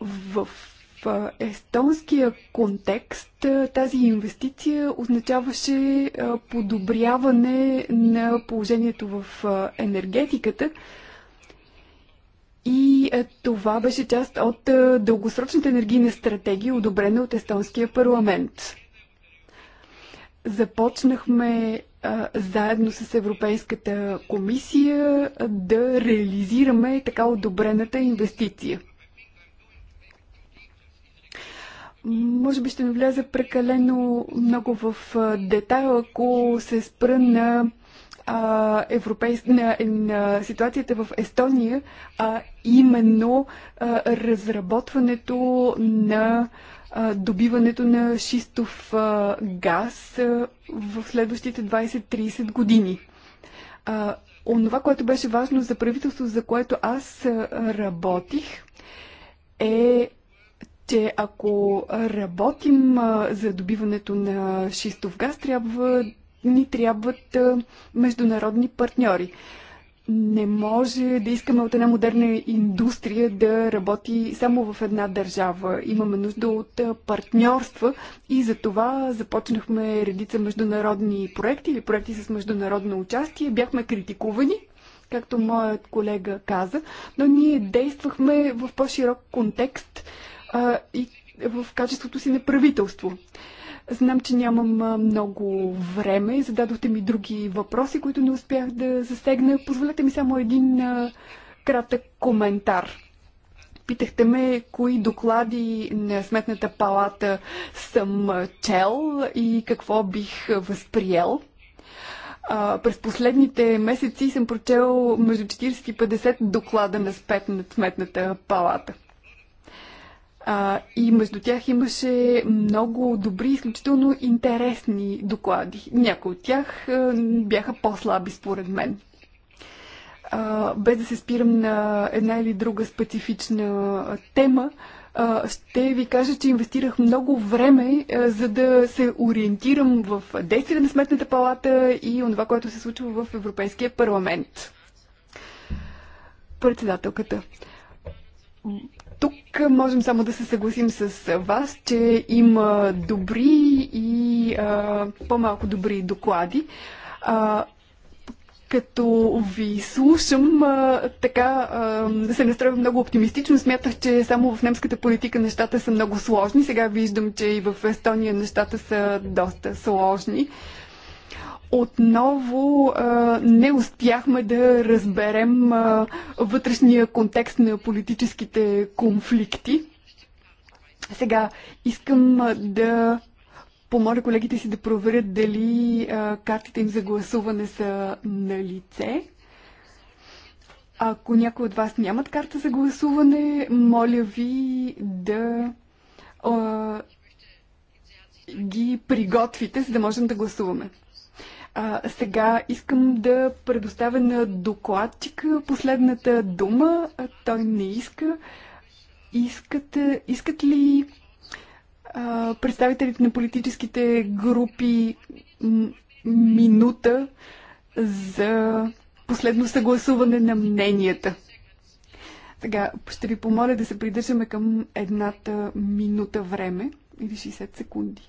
в естонския контекст тази инвестиция означаваше подобряване на положението в енергетиката. И това беше част от дългосрочната енергийна стратегия, одобрена от естонския парламент. Започнахме заедно с Европейската комисия да реализираме така одобрената инвестиция. Може би ще вляза прекалено много в детайл, ако се спра на, европейс... на, на ситуацията в Естония, а именно а, разработването на а, добиването на шистов а, газ а, в следващите 20-30 години. А, онова, което беше важно за правителство, за което аз работих, е че ако работим за добиването на шистов газ, трябва, ни трябват международни партньори. Не може да искаме от една модерна индустрия да работи само в една държава. Имаме нужда от партньорства и за това започнахме редица международни проекти или проекти с международно участие. Бяхме критикувани, както моят колега каза, но ние действахме в по-широк контекст а, и в качеството си на правителство. Знам, че нямам много време и зададохте ми други въпроси, които не успях да засегна. Позволете ми само един а, кратък коментар. Питахте ме кои доклади на Сметната палата съм чел и какво бих възприел. А, през последните месеци съм прочел между 40 и 50 доклада на Сметната палата – а, и между тях имаше много добри, изключително интересни доклади. Някои от тях а, бяха по-слаби, според мен. А, без да се спирам на една или друга специфична тема, ще ви кажа, че инвестирах много време, за да се ориентирам в действията на Сметната палата и това, което се случва в Европейския парламент. Председателката. Тук можем само да се съгласим с вас, че има добри и по-малко добри доклади. А, като ви слушам, а, така а, се настроя много оптимистично. Смятах, че само в немската политика нещата са много сложни. Сега виждам, че и в Естония нещата са доста сложни отново а, не успяхме да разберем а, вътрешния контекст на политическите конфликти. Сега искам да помоля колегите си да проверят дали а, картите им за гласуване са на лице. Ако някой от вас нямат карта за гласуване, моля ви да а, ги приготвите, за да можем да гласуваме. А, сега искам да предоставя на докладчика последната дума. А, той не иска. Искат, искат ли а, представителите на политическите групи минута за последно съгласуване на мненията? Сега ще ви помоля да се придържаме към едната минута време или 60 секунди.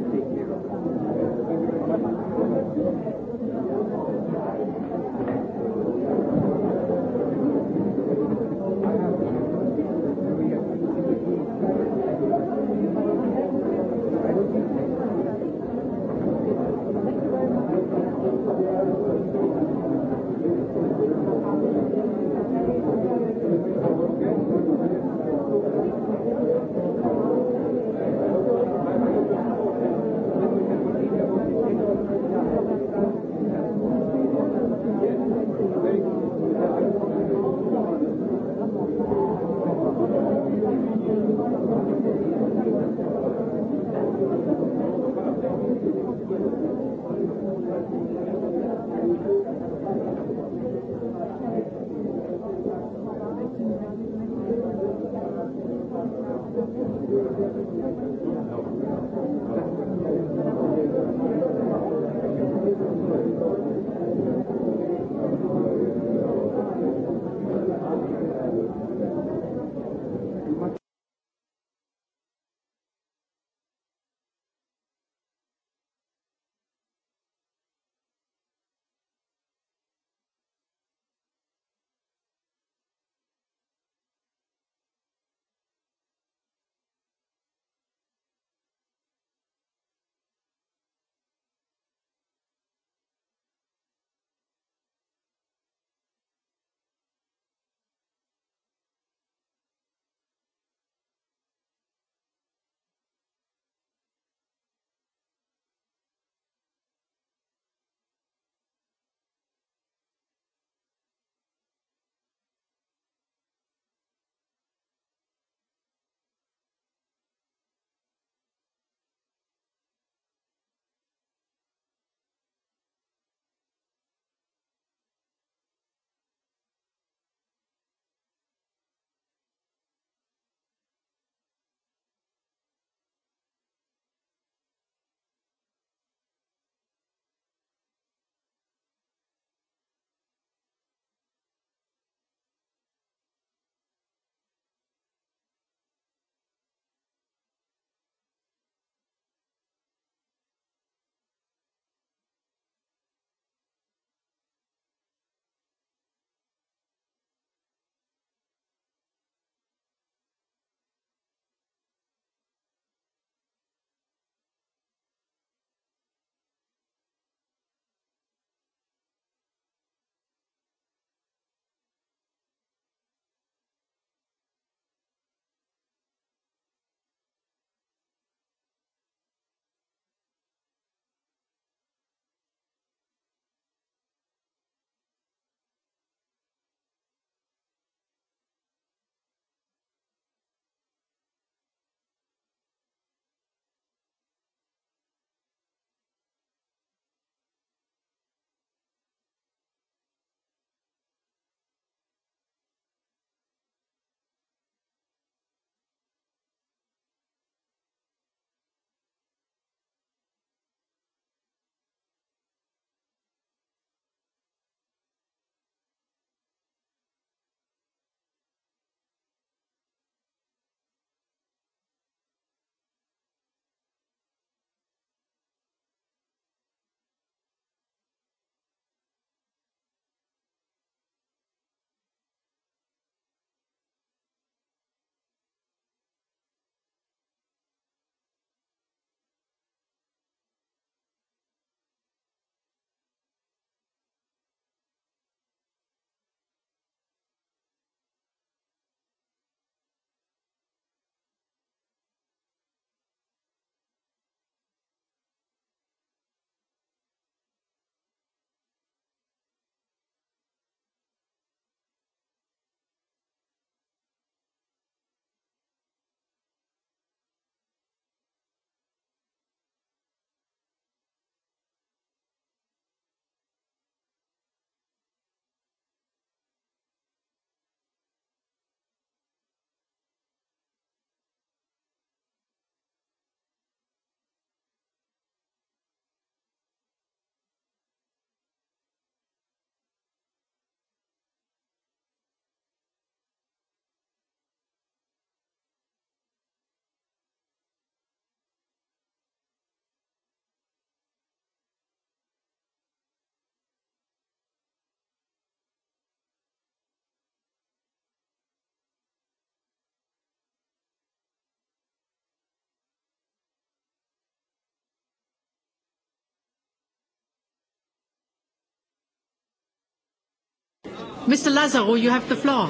Mr. Lazaro, you have the floor.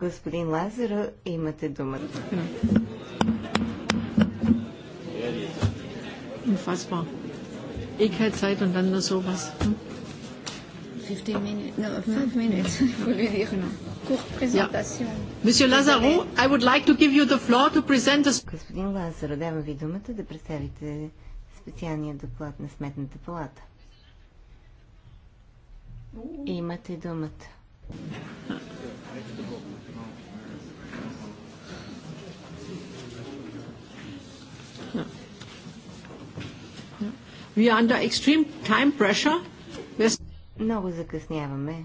Господин Лазаро, имате думата. Unfassbar. Eh keine Zeit und dann nur sowas. Hm? 15 minutes, no, 5 minutes, ich wollte dire, non. Courte présentation. Yeah. Monsieur Lazaro, I would like to give you the floor to present the... Господин Лазаро, давам ви думата да представите специалния доклад на Сметната палата. Имате думата. We are under extreme time pressure. Много закъсняваме.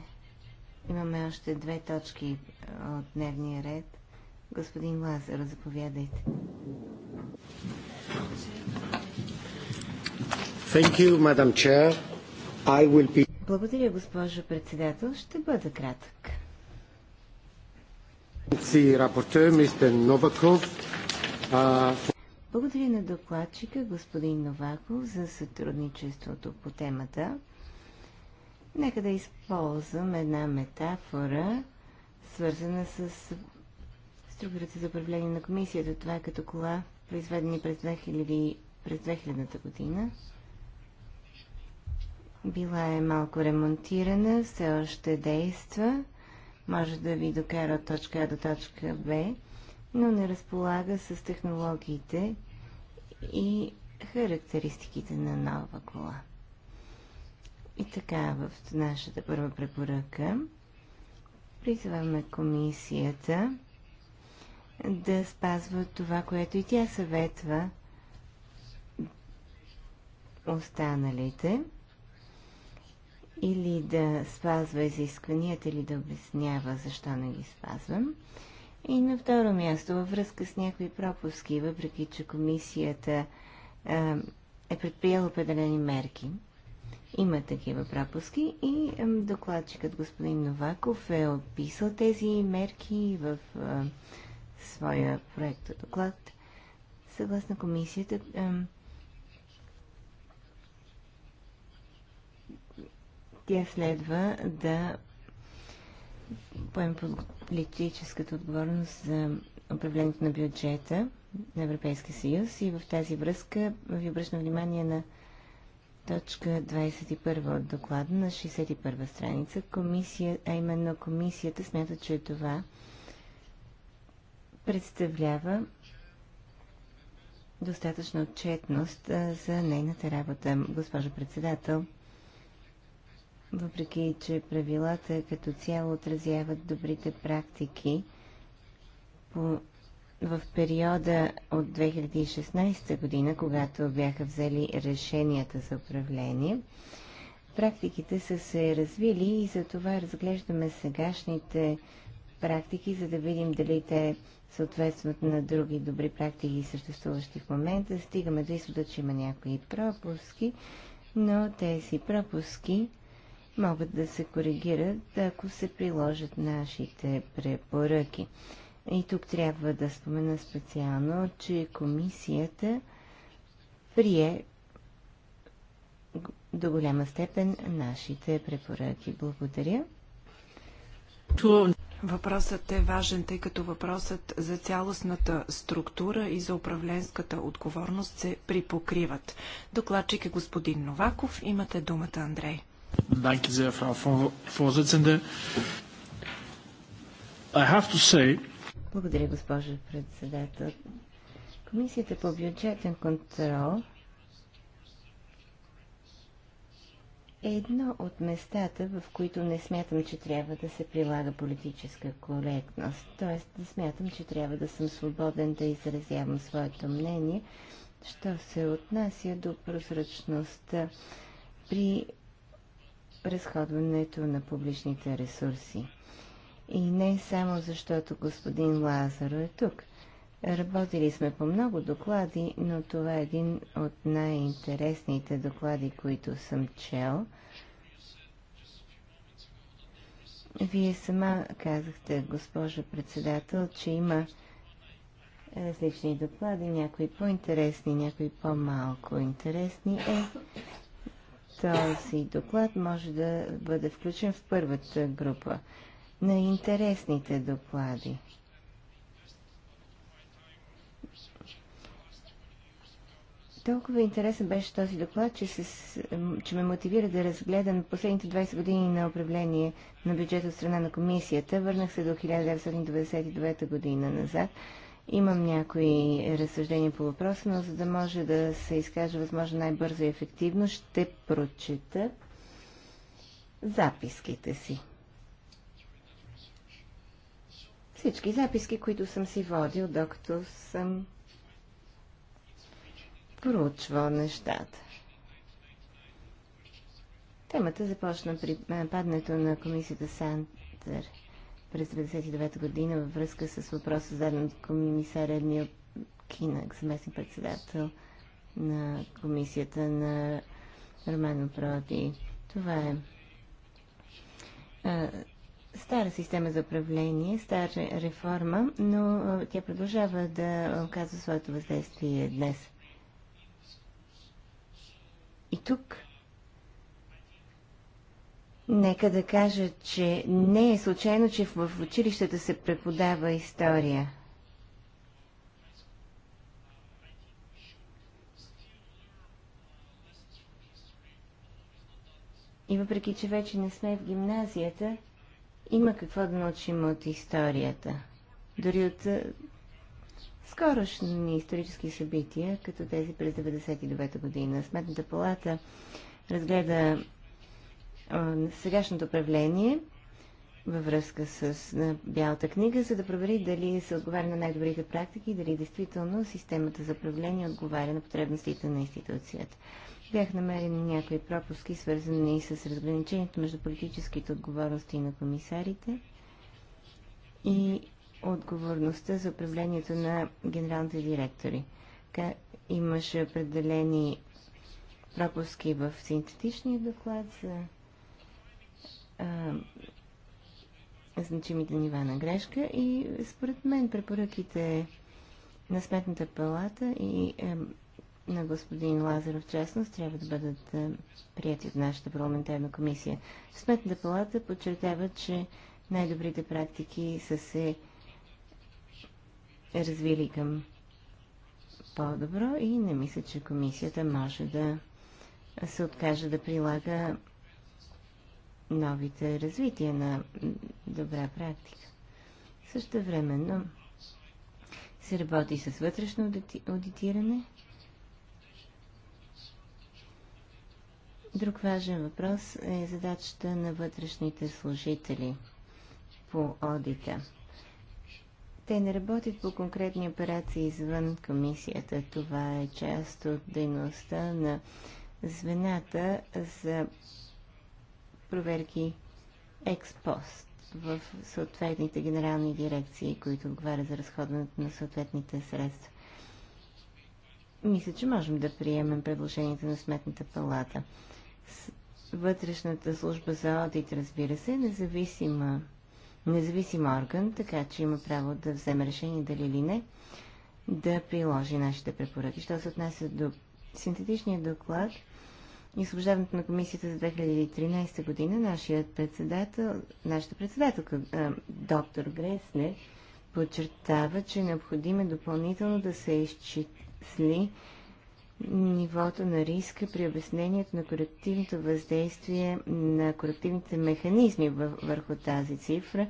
Имаме още две точки от дневния ред. Господин Лазар, заповядайте. Thank you, Madam Chair. I will be... Благодаря, госпожо председател. Ще бъда кратък. Благодаря на докладчика господин Новаков за сътрудничеството по темата. Нека да използвам една метафора, свързана с структурата за управление на комисията. Това е като кола, произведени през 2000, та 2000 година. Била е малко ремонтирана, все още действа. Може да ви докара от точка А до точка Б, но не разполага с технологиите и характеристиките на нова кола. И така, в нашата първа препоръка призваме комисията да спазва това, което и тя съветва останалите – или да спазва изискванията, или да обяснява защо не ги спазвам. И на второ място, във връзка с някои пропуски, въпреки че комисията е, е предприела определени мерки, има такива пропуски и докладчикът господин Новаков е описал тези мерки в е, своя проект доклад. Съгласно комисията, тя следва да поеме политическата отговорност за управлението на бюджета на Европейския съюз и в тази връзка ви обръщам внимание на точка 21 от доклада на 61 страница. Комисия, а именно комисията смята, че това представлява достатъчно отчетност за нейната работа. Госпожо председател, въпреки че правилата като цяло отразяват добрите практики по, в периода от 2016 година, когато бяха взели решенията за управление. Практиките са се развили и за това разглеждаме сегашните практики, за да видим дали те съответстват на други добри практики, съществуващи в момента. Стигаме до изхода, че има някои пропуски, но тези пропуски могат да се коригират, ако се приложат нашите препоръки. И тук трябва да спомена специално, че комисията прие до голяма степен нашите препоръки. Благодаря. Въпросът е важен, тъй като въпросът за цялостната структура и за управленската отговорност се припокриват. Докладчик е господин Новаков. Имате думата, Андрей. Danke sehr, Frau Vorsitzende. I have to say... Благодаря, госпожа председател. Комисията по бюджетен контрол е едно от местата, в които не смятам, че трябва да се прилага политическа коректност. Тоест, не смятам, че трябва да съм свободен да изразявам своето мнение, що се отнася до прозрачността при разходването на публичните ресурси. И не само защото господин Лазаро е тук. Работили сме по много доклади, но това е един от най-интересните доклади, които съм чел. Вие сама казахте, госпожо председател, че има различни доклади, някои по-интересни, някои по-малко интересни. Е, този доклад може да бъде включен в първата група на интересните доклади. Толкова интересен беше този доклад, че, се, че ме мотивира да разгледам последните 20 години на управление на бюджет от страна на комисията. Върнах се до 1999 година назад Имам някои разсъждения по въпроса, но за да може да се изкаже възможно най-бързо и ефективно, ще прочета записките си. Всички записки, които съм си водил, докато съм проучвал нещата. Темата започна при падането на комисията Сантер – през 1999 година във връзка с въпроса зададен от комисаря Едмил Кинък, заместник председател на комисията на Романо Проди. Това е стара система за управление, стара реформа, но тя продължава да оказва своето въздействие днес. И тук Нека да кажа, че не е случайно, че в училищата се преподава история. И въпреки, че вече не сме в гимназията, има какво да научим от историята. Дори от е, скорошни исторически събития, като тези през 1999 година. Сметната палата разгледа на сегашното управление във връзка с Бялата книга, за да провери дали се отговаря на най-добрите практики и дали действително системата за управление отговаря на потребностите на институцията. Бях намерени някои пропуски, свързани с разграничението между политическите отговорности на комисарите и отговорността за управлението на генералните директори. Имаше определени пропуски в синтетичния доклад за а, значимите нива на грешка и според мен препоръките на Сметната палата и а, на господин Лазаров, в частност, трябва да бъдат прияти от нашата парламентарна комисия. Сметната палата подчертава, че най-добрите практики са се развили към по-добро и не мисля, че комисията може да се откаже да прилага новите развития на добра практика. Също времено се работи с вътрешно аудитиране. Друг важен въпрос е задачата на вътрешните служители по одита. Те не работят по конкретни операции извън комисията. Това е част от дейността на звената за проверки експост в съответните генерални дирекции, които отговарят за разходването на съответните средства. Мисля, че можем да приемем предложението на Сметната палата. Вътрешната служба за одит, разбира се, е независима, независим орган, така че има право да вземе решение дали или не да приложи нашите препоръки. Що се отнася до синтетичния доклад, и служебното на комисията за 2013 година, нашият председател, нашата председателка, доктор Гресне, подчертава, че е необходимо допълнително да се изчисли нивото на риска при обяснението на корективното въздействие на корективните механизми върху тази цифра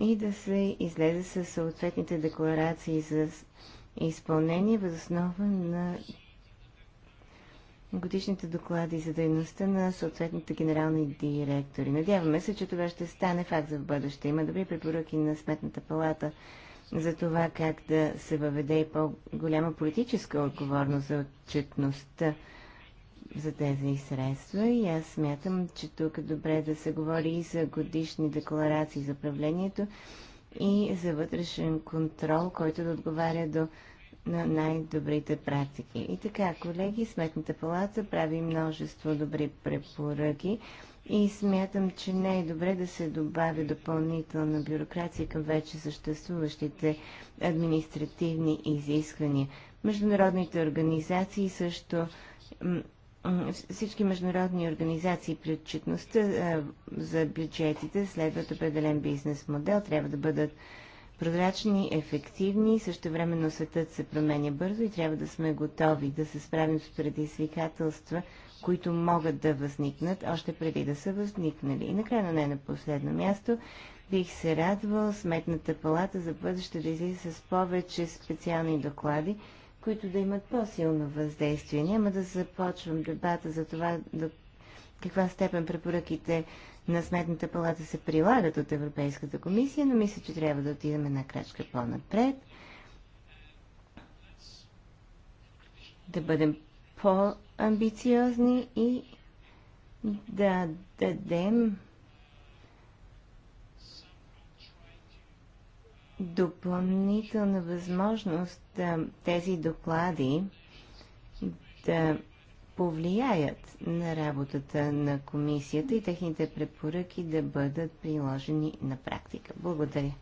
и да се излезе с съответните декларации за изпълнение възоснова на годишните доклади за дейността на съответните генерални директори. Надяваме се, че това ще стане факт за в бъдеще. Има добри препоръки на Сметната палата за това как да се въведе и по-голяма политическа отговорност за отчетността за тези средства и аз смятам, че тук е добре да се говори и за годишни декларации за управлението и за вътрешен контрол, който да отговаря до на най-добрите практики. И така, колеги, Сметната палата прави множество добри препоръки и смятам, че не е добре да се добави допълнителна бюрокрация към вече съществуващите административни изисквания. Международните организации също всички международни организации при отчетността за бюджетите следват определен бизнес модел, трябва да бъдат прозрачни, ефективни. Също времено светът се променя бързо и трябва да сме готови да се справим с предизвикателства, които могат да възникнат още преди да са възникнали. И накрая, но не на последно място, бих се радвал Сметната палата за бъдеще да излиза с повече специални доклади, които да имат по-силно въздействие. Няма да започвам дебата за това до каква степен препоръките на Сметната палата се прилагат от Европейската комисия, но мисля, че трябва да отидем една крачка по-напред. Да бъдем по-амбициозни и да дадем допълнителна възможност тези доклади да повлияят на работата на комисията и техните препоръки да бъдат приложени на практика. Благодаря.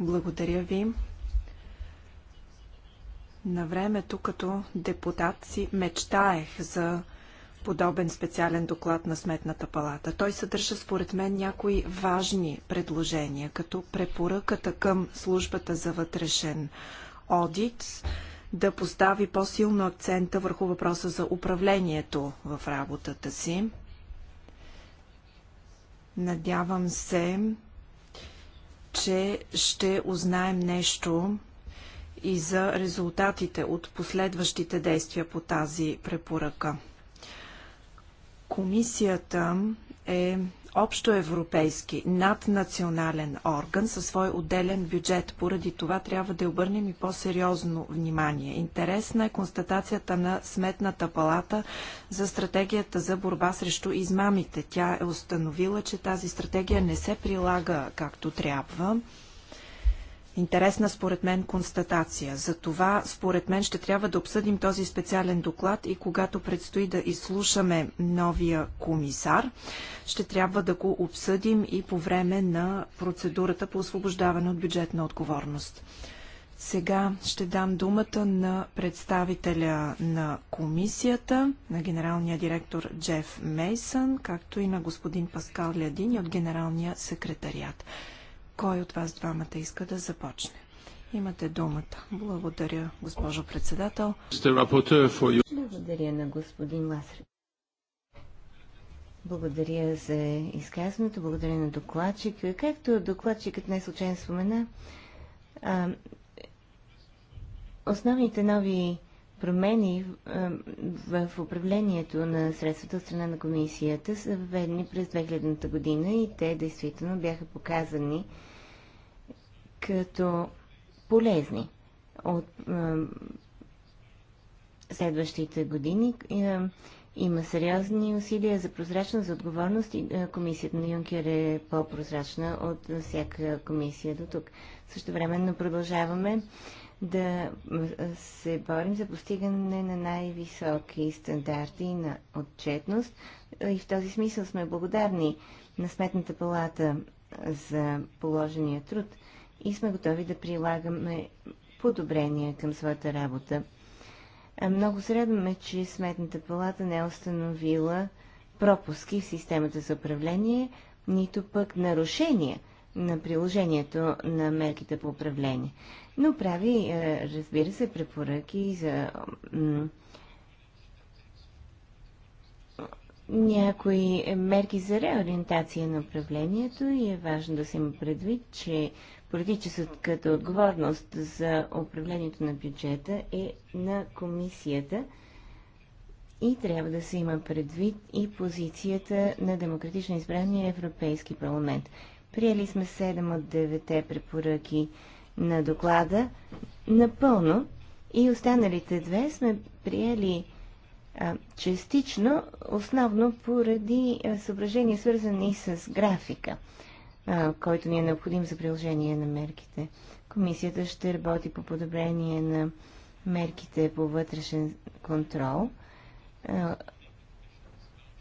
Благодаря ви. На времето като депутат си мечтаех за подобен специален доклад на Сметната палата. Той съдържа според мен някои важни предложения, като препоръката към службата за вътрешен одит, да постави по-силно акцента върху въпроса за управлението в работата си. Надявам се, че ще узнаем нещо и за резултатите от последващите действия по тази препоръка. Комисията е общоевропейски наднационален орган със свой отделен бюджет. Поради това трябва да обърнем и по-сериозно внимание. Интересна е констатацията на Сметната палата за стратегията за борба срещу измамите. Тя е установила, че тази стратегия не се прилага както трябва. Интересна според мен констатация. За това според мен ще трябва да обсъдим този специален доклад и когато предстои да изслушаме новия комисар, ще трябва да го обсъдим и по време на процедурата по освобождаване от бюджетна отговорност. Сега ще дам думата на представителя на комисията, на генералния директор Джеф Мейсън, както и на господин Паскал Лядини от генералния секретариат. Кой от вас двамата иска да започне? Имате думата. Благодаря, госпожо председател. Благодаря на господин Ласри. Благодаря за изказването, благодаря на докладчик. Както докладчикът не случайно спомена, а, основните нови промени в управлението на средствата от страна на комисията са введени през 2000 година и те действително бяха показани като полезни от е, следващите години. Е, има сериозни усилия за прозрачност, за отговорност и е, комисията на Юнкер е по-прозрачна от всяка комисия до тук. Също времено продължаваме да е, се борим за постигане на най-високи стандарти на отчетност и в този смисъл сме благодарни на Сметната палата за положения труд – и сме готови да прилагаме подобрения към своята работа. Много се радваме, че Сметната палата не е установила пропуски в системата за управление, нито пък нарушения на приложението на мерките по управление. Но прави, разбира се, препоръки за някои мерки за реориентация на управлението и е важно да се има предвид, че политическата отговорност за управлението на бюджета е на комисията и трябва да се има предвид и позицията на демократично избрания Европейски парламент. Приели сме 7 от 9 препоръки на доклада напълно и останалите две сме приели а, частично, основно поради съображения свързани с графика който ни е необходим за приложение на мерките. Комисията ще работи по подобрение на мерките по вътрешен контрол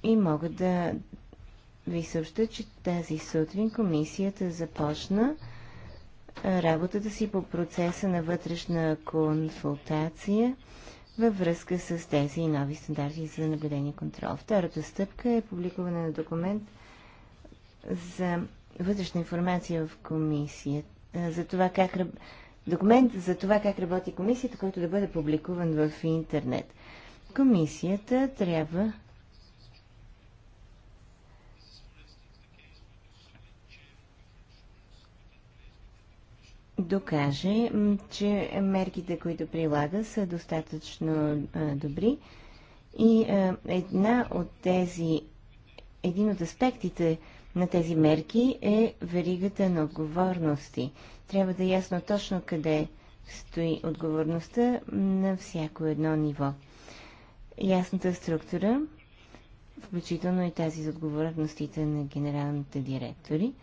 и мога да ви съобща, че тази сутрин комисията започна работата си по процеса на вътрешна консултация във връзка с тези нови стандарти за наблюдение и контрол. Втората стъпка е публикуване на документ за вътрешна информация в комисията, за това как документ за това как работи комисията, който да бъде публикуван в интернет. Комисията трябва докаже, че мерките, които прилага, са достатъчно добри и една от тези, един от аспектите, на тези мерки е веригата на отговорности. Трябва да е ясно точно къде стои отговорността на всяко едно ниво. Ясната структура, включително и тази за отговорностите на генералните директори,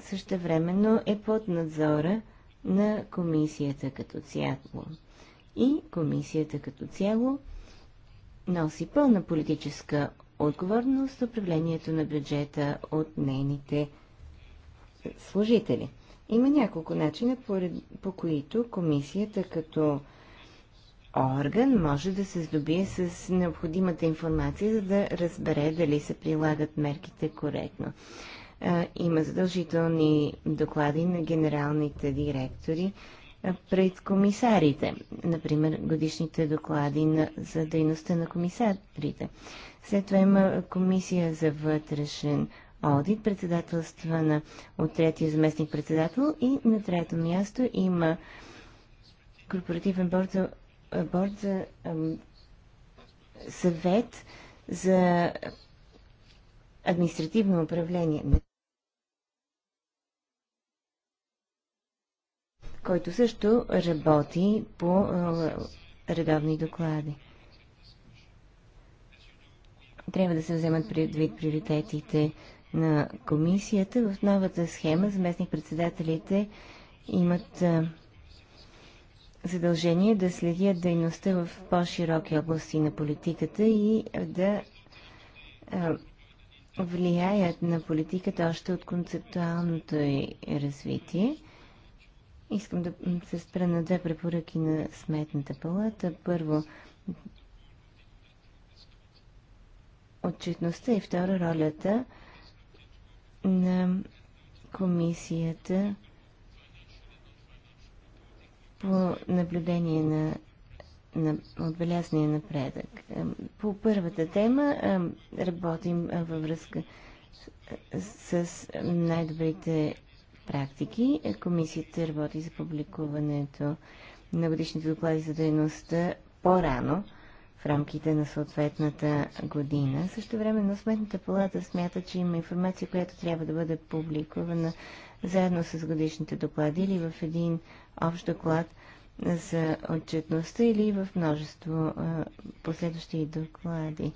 също времено е под надзора на комисията като цяло. И комисията като цяло носи пълна политическа отговорност за управлението на бюджета от нейните служители. Има няколко начина, по, по които комисията като орган може да се здобие с необходимата информация, за да разбере дали се прилагат мерките коректно. Има задължителни доклади на генералните директори пред комисарите, например годишните доклади на, за дейността на комисарите. След това има комисия за вътрешен одит, на от третия заместник председател и на трето място има корпоративен борд за, борд за ам, съвет за административно управление, който също работи по редовни доклади трябва да се вземат предвид приоритетите на комисията. В новата схема заместник-председателите имат задължение да следят дейността в по-широки области на политиката и да влияят на политиката още от концептуалното й развитие. Искам да се спра на две препоръки на Сметната палата. Първо, отчетността и втора ролята на комисията по наблюдение на, на отбелязния напредък. По първата тема работим във връзка с, с най-добрите практики. Комисията работи за публикуването на годишните доклади за дейността по-рано в рамките на съответната година. Също време на Сметната палата смята, че има информация, която трябва да бъде публикувана заедно с годишните доклади или в един общ доклад за отчетността или в множество а, последващи доклади.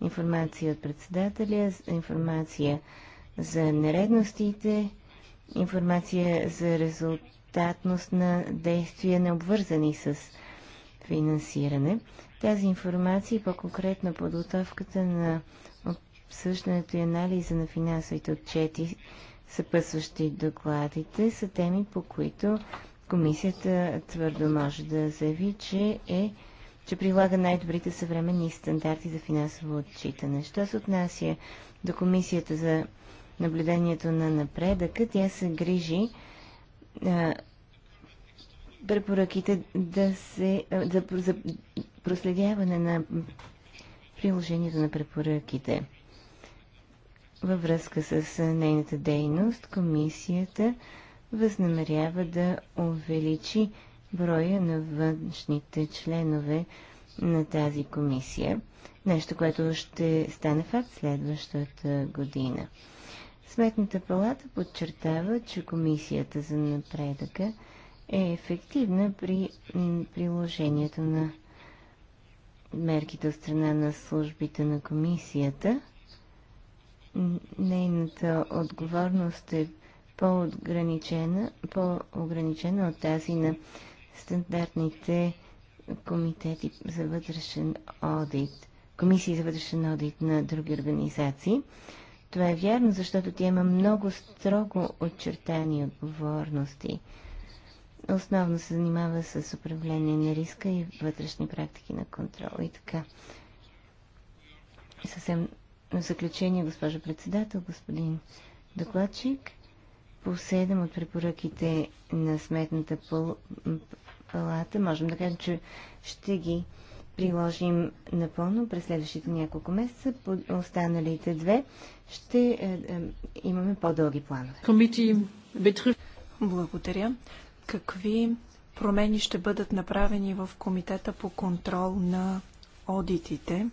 Информация от председателя, информация за нередностите, информация за резултатност на действия, необвързани с финансиране. Тази информация и по-конкретно подготовката на обсъждането и анализа на финансовите отчети, съпъсващи докладите, са теми, по които комисията твърдо може да заяви, че е че прилага най-добрите съвременни стандарти за финансово отчитане. Що се отнася до комисията за наблюдението на напредъка, тя се грижи а, препоръките да се, да, за, проследяване на приложението на препоръките. Във връзка с нейната дейност, комисията възнамерява да увеличи броя на външните членове на тази комисия. Нещо, което ще стане факт следващата година. Сметната палата подчертава, че комисията за напредъка е ефективна при приложението на мерките от страна на службите на комисията. Нейната отговорност е по-ограничена, по-ограничена от тази на стандартните комитети за вътрешен одит, комисии за вътрешен одит на други организации. Това е вярно, защото тя има много строго очертани отговорности основно се занимава с управление на риска и вътрешни практики на контрол и така. Съвсем на заключение, госпожа председател, господин докладчик, по 7 от препоръките на сметната палата, можем да кажем, че ще ги приложим напълно през следващите няколко месеца. По останалите две ще е, е, имаме по-дълги планове. Благодаря. Какви промени ще бъдат направени в Комитета по контрол на одитите?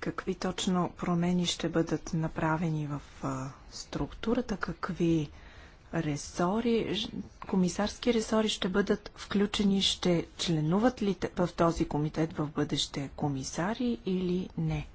Какви точно промени ще бъдат направени в структурата? Какви ресори, комисарски ресори ще бъдат включени, ще членуват ли в този комитет в бъдеще комисари или не?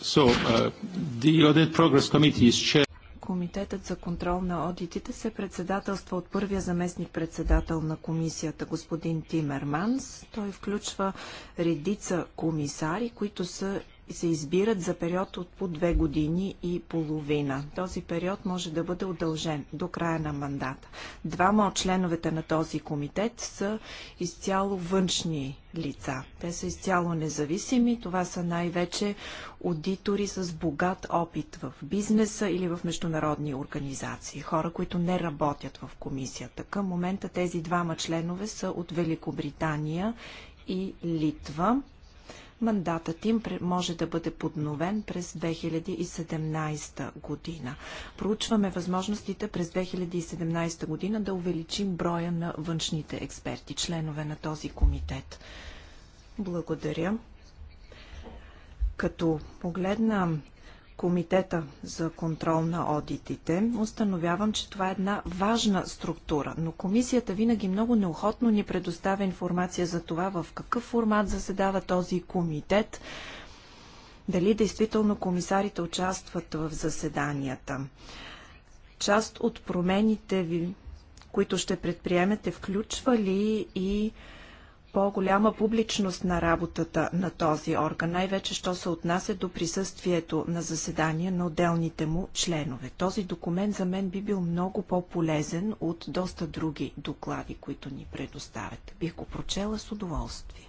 So, uh, the Audit Progress Committee is chair... Комитетът за контрол на одитите се председателства от първия заместник-председател на комисията, господин Тимерманс. Той включва редица комисари, които са се избират за период от по две години и половина. Този период може да бъде удължен до края на мандата. Двама от членовете на този комитет са изцяло външни лица. Те са изцяло независими. Това са най-вече аудитори с богат опит в бизнеса или в международни организации. Хора, които не работят в комисията. Към момента тези двама членове са от Великобритания и Литва. Мандатът им може да бъде подновен през 2017 година. Проучваме възможностите през 2017 година да увеличим броя на външните експерти, членове на този комитет. Благодаря. Като погледна Комитета за контрол на одитите, установявам, че това е една важна структура, но комисията винаги много неохотно ни предоставя информация за това в какъв формат заседава този комитет, дали действително комисарите участват в заседанията. Част от промените ви, които ще предприемете, включва ли и по-голяма публичност на работата на този орган, най-вече що се отнася до присъствието на заседания на отделните му членове. Този документ за мен би бил много по-полезен от доста други доклади, които ни предоставяте. Бих го прочела с удоволствие.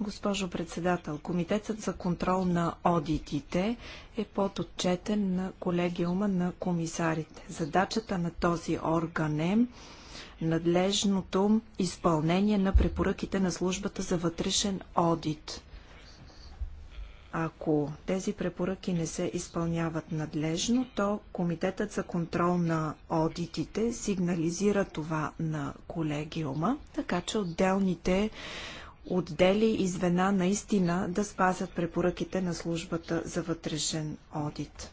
Госпожо председател, Комитетът за контрол на одитите е отчетен на колегиума на комисарите. Задачата на този орган е надлежното изпълнение на препоръките на службата за вътрешен одит. Ако тези препоръки не се изпълняват надлежно, то Комитетът за контрол на одитите сигнализира това на колегиума, така че отделните отдели и звена наистина да спазят препоръките на службата за вътрешен одит.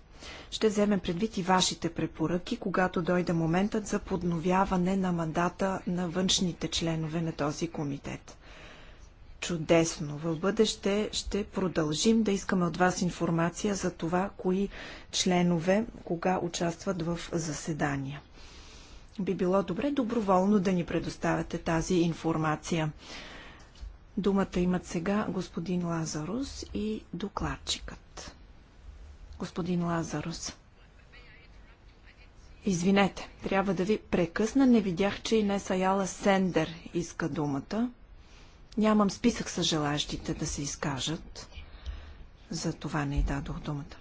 Ще вземем предвид и вашите препоръки, когато дойде моментът за подновяване на мандата на външните членове на този комитет. Чудесно! В бъдеще ще продължим да искаме от вас информация за това, кои членове, кога участват в заседания. Би било добре доброволно да ни предоставяте тази информация. Думата имат сега господин Лазарус и докладчикът господин Лазарус. Извинете, трябва да ви прекъсна. Не видях, че и не Саяла Сендер иска думата. Нямам списък с желащите да се изкажат. За това не й дадох думата.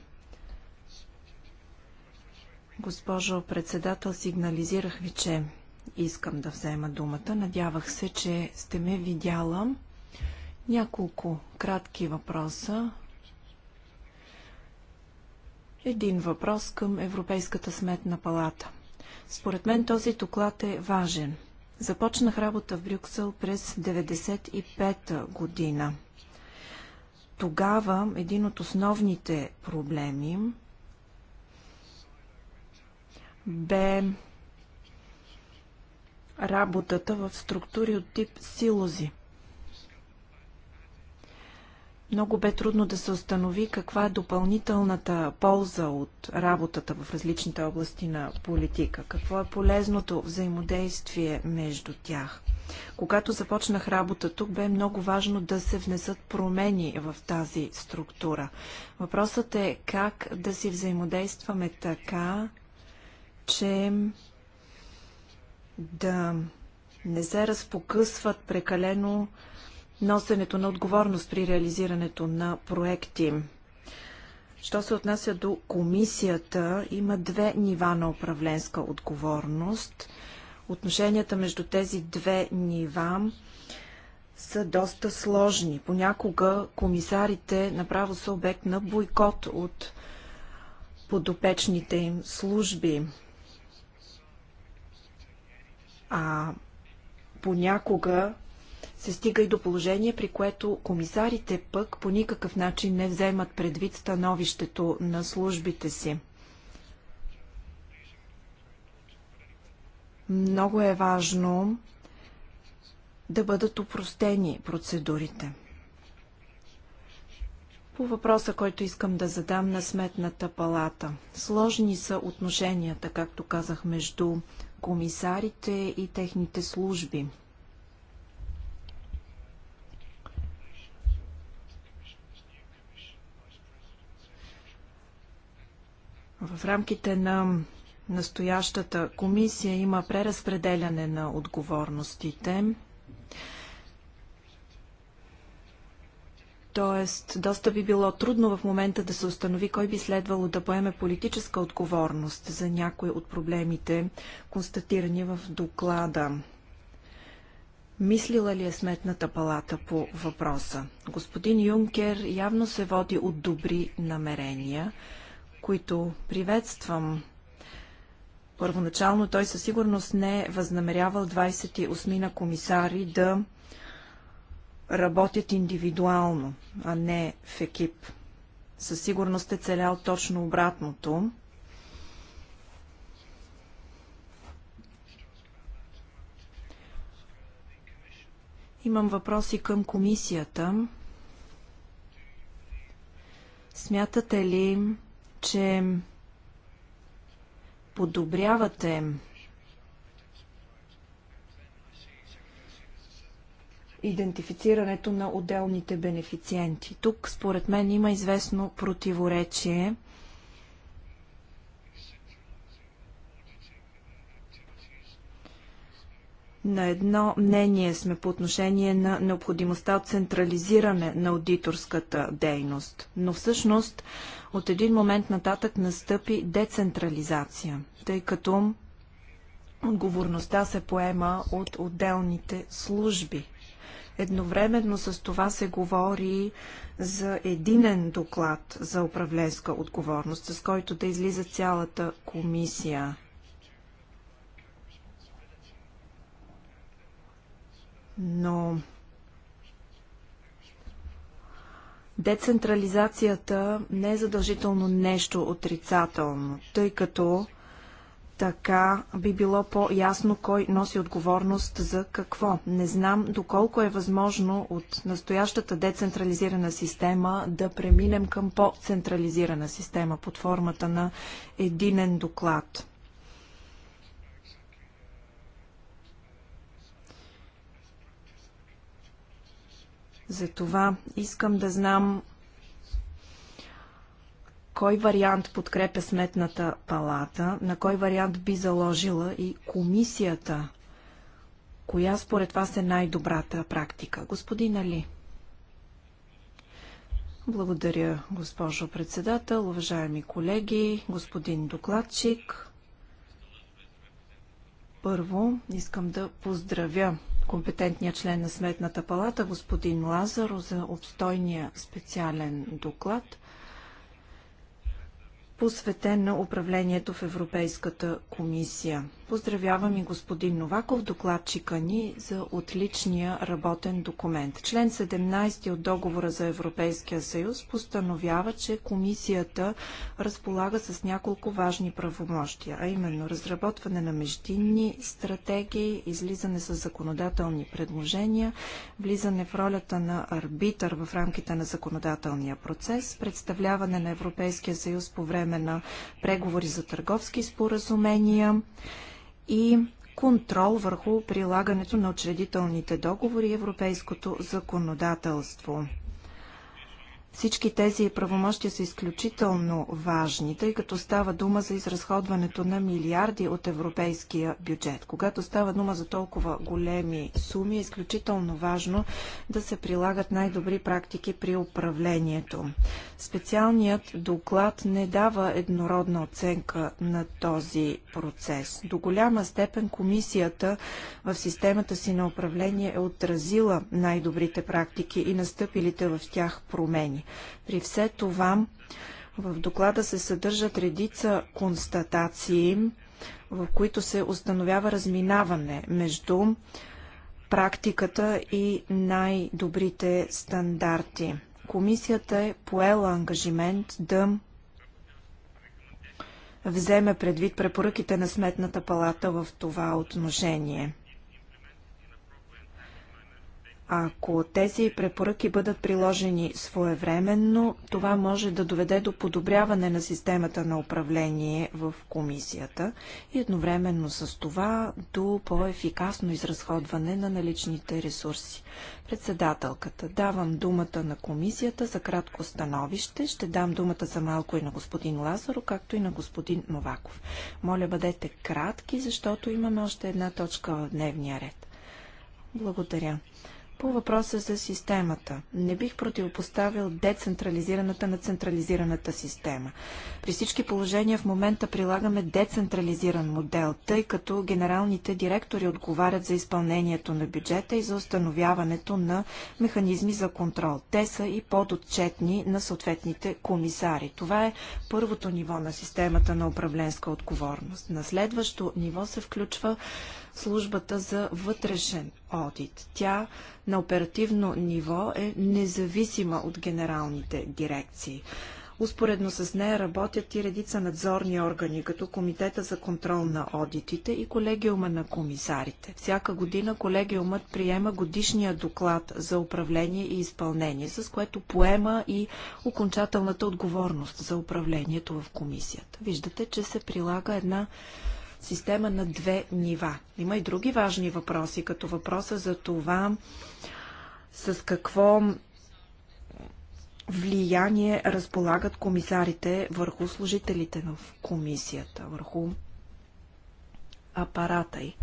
Госпожо председател, сигнализирах ви, че искам да взема думата. Надявах се, че сте ме видяла. Няколко кратки въпроса един въпрос към Европейската сметна палата. Според мен този доклад е важен. Започнах работа в Брюксел през 1995 година. Тогава един от основните проблеми бе работата в структури от тип силози. Много бе трудно да се установи каква е допълнителната полза от работата в различните области на политика, какво е полезното взаимодействие между тях. Когато започнах работа тук, бе много важно да се внесат промени в тази структура. Въпросът е как да си взаимодействаме така, че да не се разпокъсват прекалено носенето на отговорност при реализирането на проекти. Що се отнася до комисията, има две нива на управленска отговорност. Отношенията между тези две нива са доста сложни. Понякога комисарите направо са обект на бойкот от подопечните им служби. А понякога се стига и до положение, при което комисарите пък по никакъв начин не вземат предвид становището на службите си. Много е важно да бъдат упростени процедурите. По въпроса, който искам да задам на Сметната палата. Сложни са отношенията, както казах, между комисарите и техните служби. В рамките на настоящата комисия има преразпределяне на отговорностите. Тоест, доста би било трудно в момента да се установи кой би следвало да поеме политическа отговорност за някои от проблемите, констатирани в доклада. Мислила ли е Сметната палата по въпроса? Господин Юнкер явно се води от добри намерения които приветствам. Първоначално той със сигурност не е възнамерявал 28 на комисари да работят индивидуално, а не в екип. Със сигурност е целял точно обратното. Имам въпроси към комисията. Смятате ли, че подобрявате идентифицирането на отделните бенефициенти. Тук, според мен, има известно противоречие. На едно мнение сме по отношение на необходимостта от централизиране на аудиторската дейност, но всъщност от един момент нататък настъпи децентрализация, тъй като отговорността се поема от отделните служби. Едновременно с това се говори за единен доклад за управленска отговорност, с който да излиза цялата комисия. но децентрализацията не е задължително нещо отрицателно, тъй като така би било по-ясно кой носи отговорност за какво. Не знам доколко е възможно от настоящата децентрализирана система да преминем към по-централизирана система под формата на единен доклад. За това искам да знам кой вариант подкрепя сметната палата, на кой вариант би заложила и комисията, коя според вас е най-добрата практика. Господин Али. Благодаря, госпожо председател, уважаеми колеги, господин докладчик. Първо искам да поздравя компетентния член на Сметната палата, господин Лазаро, за обстойния специален доклад посветен на управлението в Европейската комисия. Поздравявам и господин Новаков, докладчика ни, за отличния работен документ. Член 17 от договора за Европейския съюз постановява, че комисията разполага с няколко важни правомощия, а именно разработване на междинни стратегии, излизане с законодателни предложения, влизане в ролята на арбитър в рамките на законодателния процес, представляване на Европейския съюз по време време на преговори за търговски споразумения и контрол върху прилагането на учредителните договори и европейското законодателство. Всички тези правомощия са изключително важни, тъй като става дума за изразходването на милиарди от европейския бюджет. Когато става дума за толкова големи суми, е изключително важно да се прилагат най-добри практики при управлението. Специалният доклад не дава еднородна оценка на този процес. До голяма степен комисията в системата си на управление е отразила най-добрите практики и настъпилите в тях промени. При все това в доклада се съдържат редица констатации, в които се установява разминаване между практиката и най-добрите стандарти. Комисията е поела ангажимент да вземе предвид препоръките на Сметната палата в това отношение. Ако тези препоръки бъдат приложени своевременно, това може да доведе до подобряване на системата на управление в комисията и едновременно с това до по-ефикасно изразходване на наличните ресурси. Председателката, давам думата на комисията за кратко становище. Ще дам думата за малко и на господин Лазаро, както и на господин Новаков. Моля, бъдете кратки, защото имаме още една точка в дневния ред. Благодаря. По въпроса за системата. Не бих противопоставил децентрализираната на централизираната система. При всички положения в момента прилагаме децентрализиран модел, тъй като генералните директори отговарят за изпълнението на бюджета и за установяването на механизми за контрол. Те са и подотчетни на съответните комисари. Това е първото ниво на системата на управленска отговорност. На следващо ниво се включва службата за вътрешен одит. Тя на оперативно ниво е независима от генералните дирекции. Успоредно с нея работят и редица надзорни органи, като Комитета за контрол на одитите и Колегиума на комисарите. Всяка година Колегиумът приема годишния доклад за управление и изпълнение, с което поема и окончателната отговорност за управлението в комисията. Виждате, че се прилага една система на две нива. Има и други важни въпроси, като въпроса за това с какво влияние разполагат комисарите върху служителите в комисията, върху апарата й.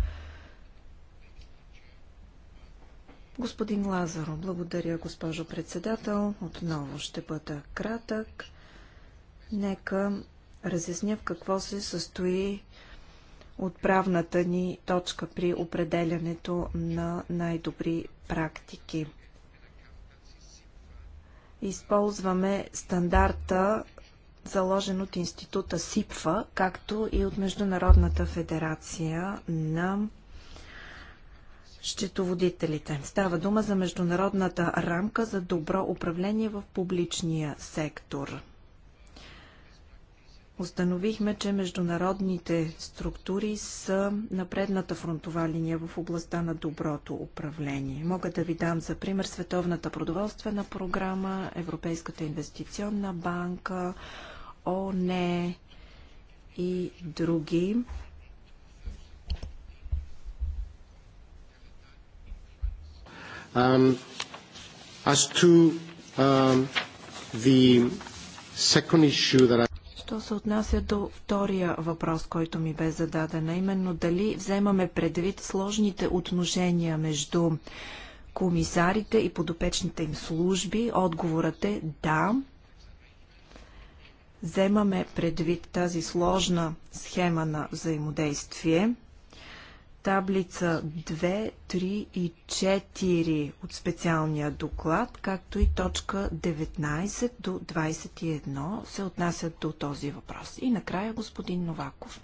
Господин Лазаро, благодаря, госпожо председател. Отново ще бъда кратък. Нека разясня в какво се състои отправната ни точка при определянето на най-добри практики. Използваме стандарта, заложен от института СИПФА, както и от Международната федерация на счетоводителите. Става дума за международната рамка за добро управление в публичния сектор – Установихме, че международните структури са напредната фронтова линия в областта на доброто управление. Мога да ви дам за пример Световната продоволствена програма, Европейската инвестиционна банка, ОНЕ и други. Um, as to um, the second issue that I Що се отнася до втория въпрос, който ми бе зададен, а именно дали вземаме предвид сложните отношения между комисарите и подопечните им служби, отговорът е да. Вземаме предвид тази сложна схема на взаимодействие таблица 2, 3 и 4 от специалния доклад, както и точка 19 до 21 се отнасят до този въпрос. И накрая господин Новаков.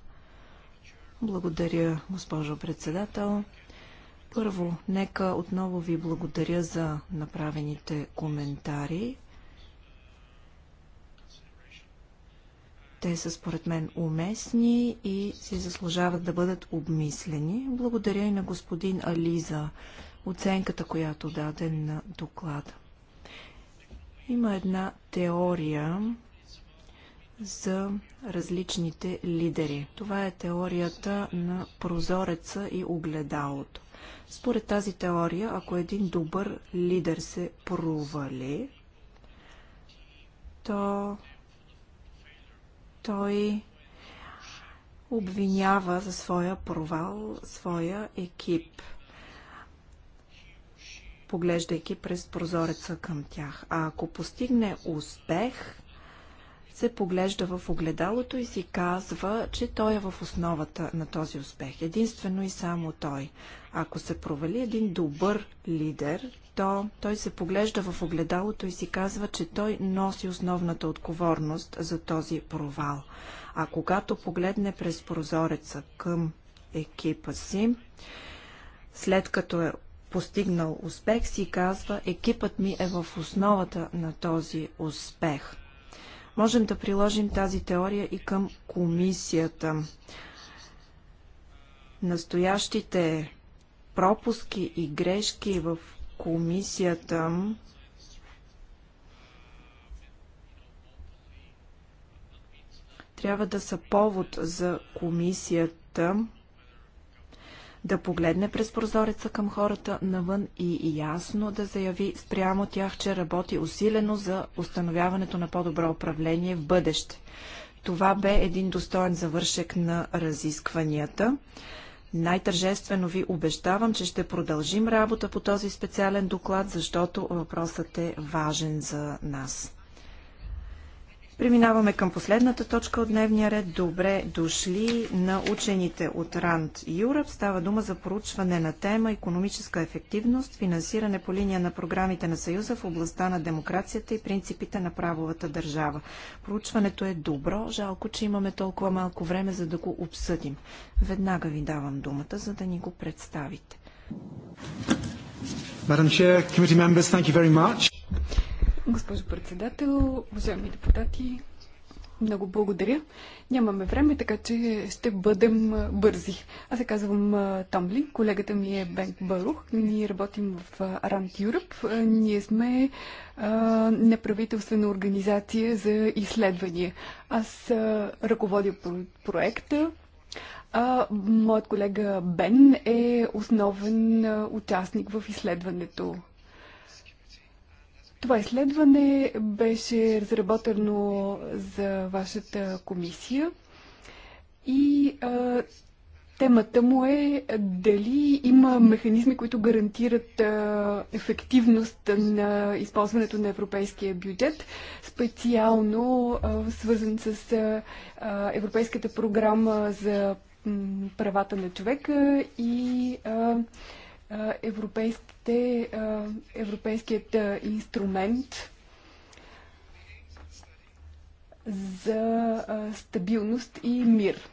Благодаря, госпожо председател. Първо, нека отново ви благодаря за направените коментари. Те са според мен уместни и си заслужават да бъдат обмислени. Благодаря и на господин Али за оценката, която даде на доклада. Има една теория за различните лидери. Това е теорията на прозореца и огледалото. Според тази теория, ако един добър лидер се провали, то той обвинява за своя провал своя екип, поглеждайки през прозореца към тях. А ако постигне успех, се поглежда в огледалото и си казва, че той е в основата на този успех. Единствено и само той. Ако се провали един добър лидер, то той се поглежда в огледалото и си казва, че той носи основната отговорност за този провал. А когато погледне през прозореца към екипа си, след като е постигнал успех, си казва, екипът ми е в основата на този успех. Можем да приложим тази теория и към комисията. Настоящите пропуски и грешки в комисията трябва да са повод за комисията да погледне през прозореца към хората навън и ясно да заяви спрямо тях, че работи усилено за установяването на по-добро управление в бъдеще. Това бе един достоен завършек на разискванията. Най-тържествено ви обещавам, че ще продължим работа по този специален доклад, защото въпросът е важен за нас. Преминаваме към последната точка от дневния ред. Добре дошли на учените от Ранд Юръп. Става дума за проучване на тема економическа ефективност, финансиране по линия на програмите на Съюза в областта на демокрацията и принципите на правовата държава. Проучването е добро. Жалко, че имаме толкова малко време, за да го обсъдим. Веднага ви давам думата, за да ни го представите. Madam Chair, committee members, thank you very much. Госпожо председател, уважаеми депутати, много благодаря. Нямаме време, така че ще бъдем бързи. Аз се казвам Томли, колегата ми е Бенк Барух. Ние работим в Арант Europe. Ние сме неправителствена организация за изследвания. Аз ръководя проекта. А, моят колега Бен е основен участник в изследването това изследване беше разработено за вашата комисия и а, темата му е дали има механизми, които гарантират а, ефективност на използването на европейския бюджет, специално а, свързан с а, Европейската програма за правата на човека и а, европейските, европейският инструмент за стабилност и мир.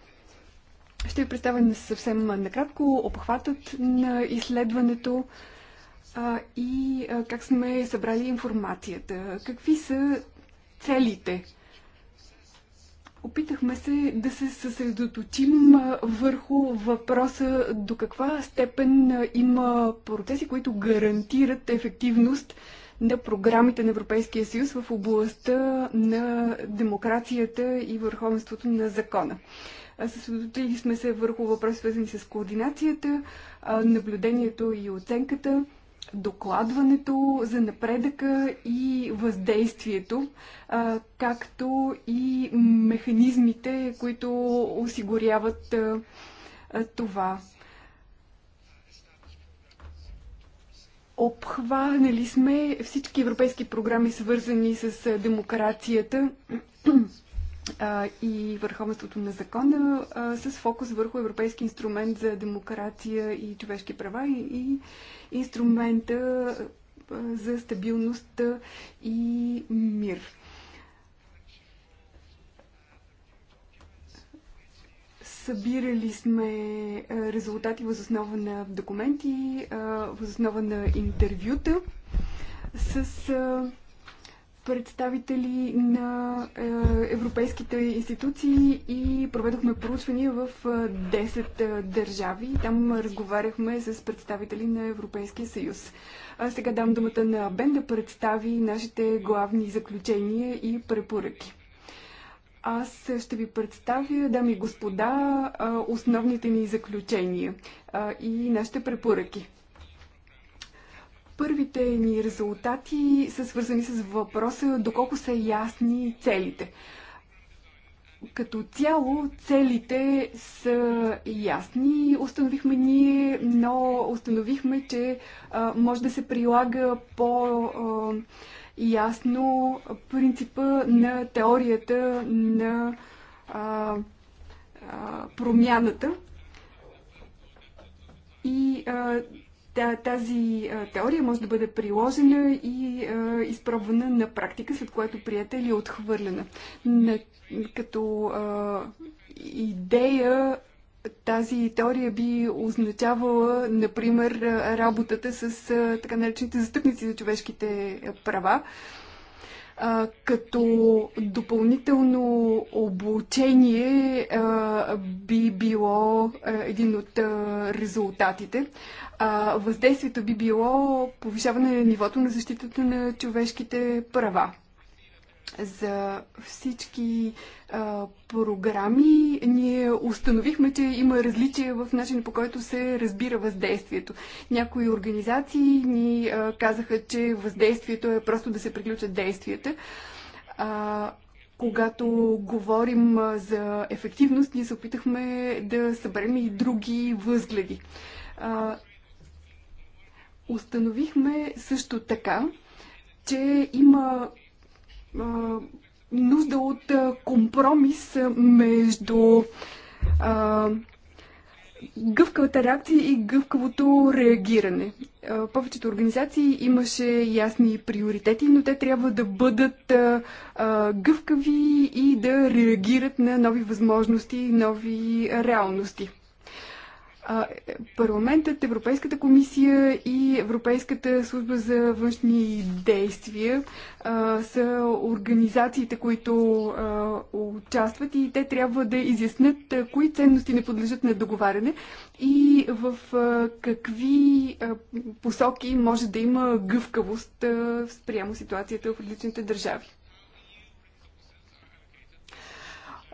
Ще ви представя съвсем накратко обхватът на изследването и как сме събрали информацията. Какви са целите Опитахме се да се съсредоточим върху въпроса до каква степен има процеси, които гарантират ефективност на програмите на Европейския съюз в областта на демокрацията и върховенството на закона. Съсредоточили сме се върху въпроси, свързани с координацията, наблюдението и оценката, докладването за напредъка и въздействието, както и механизмите, които осигуряват това. Обхванали сме всички европейски програми, свързани с демокрацията и върховенството на закона с фокус върху Европейски инструмент за демокрация и човешки права и инструмента за стабилност и мир. Събирали сме резултати основа на документи, основа на интервюта с представители на е, европейските институции и проведохме проучвания в 10 е, е, държави. Там разговаряхме с представители на Европейския съюз. А сега дам думата на Бен да представи нашите главни заключения и препоръки. Аз ще ви представя, дами и господа, основните ни заключения и нашите препоръки. Първите ни резултати са свързани с въпроса доколко са ясни целите. Като цяло целите са ясни, установихме ние, но установихме, че а, може да се прилага по а, ясно принципа на теорията на а, а, промяната. И а, тази теория може да бъде приложена и изпробвана на практика, след което прията или е отхвърлена. Като идея тази теория би означавала, например, работата с така наречените застъпници за човешките права, а, като допълнително обучение а, би било а, един от а, резултатите. А, въздействието би било повишаване на нивото на защитата на човешките права за всички а, програми, ние установихме, че има различия в начин по който се разбира въздействието. Някои организации ни а, казаха, че въздействието е просто да се приключат действията. А, когато говорим за ефективност, ние се опитахме да съберем и други възгледи. А, установихме също така, че има нужда от компромис между гъвкавата реакция и гъвкавото реагиране. Повечето организации имаше ясни приоритети, но те трябва да бъдат гъвкави и да реагират на нови възможности, нови реалности парламентът, Европейската комисия и Европейската служба за външни действия а, са организациите, които а, участват и те трябва да изяснят а, кои ценности не подлежат на договаряне и в а, какви а, посоки може да има гъвкавост а, спрямо ситуацията в различните държави.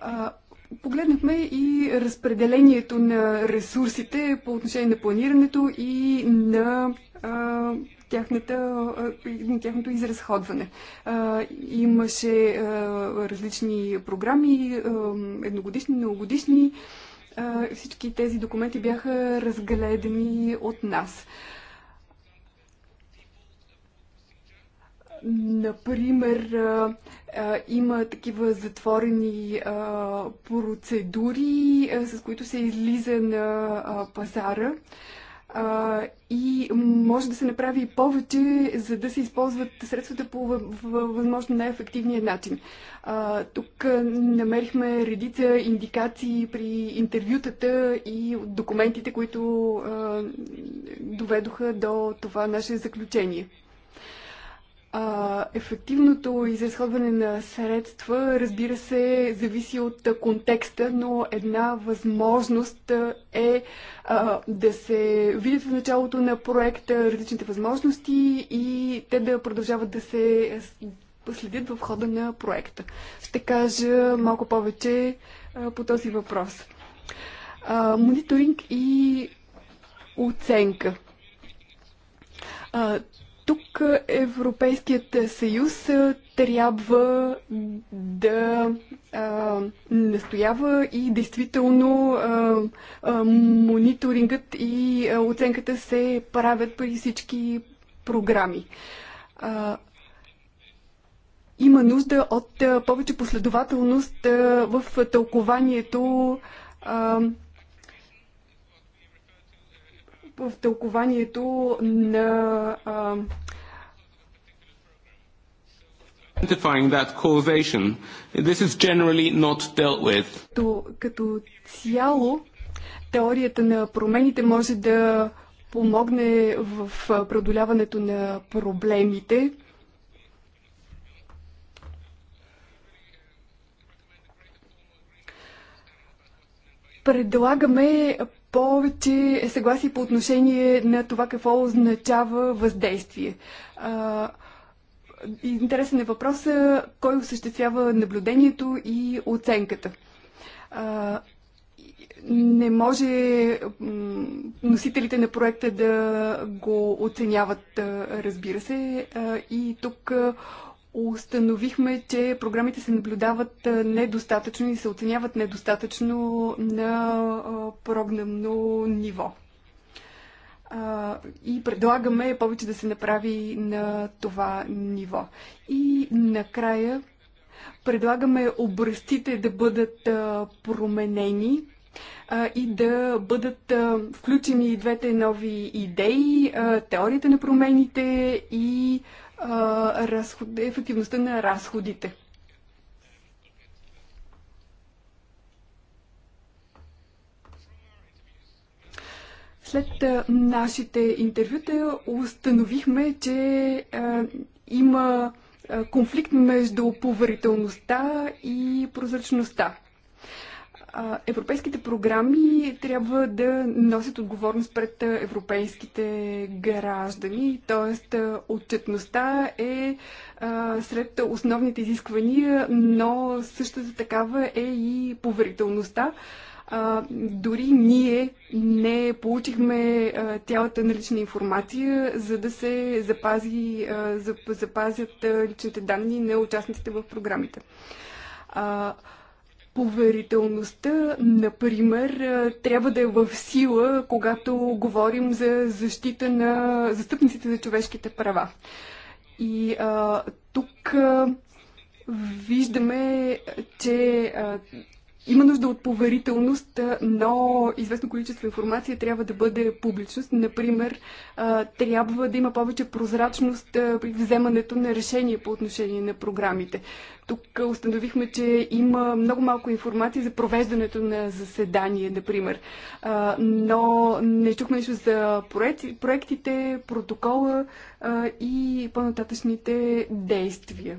А, Погледнахме и разпределението на ресурсите по отношение на планирането и на а, тяхната, а, тяхното изразходване. А, имаше а, различни програми, а, едногодишни, многогодишни. А, всички тези документи бяха разгледани от нас. А, Например, има такива затворени процедури, с които се излиза на пазара и може да се направи и повече, за да се използват средствата по възможно най-ефективния начин. тук намерихме редица индикации при интервютата и документите, които доведоха до това наше заключение. А, ефективното изразходване на средства, разбира се, зависи от контекста, но една възможност е а, да се видят в началото на проекта различните възможности и те да продължават да се следят в хода на проекта. Ще кажа малко повече а, по този въпрос. А, мониторинг и оценка. А, тук Европейският съюз трябва да а, настоява и действително а, а, мониторингът и оценката се правят при всички програми. А, има нужда от повече последователност в тълкованието в тълкованието на а, identifying that causation. This is generally not dealt with. То, като цяло, теорията на промените може да помогне в преодоляването на проблемите. Предлагаме повече съгласие по отношение на това какво означава въздействие. Интересен е въпросът. кой осъществява наблюдението и оценката. Не може носителите на проекта да го оценяват, разбира се. И тук установихме, че програмите се наблюдават недостатъчно и се оценяват недостатъчно на програмно ниво. И предлагаме повече да се направи на това ниво. И накрая предлагаме образците да бъдат променени и да бъдат включени двете нови идеи, теорията на промените и разход, ефективността на разходите. След нашите интервюта установихме, че има конфликт между поверителността и прозрачността европейските програми трябва да носят отговорност пред европейските граждани, т.е. отчетността е сред основните изисквания, но същата такава е и поверителността. А, дори ние не получихме а, цялата налична информация, за да се запази, а, запазят а, личните данни на участниците в програмите. А, Поверителността, например, трябва да е в сила, когато говорим за защита на застъпниците за човешките права. И а, тук а, виждаме, че а, има нужда от поверителност, но известно количество информация трябва да бъде публичност. Например, трябва да има повече прозрачност при вземането на решение по отношение на програмите. Тук установихме, че има много малко информация за провеждането на заседание, например. Но не чухме нищо за проектите, протокола и по-нататъчните действия.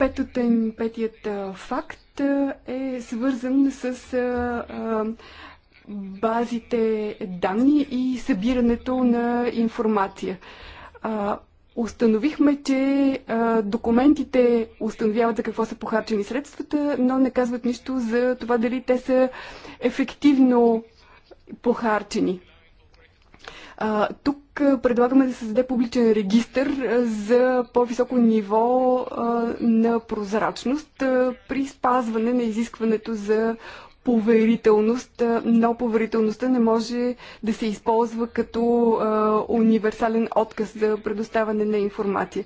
Петата, петият факт е свързан с базите данни и събирането на информация. Установихме, че документите установяват за какво са похарчени средствата, но не казват нищо за това дали те са ефективно похарчени. Тук предлагаме да създаде публичен регистр за по-високо ниво на прозрачност при спазване на изискването за поверителност, но поверителността не може да се използва като а, универсален отказ за предоставяне на информация.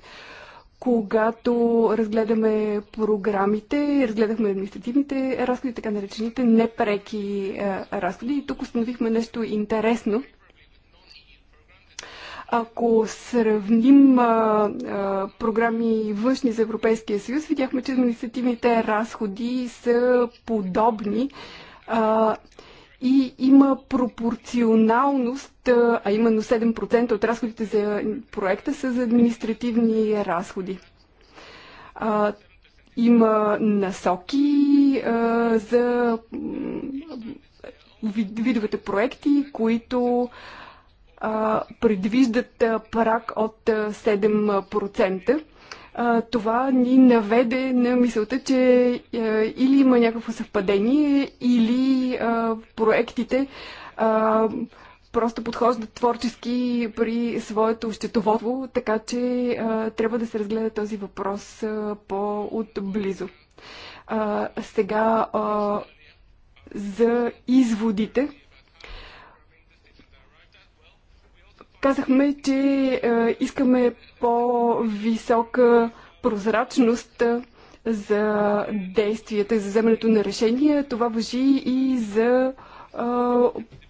Когато разгледаме програмите, разгледахме административните разходи, така наречените непреки а, разходи, и тук установихме нещо интересно – ако сравним а, а, програми външни за Европейския съюз, видяхме, че административните разходи са подобни. А, и има пропорционалност, а именно 7% от разходите за проекта са за административни разходи. А, има насоки а, за видовете проекти, които предвиждат прак от 7%. Това ни наведе на мисълта, че или има някакво съвпадение, или проектите просто подхождат творчески при своето счетоводство, така че трябва да се разгледа този въпрос по-отблизо. сега за изводите. Казахме, че е, искаме по-висока прозрачност за действията, за вземането на решения. Това въжи и за е,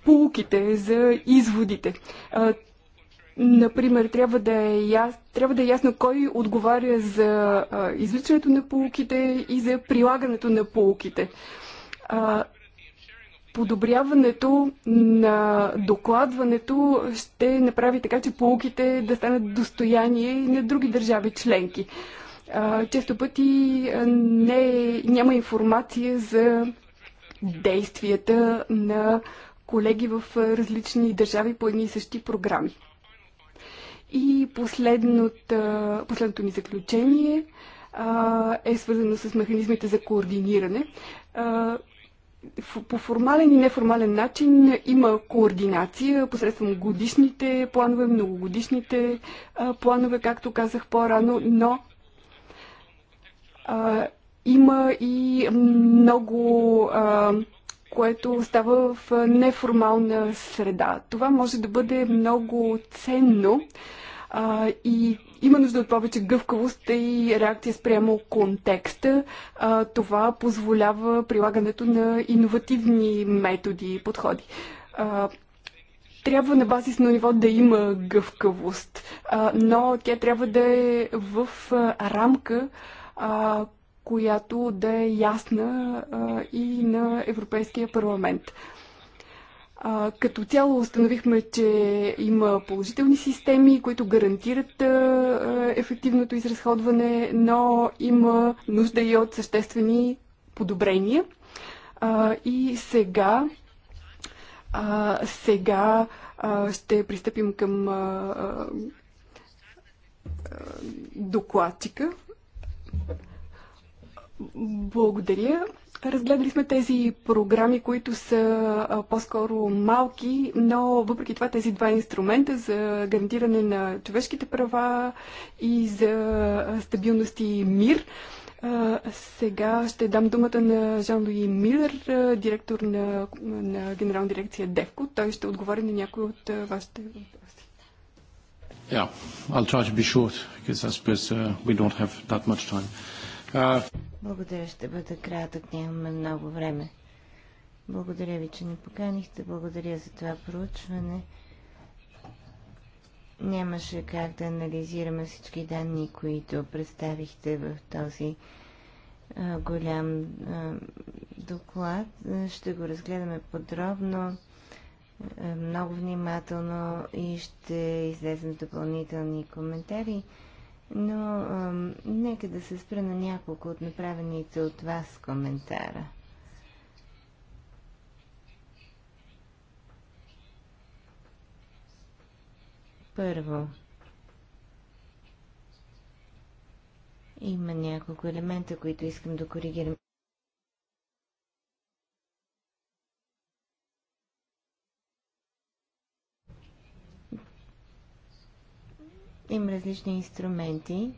полуките, за изводите. Е, например, трябва да, е яс... трябва да е ясно кой отговаря за е, извличането на полуките и за прилагането на полуките. Е, подобряването на докладването ще направи така, че полуките да станат достояние и на други държави членки. Често пъти не, няма информация за действията на колеги в различни държави по едни и същи програми. И последното, последното ни заключение е свързано с механизмите за координиране по формален и неформален начин има координация посредством годишните планове, многогодишните а, планове, както казах по-рано, но а, има и много, а, което става в неформална среда. Това може да бъде много ценно а, и има нужда от повече гъвкавост и реакция спрямо контекста. А, това позволява прилагането на иновативни методи и подходи. А, трябва на базисно ниво да има гъвкавост, а, но тя трябва да е в а, рамка, а, която да е ясна а, и на Европейския парламент. А, като цяло установихме, че има положителни системи, които гарантират а, ефективното изразходване, но има нужда и от съществени подобрения. А, и сега, а, сега а, ще пристъпим към а, а, докладчика. Благодаря. Разгледали сме тези програми, които са по-скоро малки, но въпреки това тези два инструмента за гарантиране на човешките права и за стабилност и мир. Сега ще дам думата на Жан-Луи Милер, директор на, на Генерална дирекция ДЕВКО. Той ще отговори на някои от вашите въпроси. Yeah, I'll try to be short because I suppose uh, we don't have that much time. Uh, благодаря, ще бъда кратък, нямаме много време. Благодаря ви, че ни поканихте, благодаря за това проучване. Нямаше как да анализираме всички данни, които представихте в този а, голям а, доклад. Ще го разгледаме подробно, а, много внимателно и ще излезем допълнителни коментари но а, нека да се спра на няколко от направените от вас коментара. Първо, има няколко елемента, които искам да коригирам. им различни инструменти.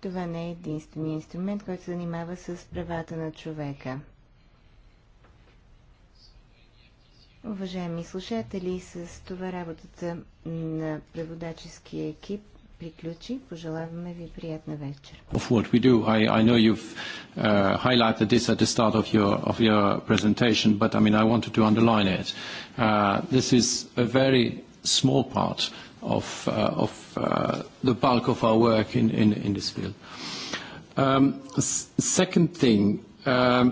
Това не е единствения инструмент, който се занимава с правата на човека. Уважаеми слушатели, с това работата на преводаческия екип приключи. Пожелаваме ви приятна вечер. Of what we do, I, I know you've uh, highlighted this at the start of your, of your presentation, but I mean, I wanted to underline it. Uh, this is a very small part of, uh, of uh, the bulk of our work in, in, in this field. Um, second thing, um,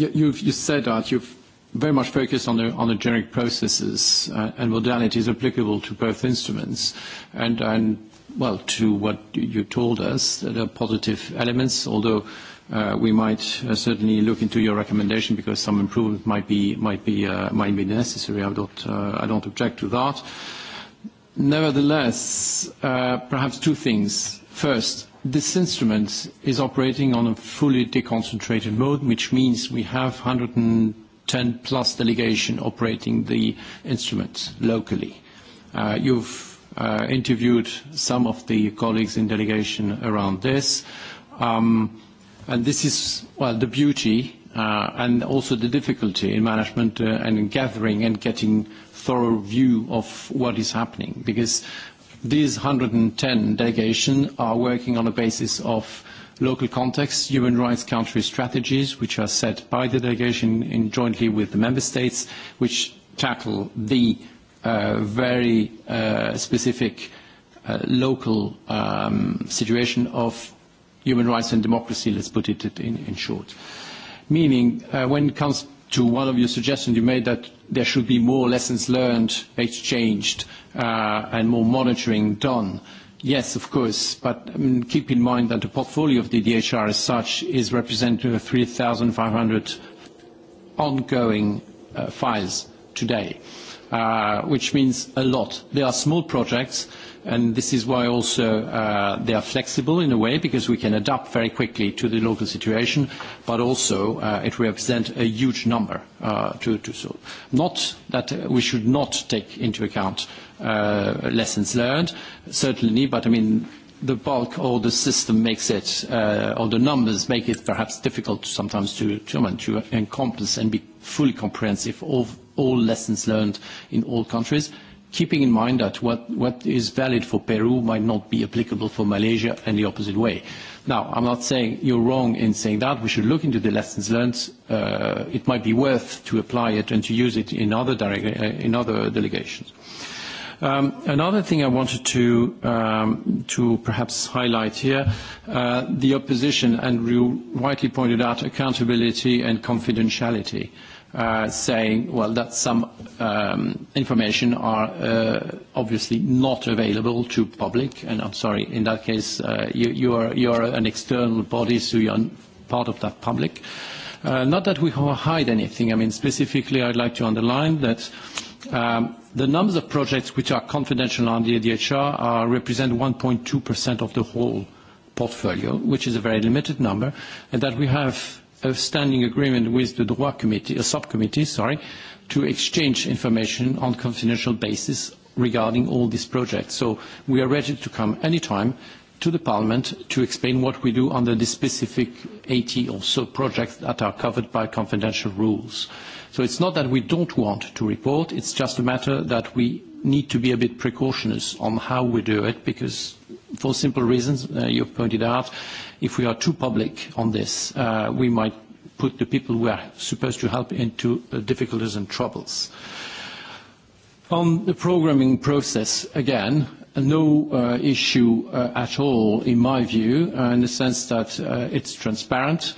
you, you've, you said that you've very much focused on the, on the generic processes uh, and modalities applicable to both instruments. And, and, well, to what you told us, there are positive elements, although uh, we might uh, certainly look into your recommendation because some improvement might be, might be, uh, might be necessary. I don't, uh, I don't object to that. Nevertheless, uh, perhaps two things. First, this instrument is operating on a fully deconcentrated mode, which means we have 100 10-plus delegation operating the instruments locally. You've interviewed some of the colleagues in delegation around this. And this is, well, the beauty and also the difficulty in management and in gathering and getting thorough view of what is happening, because these 110 delegations are working on a basis of local context, human rights country strategies, which are set by the delegation in jointly with the member states, which tackle the uh, very uh, specific uh, local um, situation of human rights and democracy, let's put it in, in short. Meaning, uh, when it comes to one of your suggestions you made that there should be more lessons learned exchanged uh, and more monitoring done. Uh, Yes, of course. But keep in mind that the portfolio of the DHR as such is representative of 3,500 ongoing files today, which means a lot. They are small projects, and this is why also they are flexible in a way, because we can adapt very quickly to the local situation, but also it represents a huge number to solve. Not that we should not take into account uh, lessons learned, certainly, but I mean, the bulk or the system makes it, uh, or the numbers make it perhaps difficult sometimes to, to, to encompass and be fully comprehensive of all lessons learned in all countries, keeping in mind that what, what is valid for Peru might not be applicable for Malaysia and the opposite way. Now, I'm not saying you're wrong in saying that. We should look into the lessons learned. Uh, it might be worth to apply it and to use it in other, direct, in other delegations. Uh, Another thing I wanted to perhaps highlight here, the opposition, and you rightly pointed out accountability and confidentiality, saying, well, that some information are obviously not available to public. and I'm sorry, in that case, you are an external body, so you are part of that public. Not that we hide anything. I mean, specifically, I'd like to underline that The numbers of projects which are confidential on the ADHR represent 1.2% of the whole portfolio, which is a very limited number, and that we have a standing agreement with the Droit Committee, a subcommittee, sorry, to exchange information on confidential basis regarding all these projects. So we are ready to come anytime to the Parliament to explain what we do under the specific 80 or so projects that are covered by confidential rules. So it's not that we don't want to report, it's just a matter that we need to be a bit precautious on how we do it, because for simple reasons, uh, you've pointed out, if we are too public on this, uh, we might put the people we are supposed to help into uh, difficulties and troubles. On the programming process, again, no issue at all in my view, in the sense that it's transparent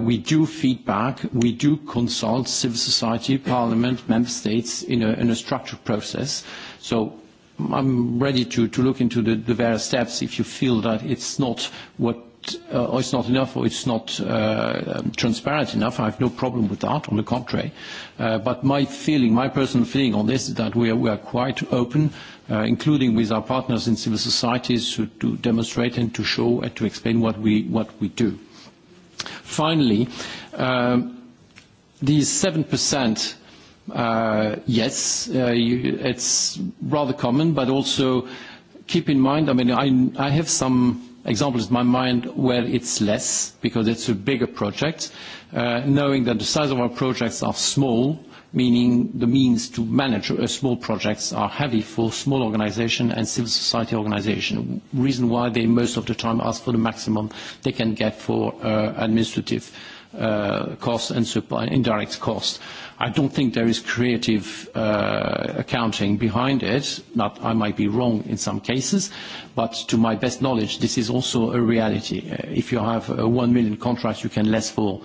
we do feedback, we do consult civil society, parliament, member states in a, in a structured process. So I'm ready to, to look into the, the various steps if you feel that it's not what uh, or it's not enough or it's not uh, transparent enough. I have no problem with that, on the contrary. Uh, but my feeling, my personal feeling on this is that we are, we are quite open, uh, including with our partners in civil societies to, to demonstrate and to show and to explain what we, what we do. Finally, these 7%, yes, it's rather common, but also keep in mind, I mean, I have some examples in my mind where it's less because it's a bigger project. Knowing that the size of our projects are small, meaning the means to manage small projects are heavy for small organization and civil society organization. Reason why they most of the time ask for the maximum they can get for administrative costs and supply, indirect costs. I don't think there is creative accounting behind it. Not, I might be wrong in some cases, but to my best knowledge, this is also a reality. If you have a one million contracts, you can less for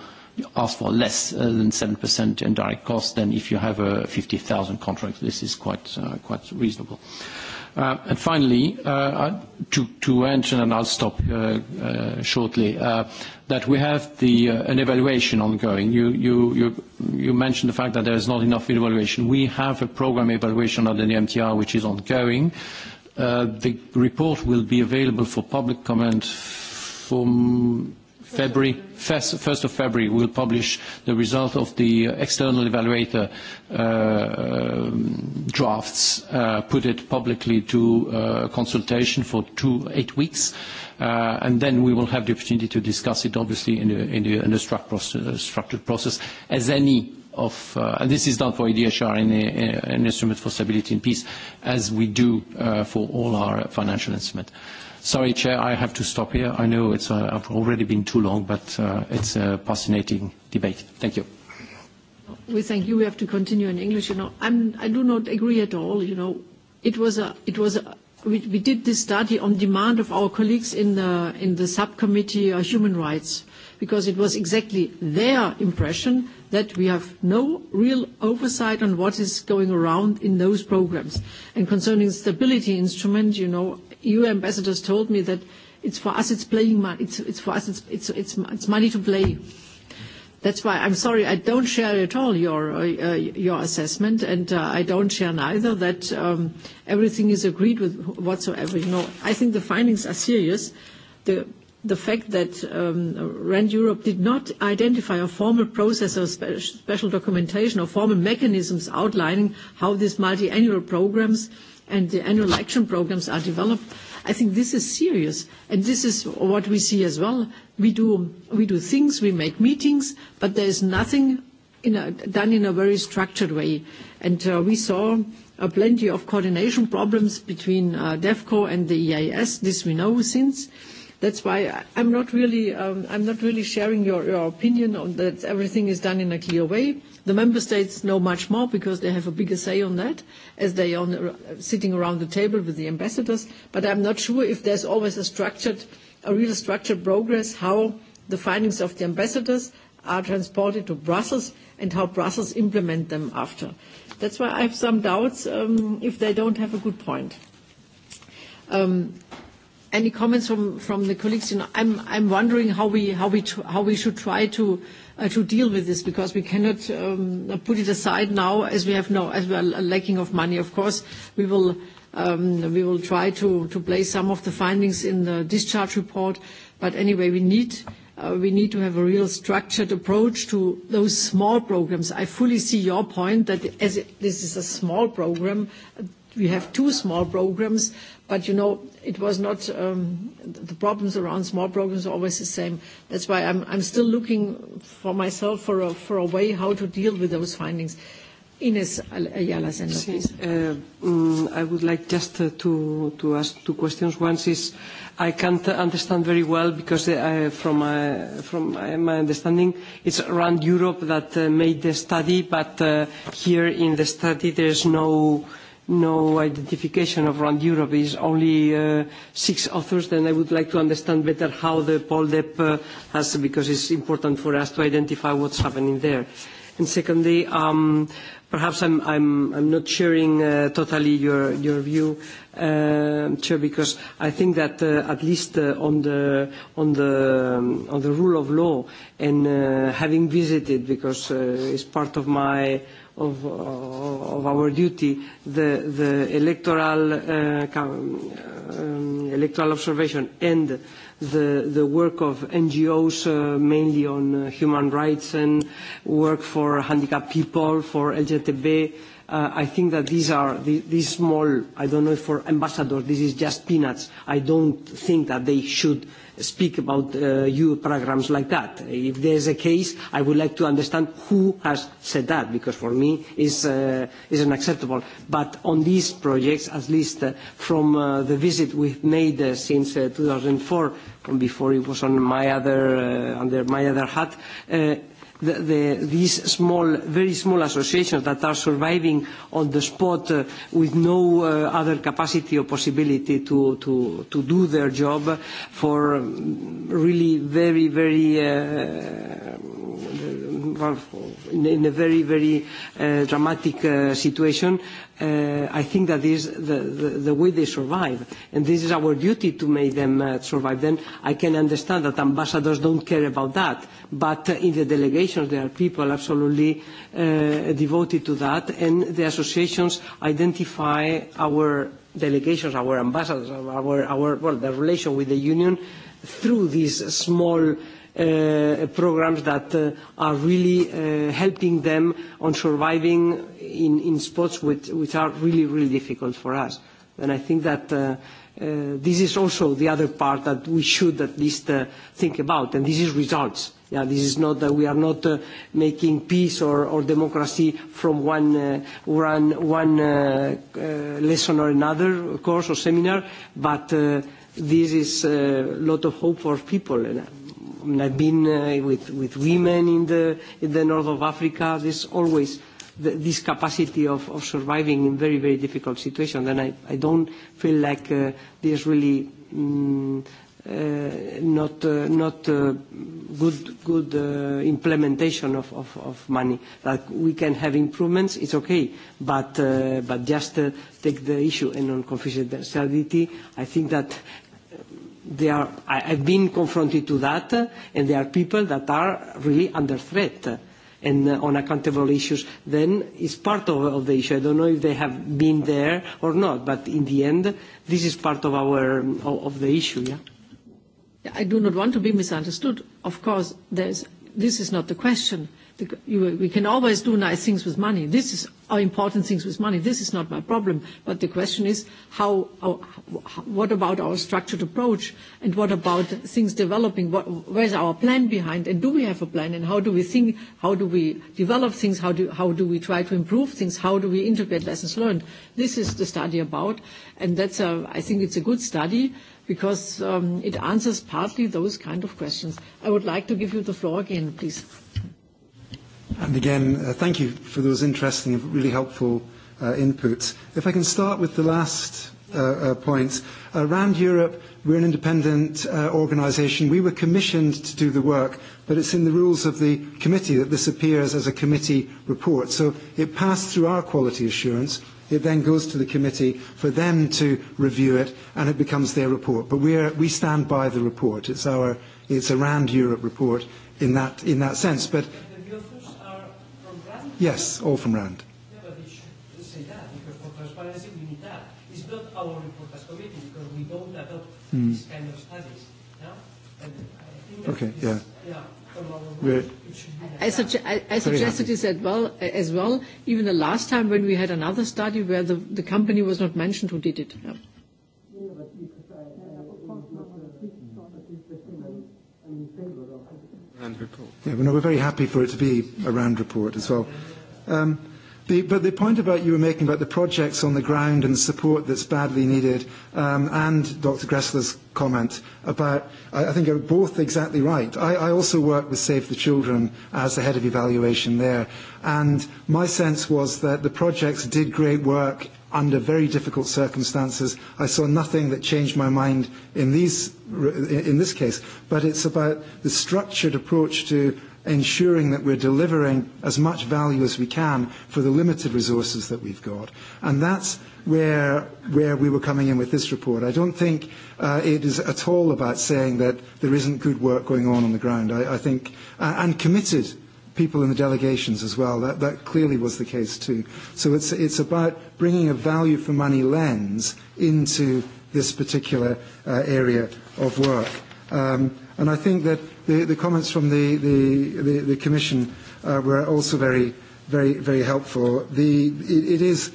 ask for less uh, than 7% in direct cost than if you have a 50,000 contract. This is quite, uh, quite reasonable. Uh, and finally, uh, to, to mention, and I'll stop uh, uh, shortly, uh, that we have the, uh, an evaluation ongoing. You, you, you, you mentioned the fact that there is not enough evaluation. We have a program evaluation under the MTR which is ongoing. Uh, the report will be available for public comment from February, 1st of February, we'll publish the result of the external evaluator drafts, put it publicly to consultation for two, eight weeks, and then we will have the opportunity to discuss it, obviously, in a structured process, as any of, and this is done for EDHR in an instrument for stability and peace, as we do for all our financial instruments. Sorry, Chair, I have to stop here. I know it's, I've already been too long, but it's a fascinating debate. Thank you. We thank you. We have to continue in English. You know, I do not agree at all. You know, it was a, it was a, we, we did this study on demand of our colleagues in the in the subcommittee on human rights because it was exactly their impression that we have no real oversight on what is going around in those programs. And concerning stability instrument, you know, EU ambassadors told me that it's for us it's playing money it's, it's for us it's, it's, it's, it's money to play that's why I'm sorry I don't share at all your uh, your assessment and uh, I don't share neither that um, everything is agreed with whatsoever you know I think the findings are serious the the fact that um, RAND Europe did not identify a formal process or spe- special documentation or formal mechanisms outlining how these multi-annual programs and the annual action programs are developed. I think this is serious, and this is what we see as well. We do, we do things, we make meetings, but there is nothing in a, done in a very structured way. And uh, we saw uh, plenty of coordination problems between uh, DEFCO and the EIS. This we know since. Uh, That's why I'm not really, um, I'm not really sharing your, your opinion on that everything is done in a clear way. The member states know much more because they have a bigger say on that, as they are sitting around the table with the ambassadors. But I'm not sure if there's always a structured, a real structured progress how the findings of the ambassadors are transported to Brussels and how Brussels implement them after. That's why I have some doubts um, if they don't have a good point. Um, Any comments from the colleagues? You know, I'm wondering how we how we how we should try to deal with this because we cannot put it aside now as we have no as we are lacking of money. Of course, we will we will try to to place some of the findings in the discharge report. But anyway, we need we need to have a real structured approach to those small programs. I fully see your point that as this is a small program, we have two small programs, but you know it was not um, the problems around small problems are always the same. That's why I'm, I'm still looking for myself for a, for a way how to deal with those findings. Ines Ayala Sender, please. I would like just to to ask two questions. One is, I can't understand very well because uh from my understanding, it's around Europe that made the study, but uh here in the study, there's no no identification of Rand Europe is only uh, six authors, then I would like to understand better how the POLDEP uh, has, because it's important for us to identify what's happening there. And secondly, um, perhaps I'm, I'm, I'm not sharing uh, totally your, your view, uh, Chair, because I think that uh, at least uh, on, the, on, the, on the rule of law and uh, having visited, because uh, it's part of my of, of our duty, the, the electoral, uh, um, electoral observation and the, the work of NGOs, uh, mainly on uh, human rights and work for handicapped people, for LGTB, uh, I think that these are these, these small, I don't know if for ambassadors, this is just peanuts. I don't think that they should uh, speak about uh, EU programs like that. If there is a case, I would like to understand who has said that, because for me is uh, unacceptable. But on these projects, at least uh, from uh, the visit we've made uh, since uh, 2004, from before it was on my other, uh, under my other hat, uh, the, the, these small, very small associations that are surviving on the spot uh, with no uh, other capacity or possibility to, to, to do their job for really very, very, uh, in a very, very uh, dramatic uh, situation I think that is the, the, the way they survive. And this is our duty to make them uh, survive. Then I can understand that ambassadors don't care about that. But uh, in the delegations, there are people absolutely uh, devoted to that. And the associations identify our delegations, our ambassadors, our, our well, the relation with the union through these small uh, programs that uh, are really uh, helping them on surviving in, in spots which, which are really, really difficult for us. And I think that uh, uh, this is also the other part that we should at least uh, think about, and this is results. Yeah, this is not that we are not uh, making peace or, or democracy from one, uh, one, one uh, uh, lesson or another course or seminar, but uh, this is a lot of hope for people. And I've been uh, with, with women in the, in the north of Africa. There's always the, this capacity of, of surviving in very, very difficult situations. And I, I don't feel like uh, there's really um, uh, not, uh, not uh, good, good uh, implementation of, of, of money. Like we can have improvements, it's okay, but, uh, but just uh, take the issue and on confidentiality, I think that they are, I, I've been confronted to that, and there are people that are really under threat and uh, on accountable issues, then it's part of, of the issue. I don't know if they have been there or not, but in the end, this is part of our of, of the issue. Yeah. I do not want to be misunderstood. Of course, there's, this is not the question we can always do nice things with money. This is are important things with money. This is not my problem. But the question is, how, how, what about our structured approach? And what about things developing? What, where's our plan behind? And do we have a plan? And how do we think? How do we develop things? How do, how do we try to improve things? How do we integrate lessons learned? This is the study about. And that's a, I think it's a good study because um, it answers partly those kind of questions. I would like to give you the floor again, please. And again, uh, thank you for those interesting and really helpful uh, inputs. If I can start with the last uh, uh, point. Around Europe, we're an independent uh, organisation. We were commissioned to do the work, but it's in the rules of the committee that this appears as a committee report. So it passed through our quality assurance. It then goes to the committee for them to review it, and it becomes their report. But we are we stand by the report. It's our it's a round Europe report in that in that sense. But Yes, all from Rand. Yeah, but it should say that because for transparency we need that. It's not our report as committee because we don't adopt mm. this kind of studies. Yeah? And I think that okay, yeah. yeah. I, suge- I, I suggested this as well, as well, even the last time when we had another study where the, the company was not mentioned who did it. Yeah. Yeah, well, no, we're very happy for it to be a round report as well. Um, the, but the point about you were making about the projects on the ground and the support that's badly needed, um, and Dr. Gressler's comment about, I, I think are both exactly right. I, I also work with Save the Children as the head of evaluation there, and my sense was that the projects did great work under very difficult circumstances. I saw nothing that changed my mind in, these, in this case, but it's about the structured approach to ensuring that we're delivering as much value as we can for the limited resources that we've got. And that's where, where we were coming in with this report. I don't think uh, it is at all about saying that there isn't good work going on on the ground. I, I think, uh, and committed people in the delegations as well. That, that clearly was the case too. So it's, it's about bringing a value for money lens into this particular uh, area of work. Um, and I think that the, the comments from the, the, the, the Commission uh, were also very, very, very helpful. The, it, it is,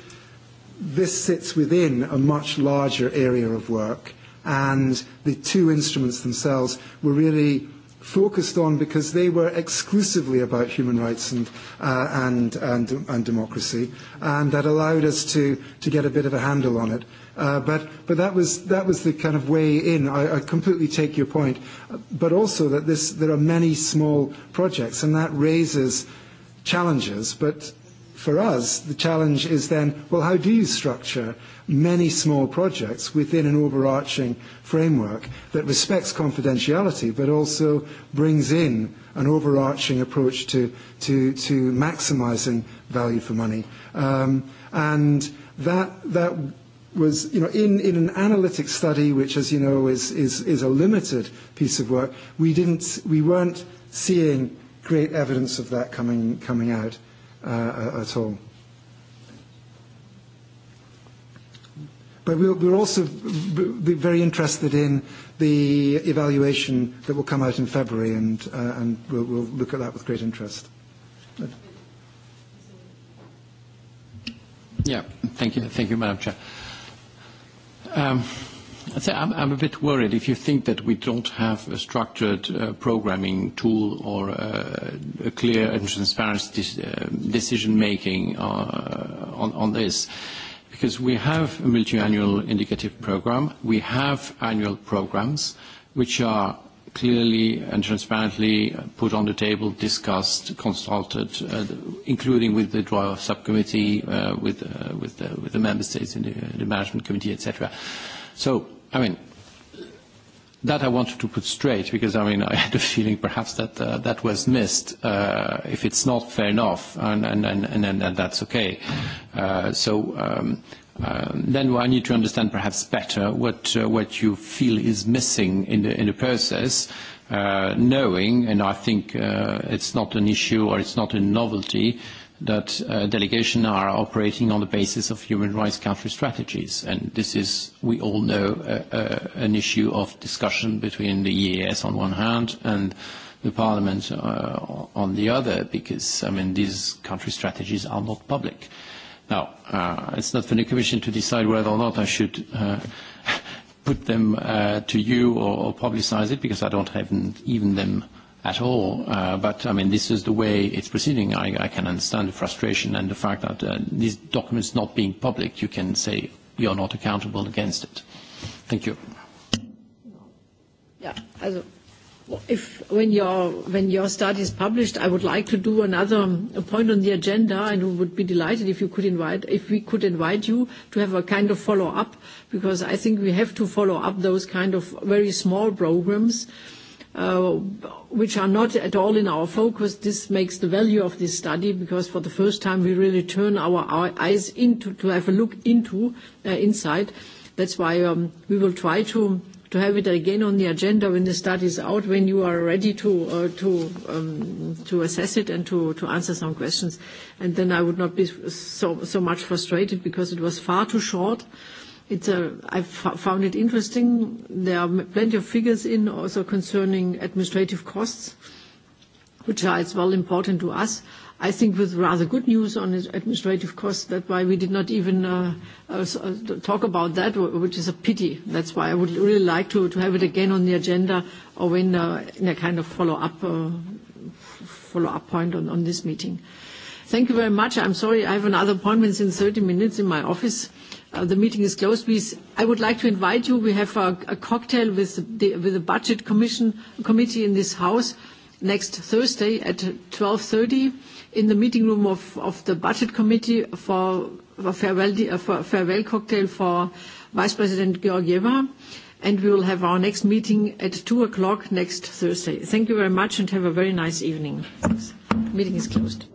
this sits within a much larger area of work, and the two instruments themselves were really focused on because they were exclusively about human rights and, uh, and, and, and democracy, and that allowed us to, to get a bit of a handle on it. Uh, but but that was that was the kind of way in. I, I completely take your point, but also that this there are many small projects, and that raises challenges. But for us, the challenge is then, well, how do you structure many small projects within an overarching framework that respects confidentiality but also brings in an overarching approach to, to, to maximizing value for money? Um, and that, that was, you know, in, in an analytic study, which, as you know, is, is, is a limited piece of work, we, didn't, we weren't seeing great evidence of that coming, coming out uh, at all. But we're, we're also very interested in the evaluation that will come out in February, and, uh, and we'll, we'll look at that with great interest. Yeah, thank you, thank you, Madam Chair. I'd I'm, I'm a bit worried if you think that we don't have a structured programming tool or a clear and transparent decision making on, on this. Because we have a multi-annual indicative program, we have annual programs, which are clearly and transparently put on the table, discussed, consulted, uh, including with the draw subcommittee, uh, with, uh, with, the, with the member states in the, the management committee, etc. So, I mean, that I wanted to put straight because I mean I had a feeling perhaps that uh, that was missed. Uh, if it's not fair enough, and and and, and, and that's okay. Uh, so um, then I need to understand perhaps better what what you feel is missing in the in the process, uh knowing, and I think uh it's not an issue or it's not a novelty, that uh delegation are operating on the basis of human rights country strategies. And this is, we all know, uh uh an issue of discussion between the EAS on one hand and the parliament uh on the other, because, I mean, these country strategies are not public. Uh, Now, uh, it's not for the Commission to decide whether or not I should uh, put them uh, to you or, or publicize it, because I don't have even them at all. Uh, but, I mean, this is the way it's proceeding. I, I can understand the frustration and the fact that uh, these documents not being public, you can say you're not accountable against it. Thank you. Yeah, also If when your when your study is published, I would like to do another point on the agenda, and we would be delighted if you could invite if we could invite you to have a kind of follow up, because I think we have to follow up those kind of very small programs, uh, which are not at all in our focus. This makes the value of this study, because for the first time we really turn our, our eyes into to have a look into uh, inside. That's why um, we will try to to have it again on the agenda when the study is out, when you are ready to to to assess it and to, to answer some questions. And then I would not be so so much frustrated because it was far too short. I found it interesting. There are plenty of figures in also concerning administrative costs, which are as well important to us. I think with rather good news on administrative costs. That's why we did not even talk about that, which is a pity. That's why I would really like to, have it again on the agenda or uh, in a kind of follow-up point on, this meeting. Thank you very much. I'm sorry, I have another appointment in 30 minutes in my office. the meeting is closed. Please I would like to invite you. We have a, a cocktail with the, with the Budget Commission Committee in this house next Thursday at 12.30 in the meeting room of, of the budget committee for a farewell, for a farewell cocktail for Vice President Georgieva. And we will have our next meeting at 2 o'clock next Thursday. Thank you very much and have a very nice evening. Meeting is closed.